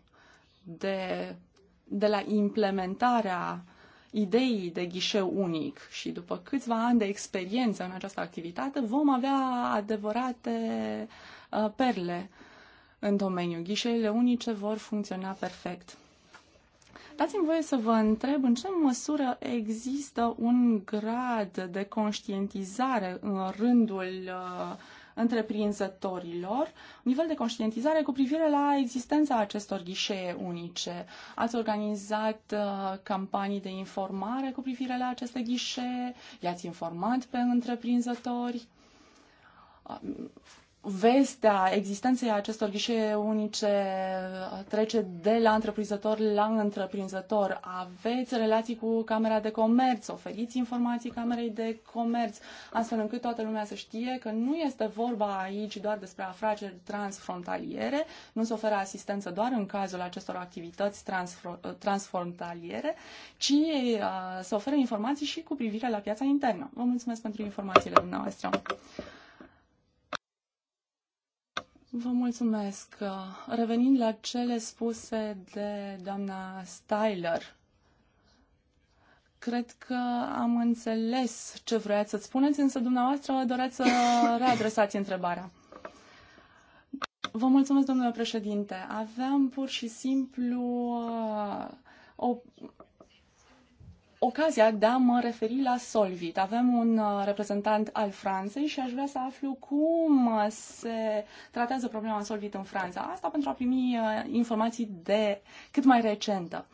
de, de la implementarea ideii de ghișeu unic și după câțiva ani de experiență în această activitate vom avea adevărate uh, perle în domeniu. Ghișeile unice vor funcționa perfect. Dați-mi voie să vă întreb în ce măsură există un grad de conștientizare în rândul uh, întreprinzătorilor, un nivel de conștientizare cu privire la existența acestor ghișee unice. Ați organizat uh, campanii de informare cu privire la aceste ghișee, i-ați informat pe întreprinzători uh, vestea existenței acestor ghișee unice trece de la întreprinzător la întreprinzător. Aveți relații cu Camera de Comerț, oferiți informații Camerei de Comerț, astfel încât toată lumea să știe că nu este vorba aici doar despre afaceri transfrontaliere, nu se oferă asistență doar în cazul acestor activități transfrontaliere, ci uh, se oferă informații și cu privire la piața internă. Vă mulțumesc pentru informațiile dumneavoastră. Vă mulțumesc. Revenind la cele spuse de doamna Styler, cred că am înțeles ce vreați să spuneți, însă dumneavoastră doreați să readresați întrebarea. Vă mulțumesc, domnule președinte. Aveam pur și simplu uh, o ocazia de a mă referi la Solvit. Avem un uh, reprezentant al Franței și aș vrea să aflu cum uh, se tratează problema Solvit în Franța. Asta pentru a primi uh, informații de cât mai recentă.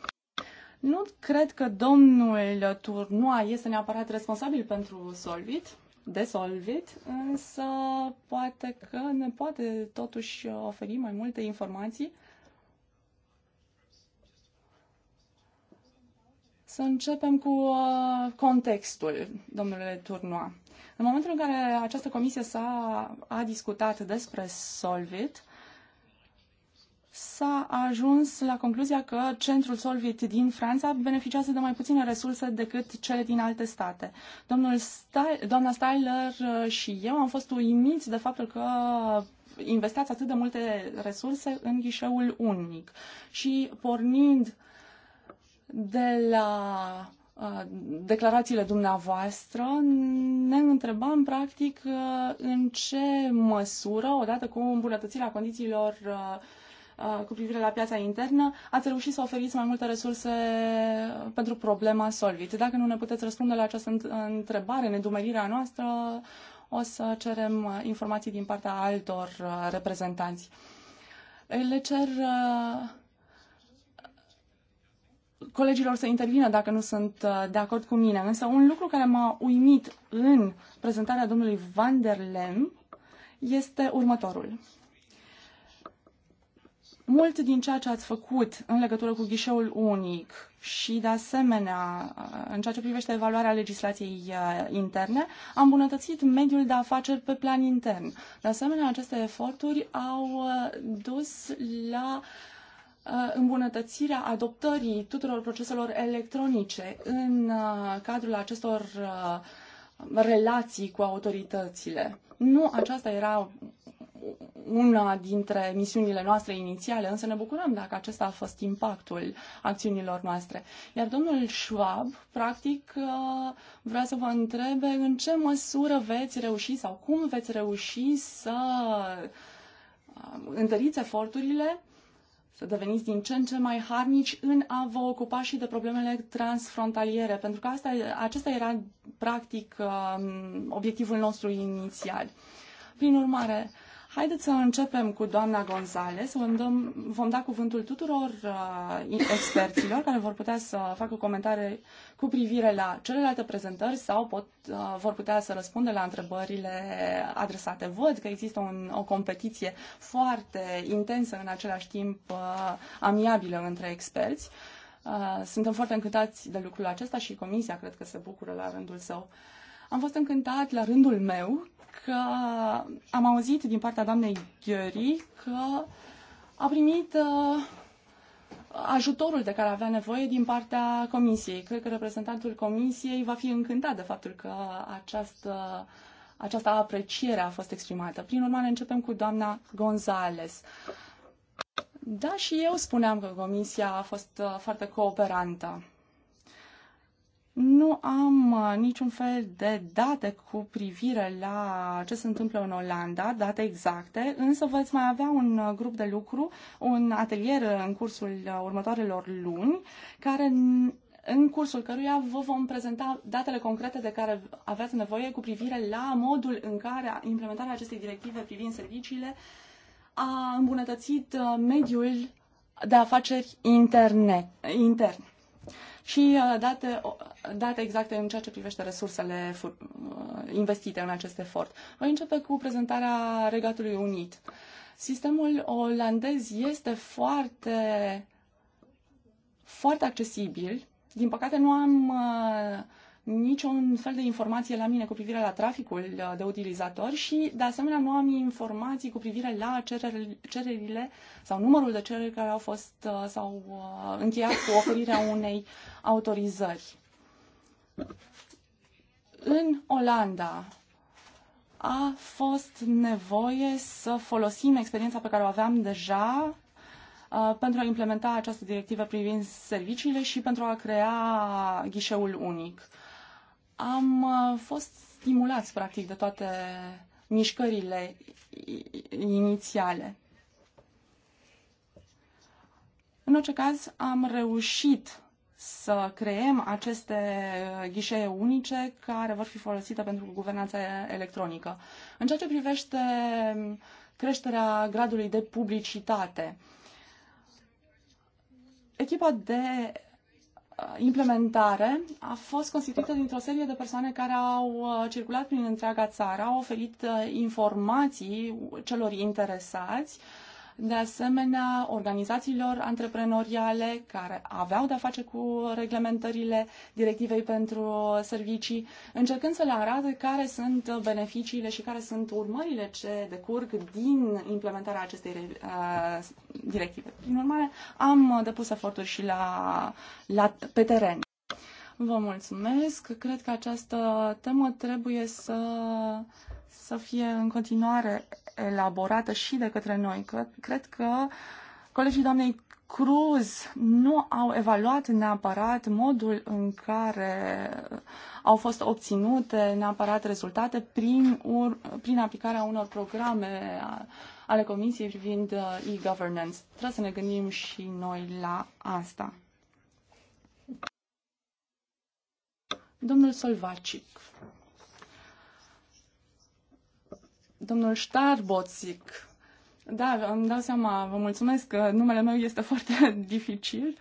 Nu cred că domnul Turnua este neapărat responsabil pentru Solvit, de Solvit, însă poate că ne poate totuși oferi mai multe informații Să începem cu uh, contextul, domnule Turnoa. În momentul în care această comisie s-a a discutat despre Solvit, s-a ajuns la concluzia că centrul Solvit din Franța beneficiază de mai puține resurse decât cele din alte state. Domnul Sty- doamna Styler și eu am fost uimiți de faptul că investați atât de multe resurse în ghișeul unic. Și pornind de la uh, declarațiile dumneavoastră, ne întrebam practic uh, în ce măsură, odată cu îmbunătățirea condițiilor uh, cu privire la piața internă, ați reușit să oferiți mai multe resurse pentru problema Solvit. Dacă nu ne puteți răspunde la această întrebare, nedumerirea noastră, o să cerem informații din partea altor reprezentanți. Le cer colegilor să intervină dacă nu sunt uh, de acord cu mine. Însă un lucru care m-a uimit în prezentarea domnului Van der Lem este următorul. Mult din ceea ce ați făcut în legătură cu ghișeul unic și, de asemenea, uh, în ceea ce privește evaluarea legislației uh, interne, a îmbunătățit mediul de afaceri pe plan intern. De asemenea, aceste eforturi au dus la uh, Uh, îmbunătățirea adoptării tuturor proceselor electronice în uh, cadrul acestor uh, relații cu autoritățile. Nu aceasta era una dintre misiunile noastre inițiale, însă ne bucurăm dacă acesta a fost impactul acțiunilor noastre. Iar domnul Schwab, practic, vrea să vă întrebe în ce măsură veți reuși sau cum veți reuși să întăriți eforturile să deveniți din ce în ce mai harnici în a vă ocupa și de problemele transfrontaliere, pentru că asta, acesta era practic um, obiectivul nostru inițial. Prin urmare, Haideți să începem cu doamna Gonzales. Dăm, vom da cuvântul tuturor uh, experților care vor putea să facă comentarii cu privire la celelalte prezentări sau pot, uh, vor putea să răspundă la întrebările adresate. Văd că există un, o competiție foarte intensă în același timp uh, amiabilă între experți. Uh, suntem foarte încântați de lucrul acesta și comisia cred că se bucură la rândul său. Uh, am fost încântat la rândul meu că am auzit din partea doamnei Gheri că a primit uh, ajutorul de care avea nevoie din partea comisiei. Cred că reprezentantul comisiei va fi încântat de faptul că această, această apreciere a fost exprimată. Prin urmare, începem cu doamna Gonzales. Da, și eu spuneam că comisia a fost uh, foarte cooperantă. Nu am uh, niciun fel de date cu privire la ce se întâmplă în Olanda, date exacte, însă veți mai avea un uh, grup de lucru, un atelier în cursul uh, următoarelor luni, care în cursul căruia vă vom prezenta datele concrete de care aveți nevoie cu privire la modul în care implementarea acestei directive privind serviciile a îmbunătățit mediul de afaceri interne, intern și uh, date, date exacte în ceea ce privește resursele uh, investite în acest efort. Voi începe cu prezentarea Regatului Unit. Sistemul olandez este foarte, foarte accesibil. Din păcate nu am uh, niciun fel de informație la mine cu privire la traficul uh, de utilizatori și, de asemenea, nu am informații cu privire la cererile sau numărul de cereri care au fost uh, sau uh, încheiat cu oferirea unei autorizări. În Olanda, a fost nevoie să folosim experiența pe care o aveam deja pentru a implementa această directivă privind serviciile și pentru a crea ghișeul unic am uh, fost stimulați, practic, de toate mișcările inițiale. În orice caz, am reușit să creăm aceste uh, ghișee unice care vor fi folosite pentru guvernanța electronică. În ceea ce privește um, creșterea gradului de publicitate, echipa de implementare a fost constituită dintr-o serie de persoane care au uh, circulat prin întreaga țară, au oferit uh, informații celor interesați, de asemenea organizațiilor antreprenoriale care aveau de-a face cu reglementările directivei pentru servicii, încercând să le arate care sunt beneficiile și care sunt urmările ce decurg din implementarea acestei uh, directive. Prin urmare, am depus eforturi și la, la, pe teren. Vă mulțumesc. Cred că această temă trebuie să să fie în continuare elaborată și de către noi. Cred că colegii doamnei Cruz nu au evaluat neapărat modul în care au fost obținute neapărat rezultate prin, ur- prin aplicarea unor programe ale Comisiei privind uh, e-governance. Trebuie să ne gândim și noi la asta. Domnul Solvacic. Domnul Starboțic. Da, îmi dau seama, vă mulțumesc că numele meu este foarte (laughs) dificil.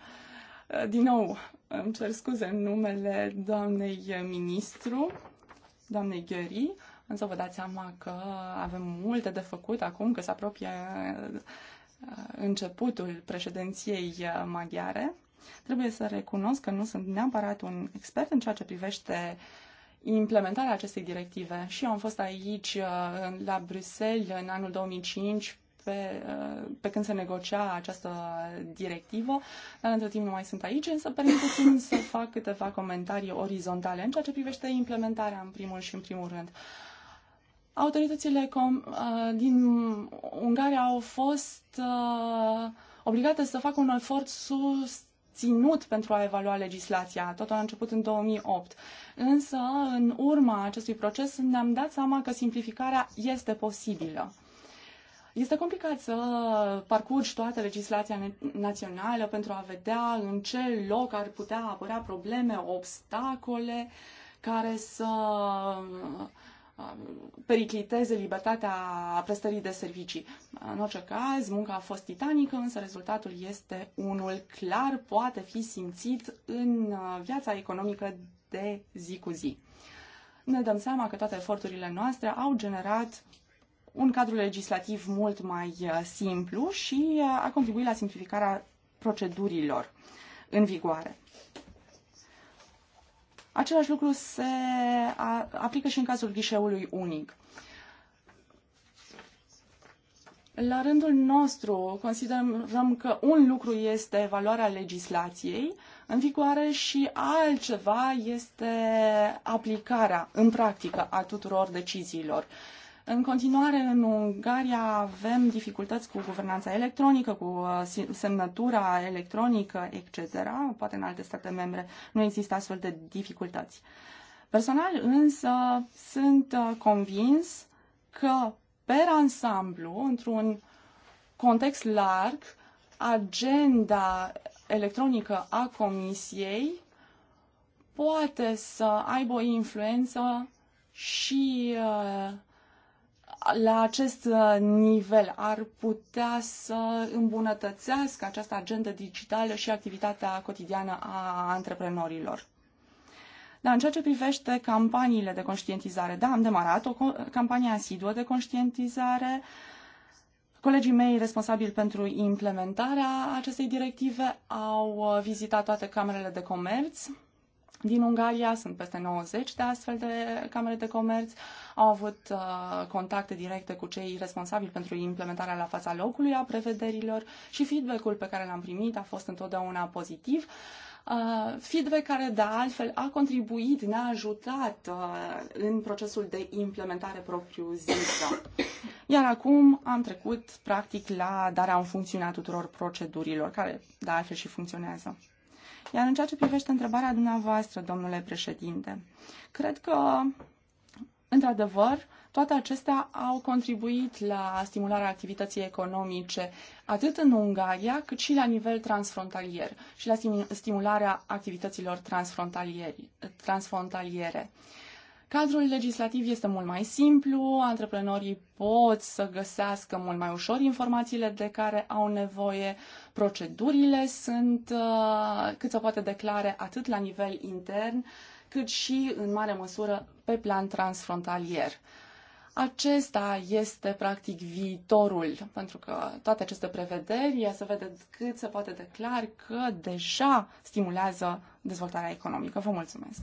Din nou, îmi cer scuze în numele doamnei ministru, doamnei Gheri, însă vă dați seama că avem multe de făcut acum că se apropie uh, începutul președinției maghiare. Trebuie să recunosc că nu sunt neapărat un expert în ceea ce privește uh, implementarea acestei directive. Și eu am fost aici uh, la Bruxelles în anul 2005 pe, uh, pe când se negocia această directivă, dar între timp nu mai sunt aici, însă permiteți-mi să fac câteva comentarii orizontale în ceea ce privește implementarea în primul și în primul rând. Autoritățile com- uh, din Ungaria au fost obligate să facă un efort sus ținut pentru a evalua legislația. Totul a început în 2008. Însă, în urma acestui proces, ne-am dat seama că simplificarea este posibilă. Este complicat să parcurgi toată legislația națională pentru a vedea în ce loc ar putea apărea probleme, obstacole care să Um, pericliteze libertatea prestării de servicii. În orice caz, munca a fost titanică, însă rezultatul este unul clar, poate fi simțit în uh, viața economică de zi cu zi. Ne dăm seama că toate eforturile noastre au generat un cadru legislativ mult mai uh, simplu și uh, a contribuit la simplificarea procedurilor în vigoare. Același lucru se aplică și în cazul ghișeului unic. La rândul nostru, considerăm că un lucru este valoarea legislației în vigoare și altceva este aplicarea în practică a tuturor deciziilor. Uh, în continuare, în Ungaria avem dificultăți cu guvernanța electronică, cu uh, semnătura electronică, etc. Poate în alte state membre nu există astfel de dificultăți. Personal, însă, sunt uh, convins că, per ansamblu, într-un context larg, agenda electronică a Comisiei poate să aibă o influență și uh, la acest uh, nivel ar putea să îmbunătățească această agendă digitală și activitatea cotidiană a antreprenorilor. Dar în ceea ce privește campaniile de conștientizare, da, am demarat o campanie asiduă de conștientizare. Colegii mei responsabili pentru implementarea acestei directive au uh, vizitat toate camerele de comerț din Ungaria, sunt peste 90 de astfel de camere de comerț au avut uh, contacte directe cu cei responsabili pentru implementarea la fața locului a prevederilor și feedback-ul pe care l-am primit a fost întotdeauna pozitiv. Uh, feedback care, de altfel, a contribuit, ne-a ajutat uh, în procesul de implementare propriu-zisă. Iar acum am trecut, practic, la darea în funcțiune a tuturor procedurilor, care, de altfel, și funcționează. Iar în ceea ce privește întrebarea dumneavoastră, domnule președinte, cred că într-adevăr, toate acestea au contribuit la stimularea activității economice atât în Ungaria cât și la nivel transfrontalier și la stimularea activităților transfrontaliere. Cadrul legislativ este mult mai simplu, antreprenorii pot să găsească mult mai ușor informațiile de care au nevoie, procedurile sunt uh, cât se poate declare atât la nivel intern, cât și, în mare măsură, pe plan transfrontalier. Acesta este practic viitorul, pentru că toate aceste prevederi să vede cât se poate de clar că deja stimulează dezvoltarea economică. Vă mulțumesc!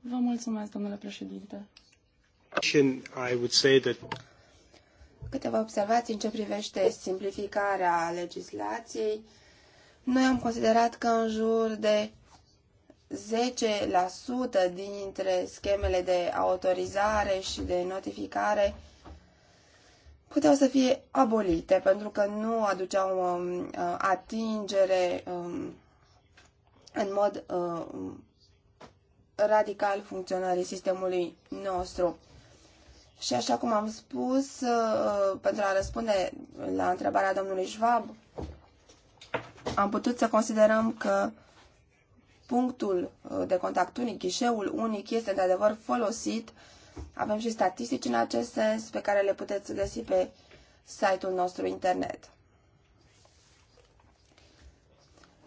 Vă mulțumesc, domnule președinte. I would say that... Câteva observații în ce privește simplificarea legislației noi am considerat că în jur de 10% dintre schemele de autorizare și de notificare puteau să fie abolite pentru că nu aduceau um, uh, atingere um, în mod um, radical funcționării sistemului nostru. Și așa cum am spus, uh, pentru a răspunde la întrebarea domnului Schwab, am putut să considerăm că punctul uh, de contact unic, ghișeul unic este într-adevăr folosit. Avem și statistici în acest sens pe care le puteți găsi pe site-ul nostru internet.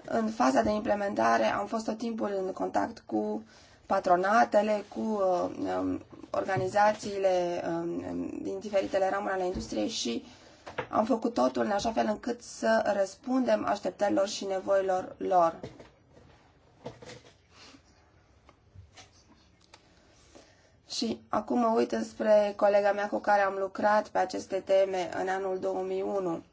În faza de implementare am fost tot timpul în contact cu patronatele, cu uh, um, organizațiile um, din diferitele ramuri ale industriei și am făcut totul în așa fel încât să răspundem așteptărilor și nevoilor lor. Și acum mă uit înspre colega mea cu care am lucrat pe aceste teme în anul 2001,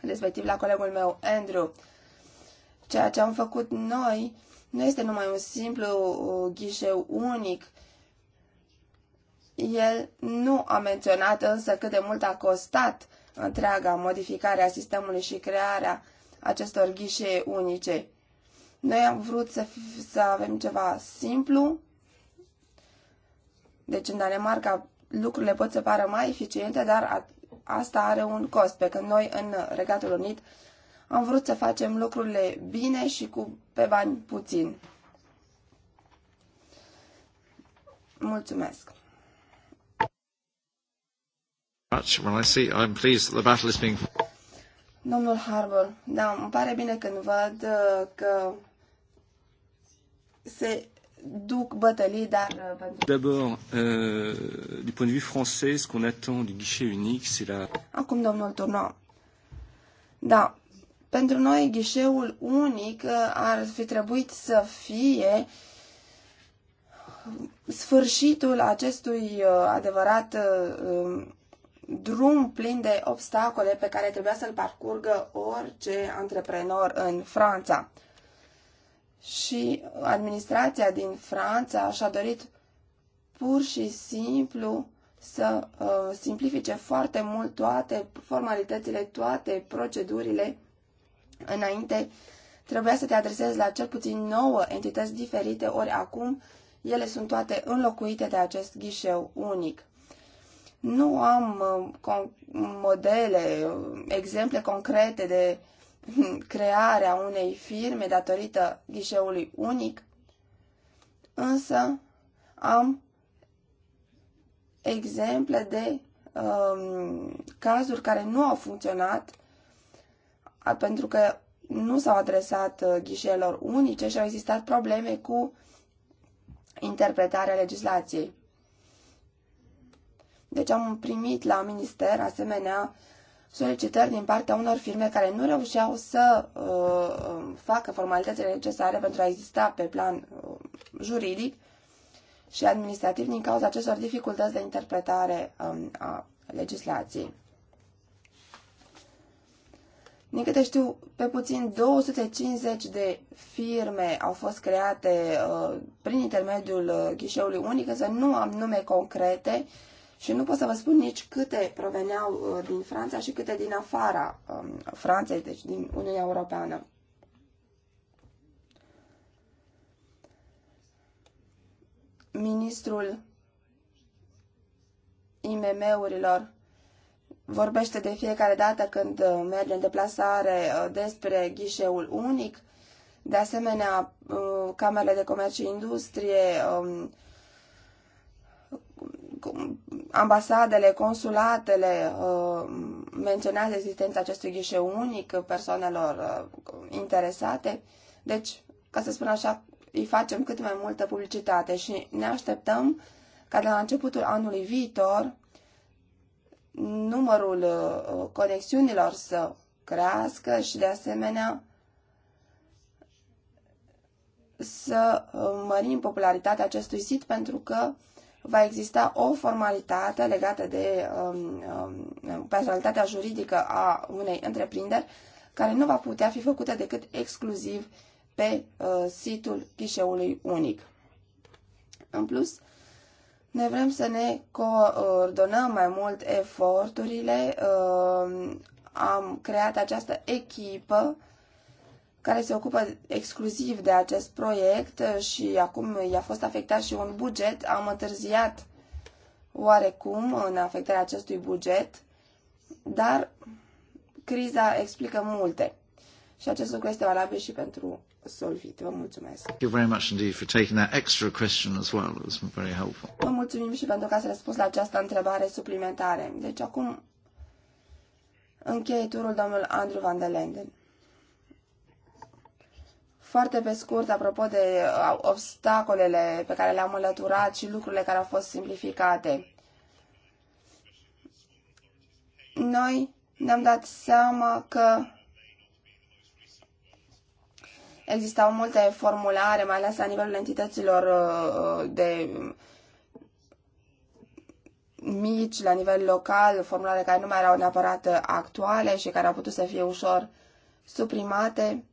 respectiv la colegul meu, Andrew. Ceea ce am făcut noi nu este numai un simplu uh, ghișeu unic, el nu a menționat însă cât de mult a costat întreaga modificare a sistemului și crearea acestor ghișee unice. Noi am vrut să, să avem ceva simplu, deci în Danemarca lucrurile pot să pară mai eficiente, dar a, asta are un cost, pe când noi în Regatul Unit am vrut să facem lucrurile bine și cu pe bani puțin. Mulțumesc! Domnul Harbour, da, îmi pare bine când văd uh, că se duc bătălii, dar... Uh, D'abord, euh, du point de vue français, ce qu'on attend du guichet unique, c'est la... Acum, domnul Turno. Da, pentru noi ghișeul unic uh, ar fi trebuit să fie sfârșitul acestui adevărat um, drum plin de obstacole pe care trebuia să-l parcurgă orice antreprenor în Franța. Și administrația din Franța și-a dorit pur și simplu să uh, simplifice foarte mult toate formalitățile, toate procedurile. Înainte trebuia să te adresezi la cel puțin nouă entități diferite, ori acum ele sunt toate înlocuite de acest ghișeu unic. Nu am uh, modele, uh, exemple concrete de hmm, crearea unei firme datorită ghișeului unic, însă am exemple de um, cazuri care nu au funcționat pentru că nu s-au adresat uh, ghișeelor unice și au existat probleme cu interpretarea legislației. Deci am primit la minister asemenea solicitări din partea unor firme care nu reușeau să uh, um, facă formalitățile necesare pentru a exista pe plan uh, juridic și administrativ din cauza acestor dificultăți de interpretare um, a legislației. Din câte știu, pe puțin 250 de firme au fost create uh, prin intermediul uh, ghișeului unic, însă nu am nume concrete uh, și nu pot să vă spun nici câte proveneau uh, din Franța și câte din afara um, Franței, deci din Uniunea Europeană. Ministrul IMM-urilor vorbește de fiecare dată când uh, merge în deplasare uh, despre ghișeul unic. De asemenea, Camerele de Comerț și Industrie, um, ambasadele, consulatele uh, menționează existența acestui ghișeu unic persoanelor uh, interesate. Deci, ca să spun așa, îi facem cât mai multă publicitate și ne așteptăm ca de la începutul anului viitor numărul uh, conexiunilor să crească și de asemenea să mărim popularitatea acestui sit pentru că va exista o formalitate legată de um, um, um, personalitatea juridică a unei întreprinderi care nu va putea fi făcută decât exclusiv pe uh, situl ghișeului unic. În plus, ne vrem să ne coordonăm mai mult eforturile. Uh, am creat această echipă care se ocupă exclusiv de acest proiect și acum i-a fost afectat și un buget. Am întârziat oarecum în afectarea acestui buget, dar criza explică multe. Și acest lucru este valabil și pentru Solvit. Vă mulțumesc. Thank you very much indeed for taking that extra question as well. It was very helpful. Vă mulțumim și pentru că ați răspuns la această întrebare suplimentare. Deci acum încheie turul domnul Andrew Van de Lenden. Foarte pe scurt, apropo de uh, obstacolele pe care le-am înlăturat și lucrurile care au fost simplificate. Noi ne-am dat seama că existau multe formulare, mai ales la nivelul entităților uh, uh, de mici, la nivel local, formulare care nu mai erau neapărat actuale și care au putut să fie ușor suprimate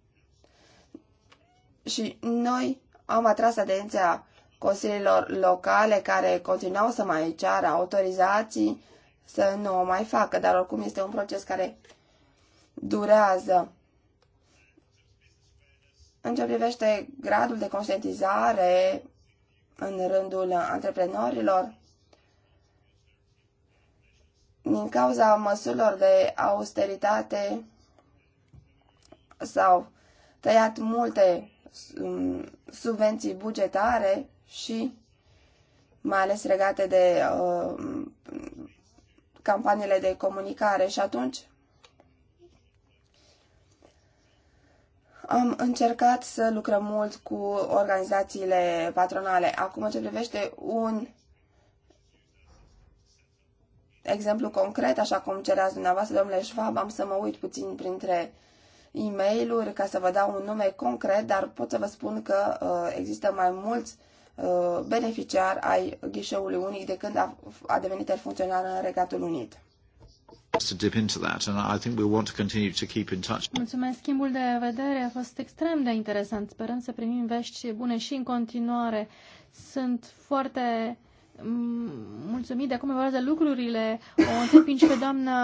și noi am atras atenția consiliilor locale care continuau să mai ceară autorizații să nu o mai facă, dar oricum este un proces care durează. În ce privește gradul de conștientizare în rândul antreprenorilor, din cauza măsurilor de austeritate s-au tăiat multe subvenții bugetare și mai ales legate de uh, campaniile de comunicare și atunci Am încercat să lucrăm mult cu organizațiile patronale. Acum, ce privește un exemplu concret, așa cum cereați dumneavoastră, domnule Schwab, am să mă uit puțin printre e mail ca să vă dau un nume concret, dar pot să vă spun că uh, există mai mulți uh, beneficiari ai ghișeului unic de când a, a devenit el funcțional în Regatul Unit. Mulțumesc. Schimbul de vedere a fost extrem de interesant. Sperăm să primim vești bune și în continuare. Sunt foarte mm, mulțumit de cum evaluează lucrurile. O întâlnim și pe doamna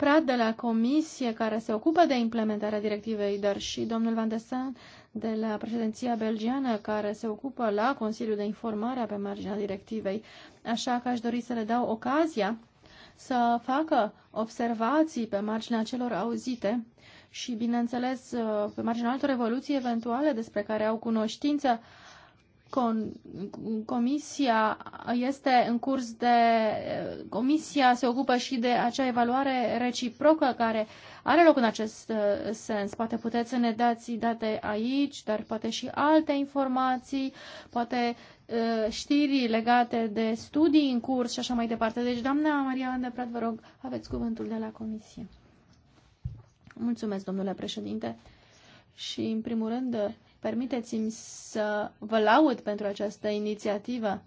Prat de la comisie care se ocupă de implementarea directivei, dar și domnul Van de Saint de la președinția belgiană care se ocupă la Consiliul de Informare pe marginea directivei. Așa că aș dori să le dau ocazia să facă observații pe marginea celor auzite și, bineînțeles, pe marginea altor evoluții eventuale despre care au cunoștință Comisia este în curs de. Comisia se ocupă și de acea evaluare reciprocă care are loc în acest uh, sens. Poate puteți să ne dați date aici, dar poate și alte informații, poate uh, știri legate de studii în curs și așa mai departe. Deci, doamna Maria Andeprat, vă rog, aveți cuvântul de la Comisie. Mulțumesc, domnule președinte. Și, în primul rând, Permiteți-mi să vă laud pentru această inițiativă.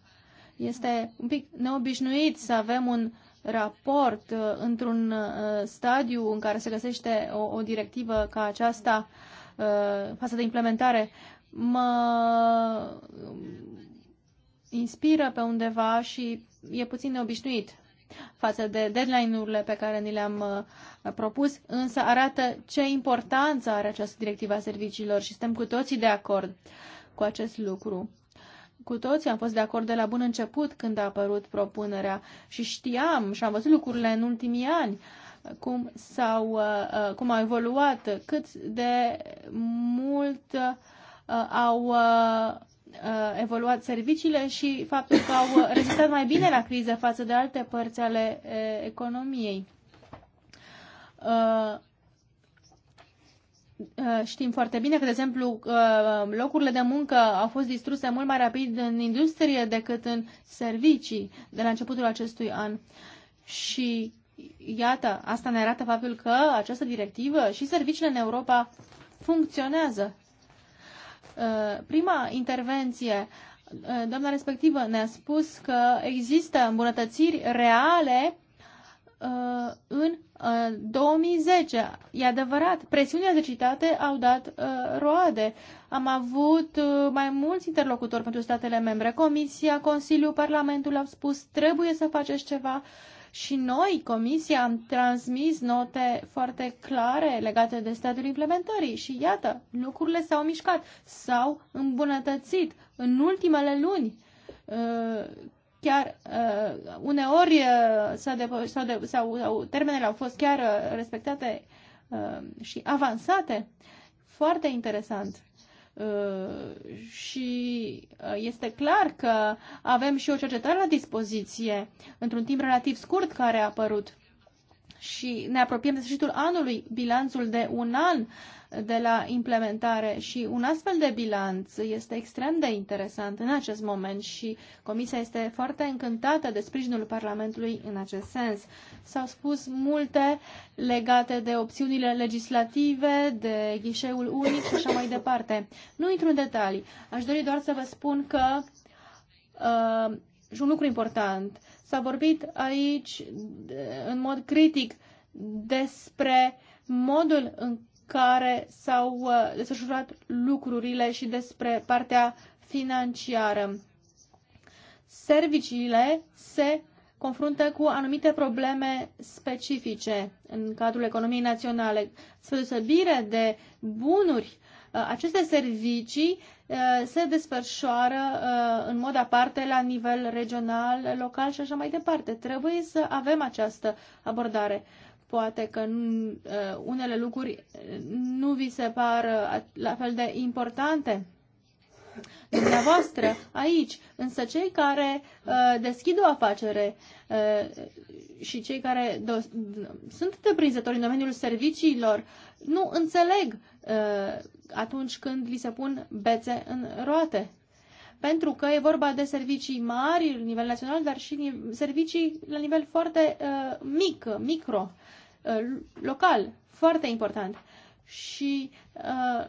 Este un pic neobișnuit să avem un raport uh, într-un uh, stadiu în care se găsește o, o directivă ca aceasta, uh, față de implementare, mă inspiră pe undeva și e puțin neobișnuit față de deadline-urile pe care ni le-am uh, propus, însă arată ce importanță are această directivă a serviciilor și suntem cu toții de acord cu acest lucru. Cu toții am fost de acord de la bun început când a apărut propunerea și știam și am văzut lucrurile în ultimii ani cum, s-au, uh, uh, cum au evoluat, cât de mult au Uh, evoluat serviciile și faptul că au uh, rezistat mai bine la criză față de alte părți ale uh, economiei. Știm foarte bine că, de exemplu, locurile de muncă au fost distruse mult mai rapid în industrie decât în servicii de la începutul acestui an. Și iată, asta ne arată faptul că această directivă și serviciile în Europa funcționează. Uh, prima intervenție, uh, doamna respectivă ne-a spus că există îmbunătățiri reale uh, în 2010. E adevărat, presiunile exercitate au dat roade. Am avut mai mulți interlocutori pentru statele membre. Comisia, Consiliul, Parlamentul au spus trebuie să faceți ceva și noi, Comisia, am transmis note foarte clare legate de statul implementării și iată, lucrurile s-au mișcat, s-au îmbunătățit în ultimele luni. Uh, chiar uh, uneori uh, s-au, depo- s-au, de- s-au, termenele au fost chiar respectate și avansate. Foarte interesant. Uh, și uh, este clar că avem și o cercetare la dispoziție într-un timp relativ scurt care a apărut și ne apropiem de sfârșitul anului, bilanțul de un an de la implementare și un astfel de bilanț este extrem de interesant în acest moment și Comisia este foarte încântată de sprijinul Parlamentului în acest sens. S-au spus multe legate de opțiunile legislative, de ghișeul unic și așa mai departe. Nu intru în detalii. Aș dori doar să vă spun că uh, și un lucru important. S-a vorbit aici în mod critic despre modul în care s-au uh, desfășurat lucrurile și despre partea financiară. Serviciile se confruntă cu anumite probleme specifice în cadrul economiei naționale. Spre deosebire de bunuri, uh, aceste servicii uh, se desfășoară în mod aparte la nivel regional, local și așa mai departe. Trebuie să avem această abordare poate că uh, unele lucruri uh, nu vi se par uh, la fel de importante dumneavoastră aici, însă cei care deschid o afacere și cei care sunt întreprinzători în domeniul serviciilor nu înțeleg atunci când li se pun bețe în roate. Pentru că e vorba de servicii mari, la nivel național, dar și servicii la nivel foarte uh, mic, micro. Uh, Uh, local, foarte important. Și uh,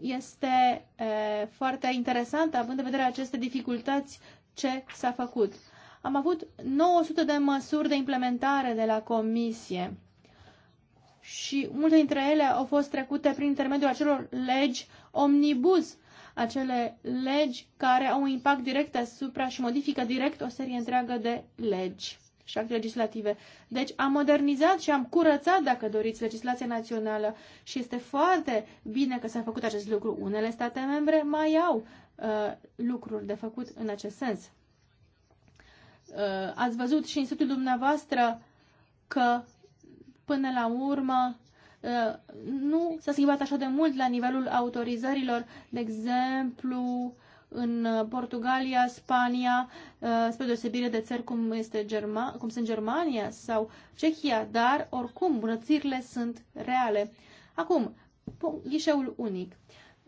este uh, foarte interesant, având în vedere aceste dificultăți, ce s-a făcut. Am avut 900 de măsuri de implementare de la Comisie și multe dintre ele au fost trecute prin intermediul acelor legi omnibus, acele legi care au un impact direct asupra și modifică direct o serie întreagă de legi și acte legislative. Deci am modernizat și am curățat, dacă doriți, legislația națională și este foarte bine că s-a făcut acest lucru. Unele state membre mai au uh, lucruri de făcut în acest sens. Uh, ați văzut și în situl dumneavoastră că până la urmă uh, nu s-a schimbat așa de mult la nivelul autorizărilor, de exemplu, în uh, Portugalia, Spania, uh, spre deosebire de țări cum, este Germa, cum sunt Germania sau Cehia, dar oricum rățirile sunt reale. Acum, ghișeul unic.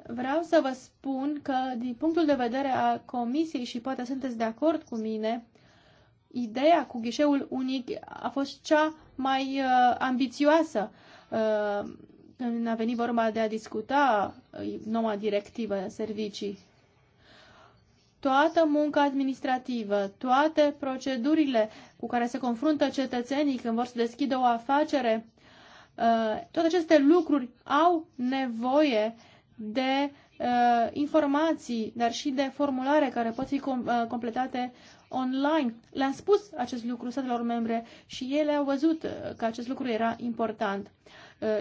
Vreau să vă spun că din punctul de vedere al Comisiei și poate sunteți de acord cu mine, ideea cu ghișeul unic a fost cea mai uh, ambițioasă uh, când a venit vorba de a discuta uh, noua directivă servicii toată munca administrativă, toate procedurile cu care se confruntă cetățenii când vor să deschidă o afacere, uh, toate aceste lucruri au nevoie de uh, informații, dar și de formulare care pot fi uh, completate online. Le-am spus acest lucru statelor membre și ele au văzut că acest lucru era important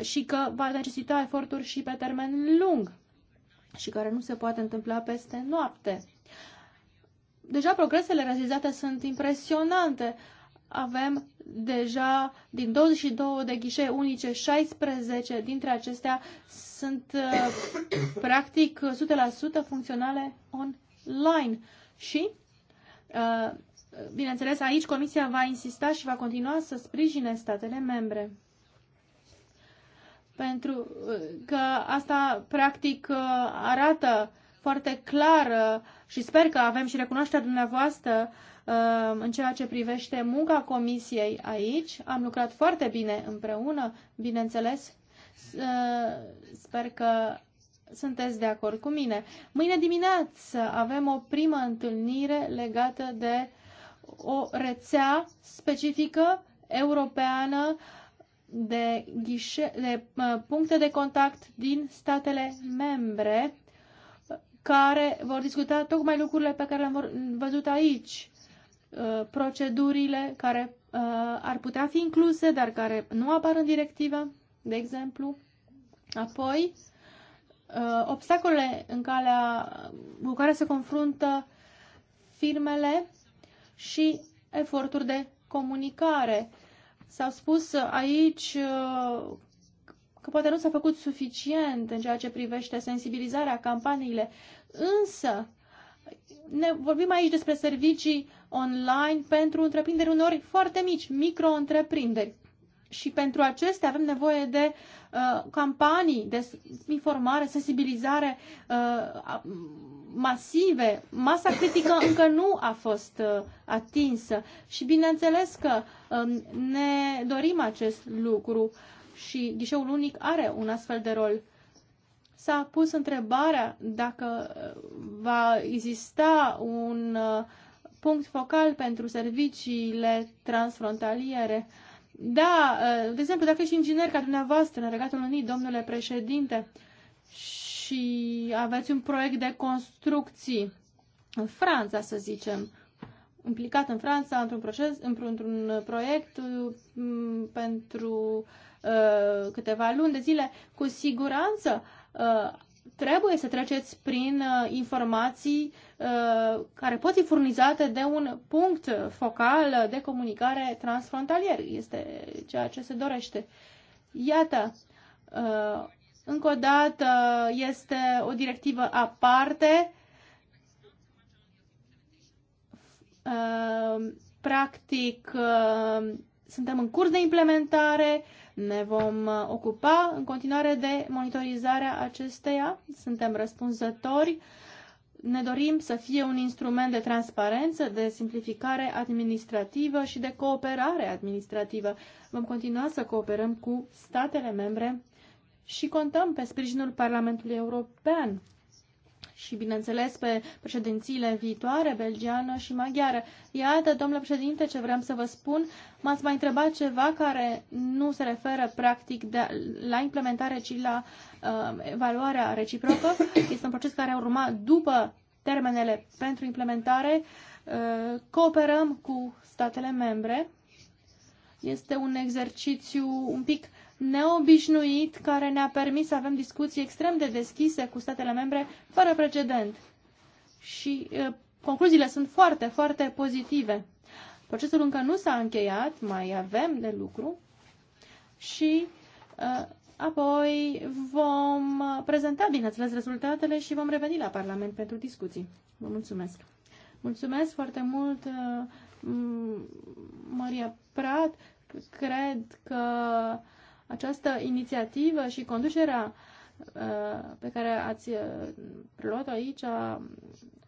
și că va necesita eforturi și pe termen lung și care nu se poate întâmpla peste noapte deja progresele realizate sunt impresionante. Avem deja din 22 de ghișe unice, 16 dintre acestea sunt uh, practic 100% funcționale online. Și, uh, bineînțeles, aici Comisia va insista și va continua să sprijine statele membre pentru uh, că asta practic arată foarte clară și sper că avem și recunoașterea dumneavoastră uh, în ceea ce privește munca comisiei aici. Am lucrat foarte bine împreună, bineînțeles. Uh, sper că sunteți de acord cu mine. Mâine dimineață avem o primă întâlnire legată de o rețea specifică europeană de, ghișe, de uh, puncte de contact din statele membre care vor discuta tocmai lucrurile pe care le-am văzut aici, uh, procedurile care uh, ar putea fi incluse, dar care nu apar în directivă, de exemplu. Apoi, uh, obstacolele în calea, cu care se confruntă firmele și eforturi de comunicare. S-au spus aici că poate nu s-a făcut suficient în ceea ce privește sensibilizarea, campaniile, însă ne vorbim aici despre servicii online pentru întreprinderi uneori foarte mici, micro-întreprinderi. Și pentru acestea avem nevoie de uh, campanii de informare, sensibilizare uh, masive. Masa critică (coughs) încă nu a fost uh, atinsă și bineînțeles că uh, ne dorim acest lucru. Uh, și ghișeul unic are un astfel de rol. S-a pus întrebarea dacă uh, va exista un uh, punct focal pentru serviciile transfrontaliere. Da, uh, de exemplu, dacă ești inginer ca dumneavoastră în Regatul Unit, domnule președinte, și aveți un proiect de construcții în Franța, să zicem, implicat în Franța într-un proces, într-un proiect pentru Uh, câteva luni de zile, cu siguranță uh, trebuie să treceți prin uh, informații care pot fi furnizate de un punct focal de comunicare transfrontalier. Este ceea ce se dorește. Iată, încă o dată este o directivă aparte. Practic, suntem în curs de implementare ne vom uh, ocupa în continuare de monitorizarea acesteia, suntem răspunzători, ne dorim să fie un instrument de transparență, de simplificare administrativă și de cooperare administrativă. Vom continua să cooperăm cu statele membre și contăm pe sprijinul Parlamentului European și, bineînțeles, pe președințiile viitoare, belgiană și maghiară. Iată, domnule președinte, ce vreau să vă spun. M-ați mai întrebat ceva care nu se referă, practic, de, la implementare, ci la uh, evaluarea reciprocă. Este un proces care urma după termenele pentru implementare. Uh, cooperăm cu statele membre. Este un exercițiu un pic neobișnuit care ne-a permis să avem discuții extrem de deschise cu statele membre fără precedent. Și concluziile sunt foarte, foarte pozitive. Procesul încă nu s-a încheiat, mai avem de lucru și apoi vom prezenta, bineînțeles, rezultatele și vom reveni la Parlament pentru discuții. Vă mulțumesc! Mulțumesc foarte mult, Maria Prat. Cred că această inițiativă și conducerea uh, pe care ați uh, preluat-o aici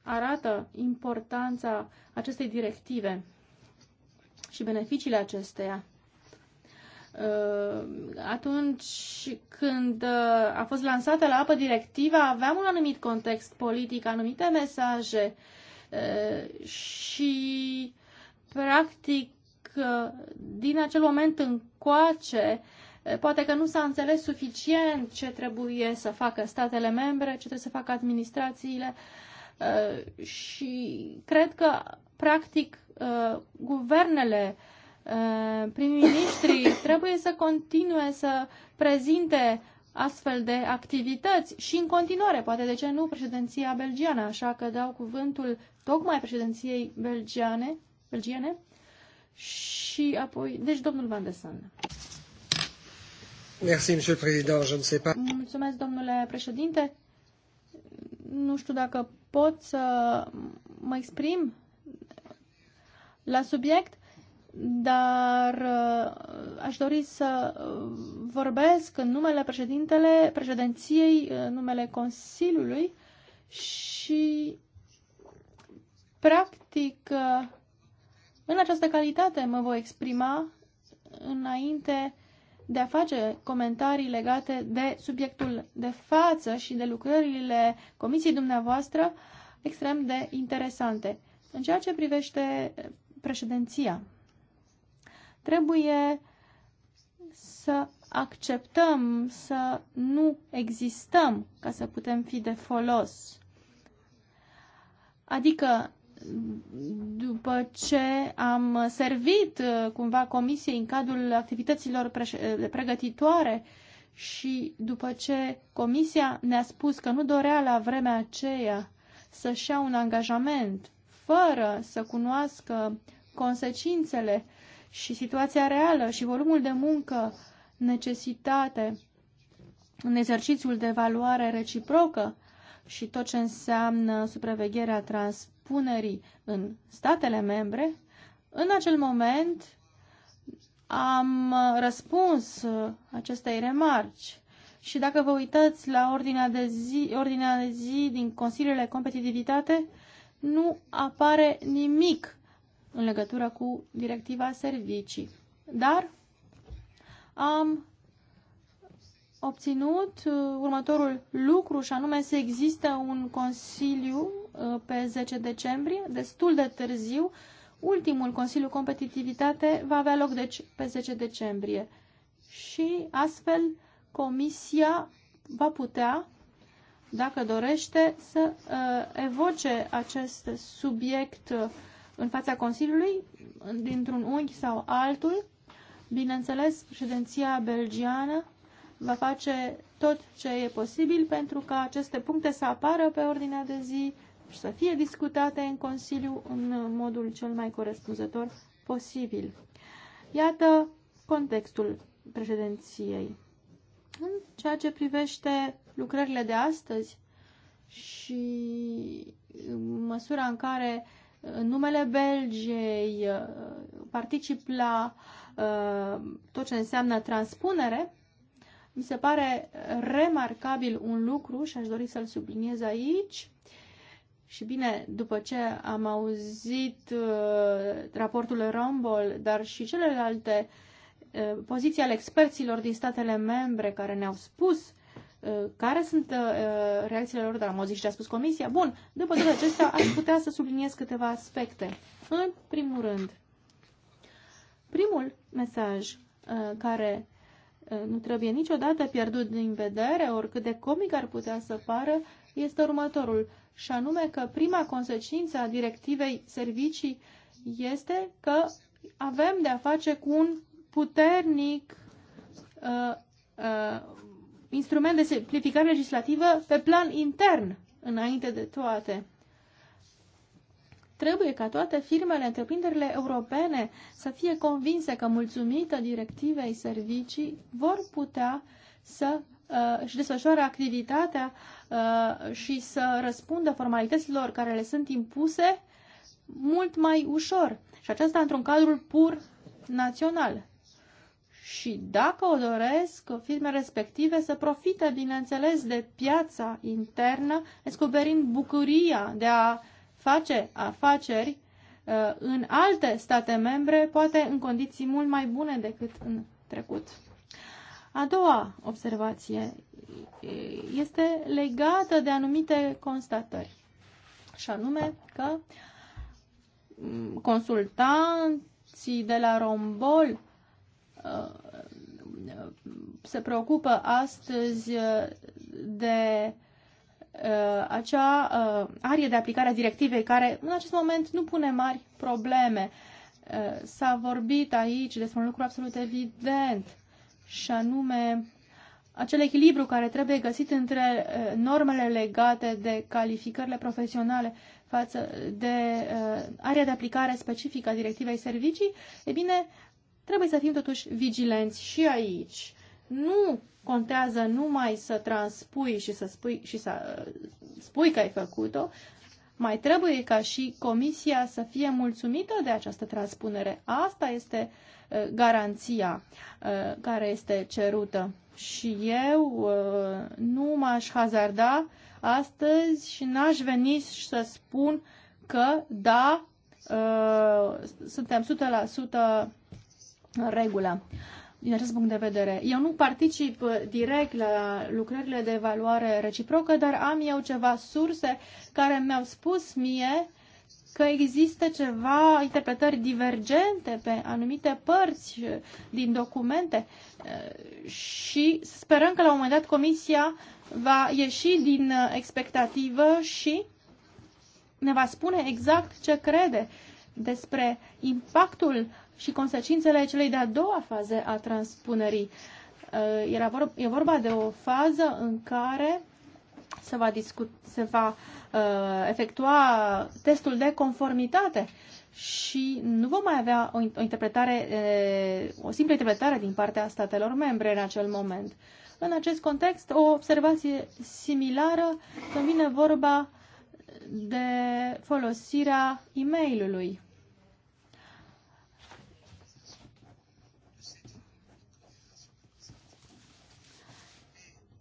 arată importanța acestei directive și beneficiile acesteia. Uh, atunci când a fost lansată la apă directiva, aveam un anumit context politic, anumite mesaje și, practic, din acel moment încoace, Poate că nu s-a înțeles suficient ce trebuie să facă statele membre, ce trebuie să facă administrațiile uh, și cred că, practic, uh, guvernele, uh, prim-ministrii (coughs) trebuie să continue să prezinte astfel de activități și în continuare, poate de ce nu, președinția belgiană, așa că dau cuvântul tocmai președinției belgiane, belgiene și apoi, deci domnul Van de San. Merci, Monsieur le Président. Je ne sais pas. Mulțumesc, domnule președinte. Nu știu dacă pot să mă exprim la subiect, dar uh, aș dori să vorbesc în numele președintele, președinției, uh, în numele Consiliului și practic uh, în această calitate mă voi exprima înainte de a face comentarii legate de subiectul de față și de lucrările comisiei dumneavoastră extrem de interesante. În ceea ce privește președinția, trebuie să acceptăm să nu existăm ca să putem fi de folos. Adică după ce am servit uh, cumva comisiei în cadrul activităților uh, pregătitoare și după ce comisia ne-a spus că nu dorea la vremea aceea să-și ia un angajament fără să cunoască consecințele și situația reală și volumul de muncă necesitate în exercițiul de evaluare reciprocă și tot ce înseamnă supravegherea trans punerii în statele membre, în acel moment am răspuns acestei remarci. Și dacă vă uitați la ordinea de zi, ordinea de zi din Consiliul de Competitivitate, nu apare nimic în legătură cu directiva servicii. Dar am obținut uh, următorul lucru și anume să existe un consiliu uh, pe 10 decembrie, destul de târziu. Ultimul Consiliu Competitivitate va avea loc deci pe 10 decembrie și astfel Comisia va putea, dacă dorește, să uh, evoce acest subiect în fața Consiliului dintr-un unghi sau altul. Bineînțeles, președinția belgiană va face tot ce e posibil pentru ca aceste puncte să apară pe ordinea de zi și să fie discutate în Consiliu în modul cel mai corespunzător posibil. Iată contextul președinției. În ceea ce privește lucrările de astăzi și măsura în care în numele Belgiei particip la uh, tot ce înseamnă transpunere, mi se pare remarcabil un lucru și aș dori să-l subliniez aici. Și bine, după ce am auzit uh, raportul Rumble, dar și celelalte uh, poziții ale experților din statele membre care ne-au spus uh, care sunt uh, reacțiile lor, dar am auzit și ce a spus Comisia. Bun, după toate acestea, aș putea să subliniez câteva aspecte. În primul rând, primul mesaj uh, care Eh, nu trebuie niciodată pierdut din vedere, oricât de comic ar putea să pară, este următorul, și anume că prima consecință a directivei servicii este că avem de a face cu un puternic uh, uh, instrument de simplificare legislativă pe plan intern, înainte de toate. Trebuie ca toate firmele, întreprinderile europene să fie convinse că, mulțumită directivei servicii, vor putea să uh, își desfășoare activitatea uh, și să răspundă formalităților care le sunt impuse mult mai ușor. Și aceasta într-un cadru pur național. Și dacă o doresc, firme respective să profite, bineînțeles, de piața internă, descoperind bucuria de a face afaceri uh, în alte state membre, poate în condiții mult mai bune decât în trecut. A doua observație uh, este legată de anumite constatări, și anume că mm, consultanții de la Rombol uh, se preocupă astăzi de Uh, acea uh, arie de aplicare a directivei care în acest moment nu pune mari probleme. Uh, s-a vorbit aici despre un lucru absolut evident și anume acel echilibru care trebuie găsit între normele legate de calificările profesionale față de area de aplicare specifică a directivei servicii, e bine, trebuie să fim totuși vigilenți și aici nu contează numai să transpui și să spui, și să uh, spui că ai făcut-o, mai trebuie ca și comisia să fie mulțumită de această transpunere. Asta este uh, garanția uh, care este cerută. Și eu nu m-aș hazarda astăzi și n-aș veni să spun că da, suntem 100% în regulă din acest punct de vedere. Eu nu particip uh, direct la lucrările de evaluare reciprocă, dar am eu ceva surse care mi-au spus mie că există ceva interpretări divergente pe anumite părți uh, din documente uh, și sperăm că la un moment dat Comisia va ieși din expectativă și ne va spune exact ce crede despre impactul și consecințele celei de-a doua faze a transpunerii. Uh, era vor e vorba de o fază în care se va, discut, se va uh, efectua testul de conformitate și nu vom mai avea o, o interpretare, uh, o simplă interpretare din partea statelor membre în acel moment. În acest context, o observație similară când vine vorba de folosirea e-mailului.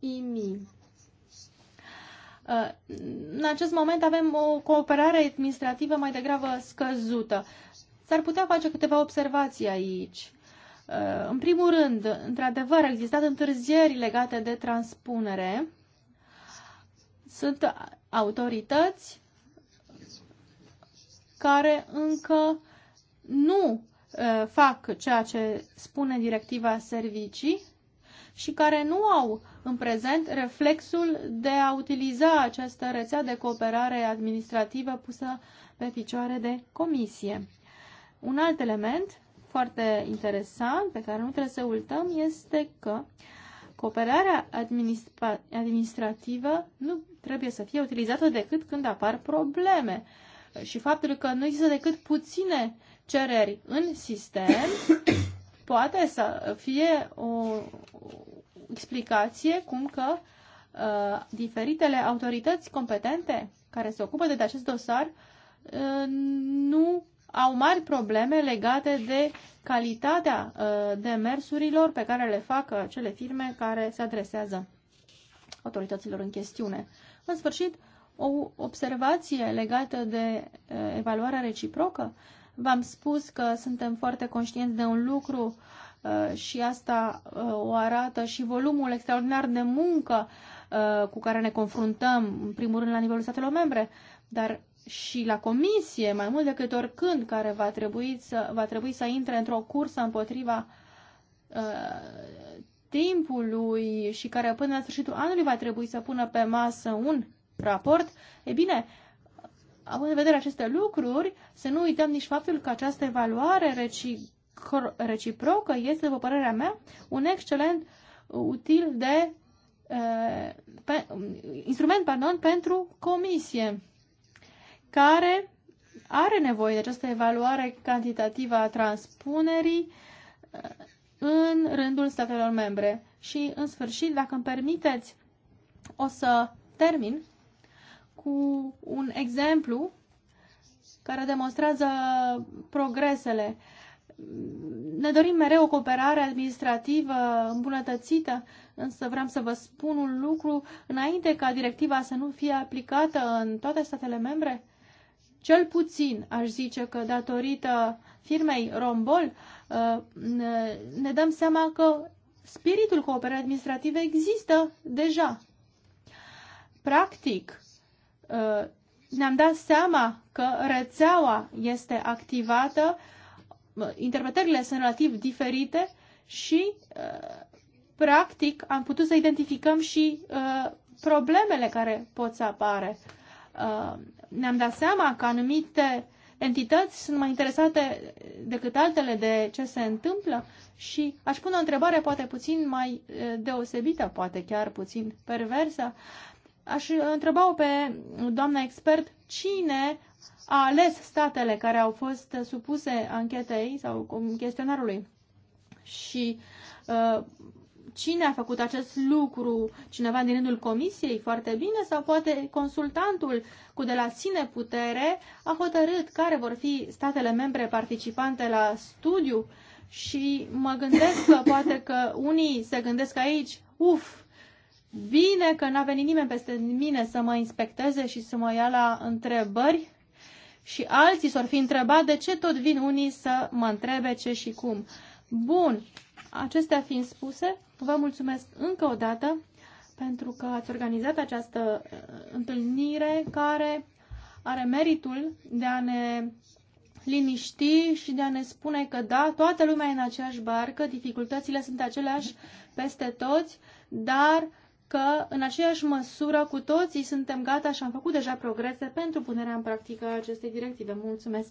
IMI. Uh, în acest moment avem o cooperare administrativă mai degrabă scăzută. S-ar putea face câteva observații aici. Uh, în primul rând, într-adevăr, au existat întârzieri legate de transpunere. Sunt autorități care încă nu uh, fac ceea ce spune directiva servicii și care nu au în prezent reflexul de a utiliza această rețea de cooperare administrativă pusă pe picioare de comisie. Un alt element foarte interesant pe care nu trebuie să uităm este că cooperarea administra administrativă nu trebuie să fie utilizată decât când apar probleme. Și faptul că nu există decât puține cereri în sistem (coughs) poate să fie o, explicație cum că uh, diferitele autorități competente care se ocupă de acest dosar uh, nu au mari probleme legate de calitatea uh, demersurilor pe care le fac uh, cele firme care se adresează autorităților în chestiune. În sfârșit, o observație legată de uh, evaluarea reciprocă. V-am spus că suntem foarte conștienți de un lucru uh, Uh, și asta uh, o arată și volumul extraordinar de muncă uh, cu care ne confruntăm, în primul rând la nivelul statelor membre, dar și la comisie, mai mult decât oricând, care va trebui să, va trebui să intre într-o cursă împotriva timpului și care până la sfârșitul anului va trebui să pună pe masă un raport. E bine, având în vedere aceste lucruri, să nu uităm nici faptul că această evaluare reci, reciprocă este, după părerea mea, un excelent util de pe, instrument pardon, pentru comisie care are nevoie de această evaluare cantitativă a transpunerii în rândul statelor membre. Și, în sfârșit, dacă îmi permiteți, o să termin cu un exemplu care demonstrează progresele ne dorim mereu o cooperare administrativă îmbunătățită, însă vreau să vă spun un lucru. Înainte ca directiva să nu fie aplicată în toate statele membre, cel puțin aș zice că datorită firmei Rombol uh, ne dăm seama că spiritul cooperării administrative există deja. Practic, uh, ne-am dat seama că rețeaua este activată interpretările sunt relativ diferite și, uh, practic, am putut să identificăm și uh, problemele care pot să apare. Uh, ne-am dat seama că anumite entități sunt mai interesate decât altele de ce se întâmplă și aș pune o întrebare poate puțin mai deosebită, poate chiar puțin perversă. Aș întreba-o pe doamna expert cine a ales statele care au fost supuse anchetei sau chestionarului și uh, cine a făcut acest lucru, cineva din rândul comisiei, foarte bine, sau poate consultantul cu de la sine putere a hotărât care vor fi statele membre participante la studiu și mă gândesc că (coughs) poate că unii se gândesc aici, uf, bine că n-a venit nimeni peste mine să mă inspecteze și să mă ia la întrebări și alții s-or fi întrebat de ce tot vin unii să mă întrebe ce și cum. Bun, acestea fiind spuse, vă mulțumesc încă o dată pentru că ați organizat această uh, întâlnire care are meritul de a ne liniști și de a ne spune că da, toată lumea e în aceeași barcă, dificultățile sunt aceleași peste toți, dar că în aceeași măsură cu toții suntem gata și am făcut deja progrese pentru punerea în practică a acestei directive. Mulțumesc!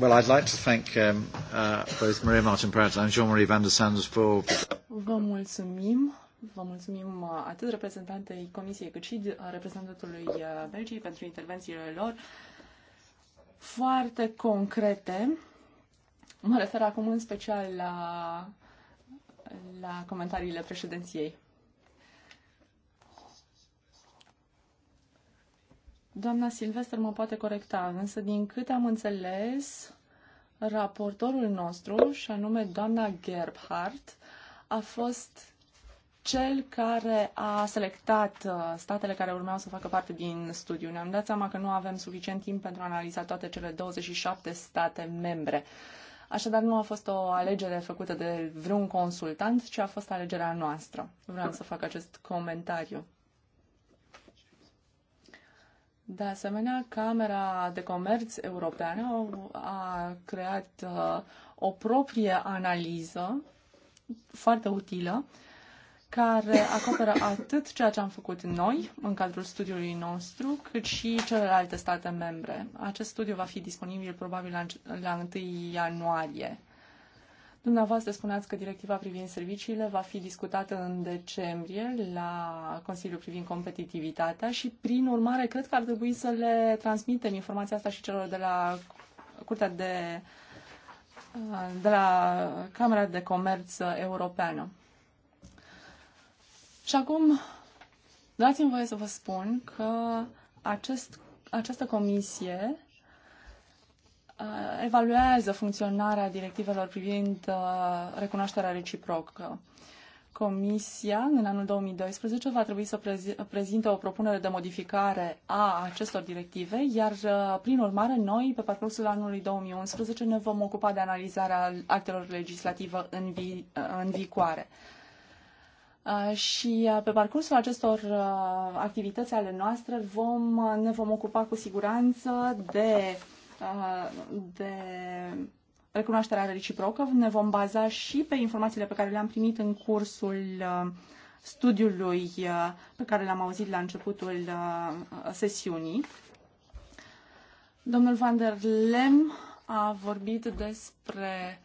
Well, I'd like to thank um, uh, both Maria Martin Pratt and Jean-Marie van der Sanders for... Vă mulțumim! Vă mulțumim uh, atât reprezentantei Comisiei cât și reprezentantului uh, Belgiei pentru intervențiile lor foarte concrete. Mă refer acum în special la, la comentariile președinției. Doamna Silvester mă poate corecta, însă din câte am înțeles, raportorul nostru, și anume doamna Gerbhardt, a fost cel care a selectat uh, statele care urmeau să facă parte din studiu. Ne-am dat seama că nu avem suficient timp pentru a analiza toate cele 27 state membre. Așadar, nu a fost o alegere făcută de vreun consultant, ci a fost alegerea noastră. Vreau să fac acest comentariu. De asemenea, Camera de Comerț Europeană a creat uh, o proprie analiză foarte utilă care acoperă atât ceea ce am făcut noi în cadrul studiului nostru, cât și celelalte state membre. Acest studiu va fi disponibil probabil la, la 1 ianuarie. Dumneavoastră spuneați că directiva privind serviciile va fi discutată în decembrie la Consiliul privind competitivitatea și, prin urmare, cred că ar trebui să le transmitem informația asta și celor de la Curtea de, de la Camera de Comerț Europeană. Și acum, dați-mi voie să vă spun că acest, această comisie Uh, evaluează funcționarea directivelor privind uh, recunoașterea reciprocă. Comisia, în anul 2012, va trebui să prezinte o propunere de modificare a acestor directive, iar, uh, prin urmare, noi, pe parcursul anului 2011, ne vom ocupa de analizarea actelor legislative în, vi- în vicoare. Și pe parcursul acestor activități ale noastre vom, ne vom ocupa cu siguranță de uh, de recunoașterea reciprocă. Ne vom baza și pe informațiile pe care le-am primit în cursul uh, studiului uh, pe care l-am auzit la începutul uh, sesiunii. Domnul van der Lem a vorbit despre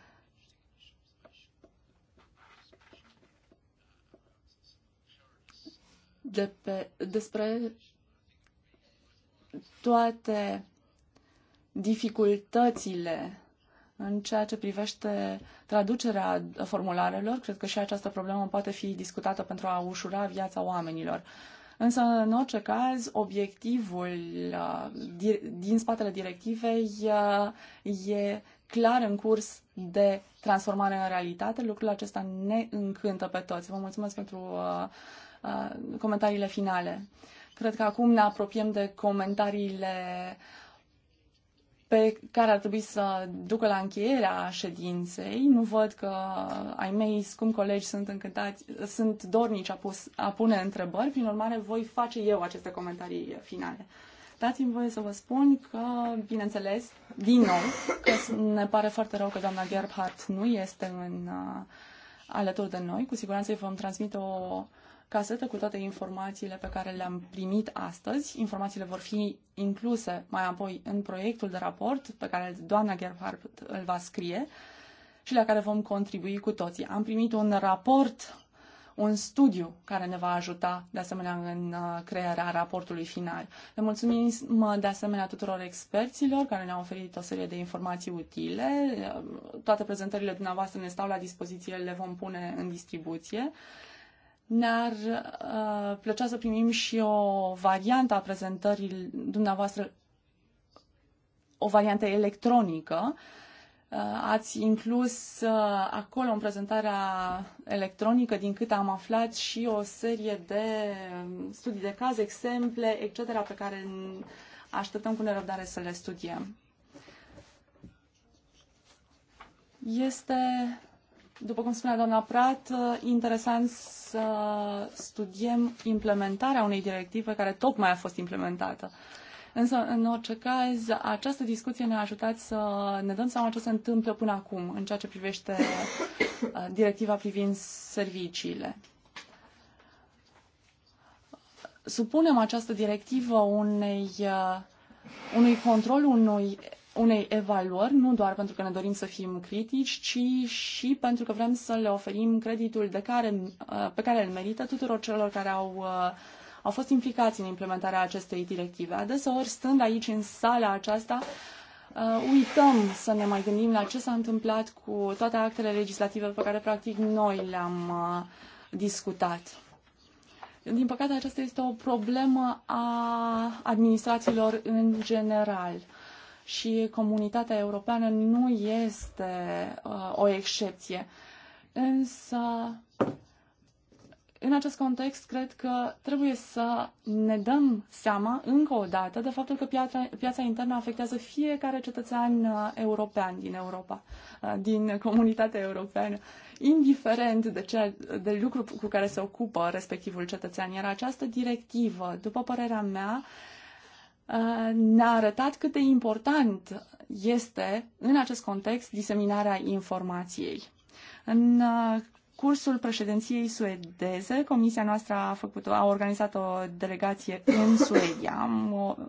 de pe, despre toate dificultățile în ceea ce privește traducerea formularelor. Cred că și această problemă poate fi discutată pentru a ușura viața oamenilor. Însă, în orice caz, obiectivul uh, din spatele directivei uh, e clar în curs de transformare în realitate. Lucrul acesta ne încântă pe toți. Vă mulțumesc pentru uh, comentariile finale. Cred că acum ne apropiem de comentariile uh, pe care ar trebui să ducă la încheierea ședinței. Nu văd că ai mei scum colegi sunt încântați, sunt dornici a, pus, a pune întrebări, prin urmare voi face eu aceste comentarii finale. Dați-mi voie să vă spun că, bineînțeles, din nou, că ne pare foarte rău că doamna Gerhardt nu este în, uh, alături de noi. Cu siguranță îi vom transmite o casetă cu toate informațiile pe care le-am primit astăzi. Informațiile vor fi incluse mai apoi în proiectul de raport pe care doamna Gerhardt îl va scrie și la care vom contribui cu toții. Am primit un raport, un studiu care ne va ajuta de asemenea în uh, crearea raportului final. Le mulțumim de asemenea tuturor experților care ne-au oferit o serie de informații utile. Uh, toate prezentările dumneavoastră ne stau la dispoziție, le vom pune în distribuție. Ne-ar uh, plăcea să primim și o variantă a prezentării dumneavoastră, o variantă electronică. Uh, ați inclus uh, acolo în prezentarea electronică, din câte am aflat, și o serie de um, studii de caz, exemple, etc., pe care așteptăm cu nerăbdare să le studiem. Este după cum spunea doamna Prat, uh, interesant să studiem implementarea unei directive care tocmai a fost implementată. Însă, în orice caz, această discuție ne-a ajutat să ne dăm seama ce se întâmplă până acum în ceea ce privește uh, directiva privind serviciile. Supunem această directivă unei, uh, unui control, unui unei evaluări, nu doar pentru că ne dorim să fim critici, ci și pentru că vrem să le oferim creditul de care, uh, pe care îl merită tuturor celor care au, uh, au fost implicați în implementarea acestei directive. Adeseori, stând aici în sala aceasta, uh, uităm să ne mai gândim la ce s-a întâmplat cu toate actele legislative pe care, practic, noi le-am discutat. Din păcate, aceasta este o problemă a administrațiilor în general. Uh, și comunitatea europeană nu este uh, o excepție. Însă, în acest context, cred că trebuie să ne dăm seama încă o dată de faptul că piața, piața internă afectează fiecare cetățean uh, european din Europa, uh, din comunitatea europeană, indiferent de, ce, de lucru cu care se ocupă respectivul cetățean. Iar această directivă, după părerea mea, uh, ne-a arătat cât de important este, în acest context, diseminarea informației. În uh, cursul președinției suedeze, comisia noastră a, făcut, a organizat o delegație în Suedia.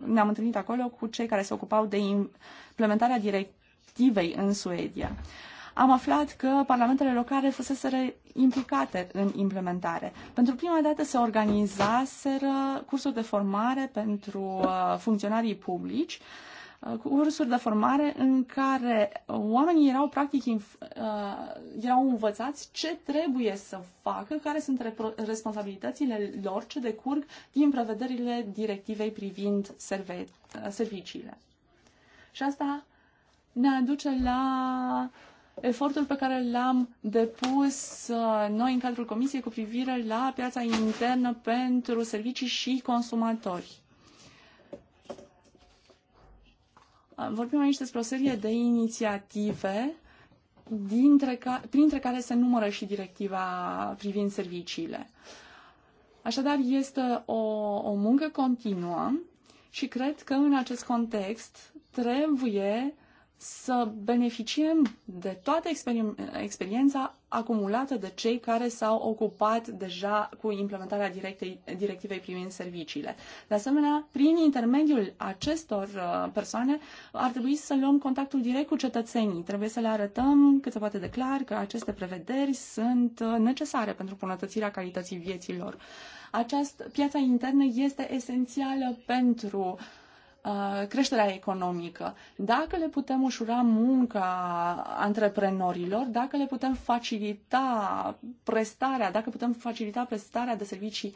Ne-am întâlnit acolo cu cei care se ocupau de implementarea directivei în Suedia. Uh, am aflat că parlamentele locale fusese implicate în implementare. Pentru prima dată se organizaseră cursuri de formare pentru uh, funcționarii publici, uh, cursuri de formare în care oamenii erau practic uh, erau învățați ce trebuie să facă, care sunt responsabilitățile lor ce decurg din prevederile directivei privind serviciile. Și asta ne aduce la efortul pe care l-am depus uh, noi în cadrul Comisiei cu privire la piața internă pentru servicii și consumatori. Uh, vorbim aici despre o serie de inițiative, dintre ca, printre care se numără și directiva privind serviciile. Așadar, este o, o muncă continuă și cred că în acest context trebuie să beneficiem de toată experiența acumulată de cei care s-au ocupat deja cu implementarea directei, directivei privind serviciile. De asemenea, prin intermediul acestor uh, persoane ar trebui să luăm contactul direct cu cetățenii. Trebuie să le arătăm cât se poate de clar că aceste prevederi sunt uh, necesare pentru bunătățirea calității vieților. Această piața internă este esențială pentru uh, Uh, creșterea economică, dacă le putem ușura munca antreprenorilor, dacă le putem facilita prestarea, dacă putem facilita prestarea de servicii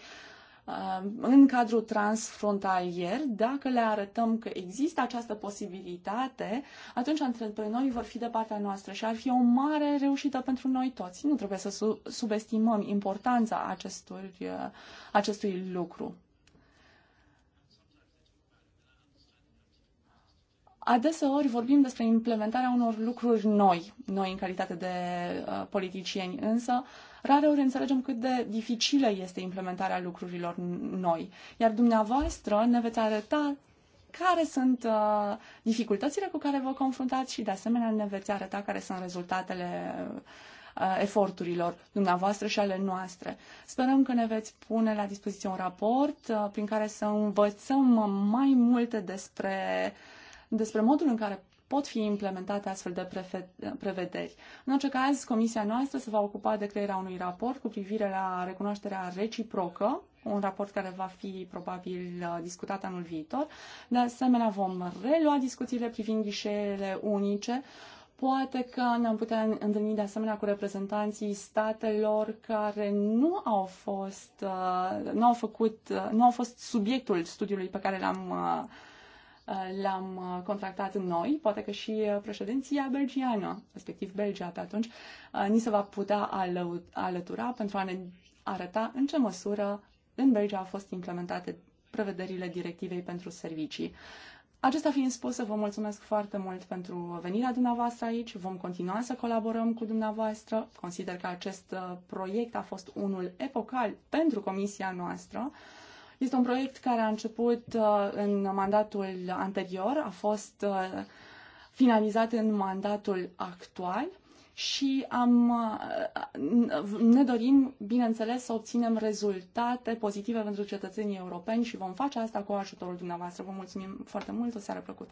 uh, în cadrul transfrontalier, dacă le arătăm că există această posibilitate, atunci antreprenorii vor fi de partea noastră și ar fi o mare reușită pentru noi toți. Nu trebuie să subestimăm importanța acestui, uh, acestui lucru. Adeseori vorbim despre implementarea unor lucruri noi, noi în calitate de uh, politicieni, însă rareori înțelegem cât de dificilă este implementarea lucrurilor noi. Iar dumneavoastră ne veți arăta care sunt uh, dificultățile cu care vă confruntați și de asemenea ne veți arăta care sunt rezultatele uh, uh eforturilor dumneavoastră și ale noastre. Sperăm că ne veți pune la dispoziție un raport uh, prin care să învățăm mai multe despre uh, despre modul în care pot fi implementate astfel de prevederi. În orice caz, comisia noastră se va ocupa de crearea unui raport cu privire la recunoașterea reciprocă, un raport care va fi probabil uh, discutat anul viitor. De asemenea, vom relua discuțiile privind ghișeele unice, Poate că ne-am putea întâlni de asemenea cu reprezentanții statelor care nu au fost, uh, nu au făcut, uh, nu au fost subiectul studiului pe care l-am Uh, l-am uh, contractat noi, poate că și uh, președinția belgiană, respectiv Belgia pe atunci, ni se va putea alătura pentru a ne arăta în ce măsură în Belgia au fost implementate prevederile directivei pentru servicii. Acesta fiind spus, vă mulțumesc foarte mult pentru venirea dumneavoastră aici. Vom continua să colaborăm cu dumneavoastră. Consider că acest proiect a fost unul epocal pentru comisia noastră. Este un proiect care a început uh, în mandatul anterior, a fost uh, finalizat în mandatul actual și am, uh, ne dorim, bineînțeles, să obținem rezultate pozitive pentru cetățenii europeni și vom face asta cu ajutorul dumneavoastră. Vă mulțumim foarte mult, o seară plăcută!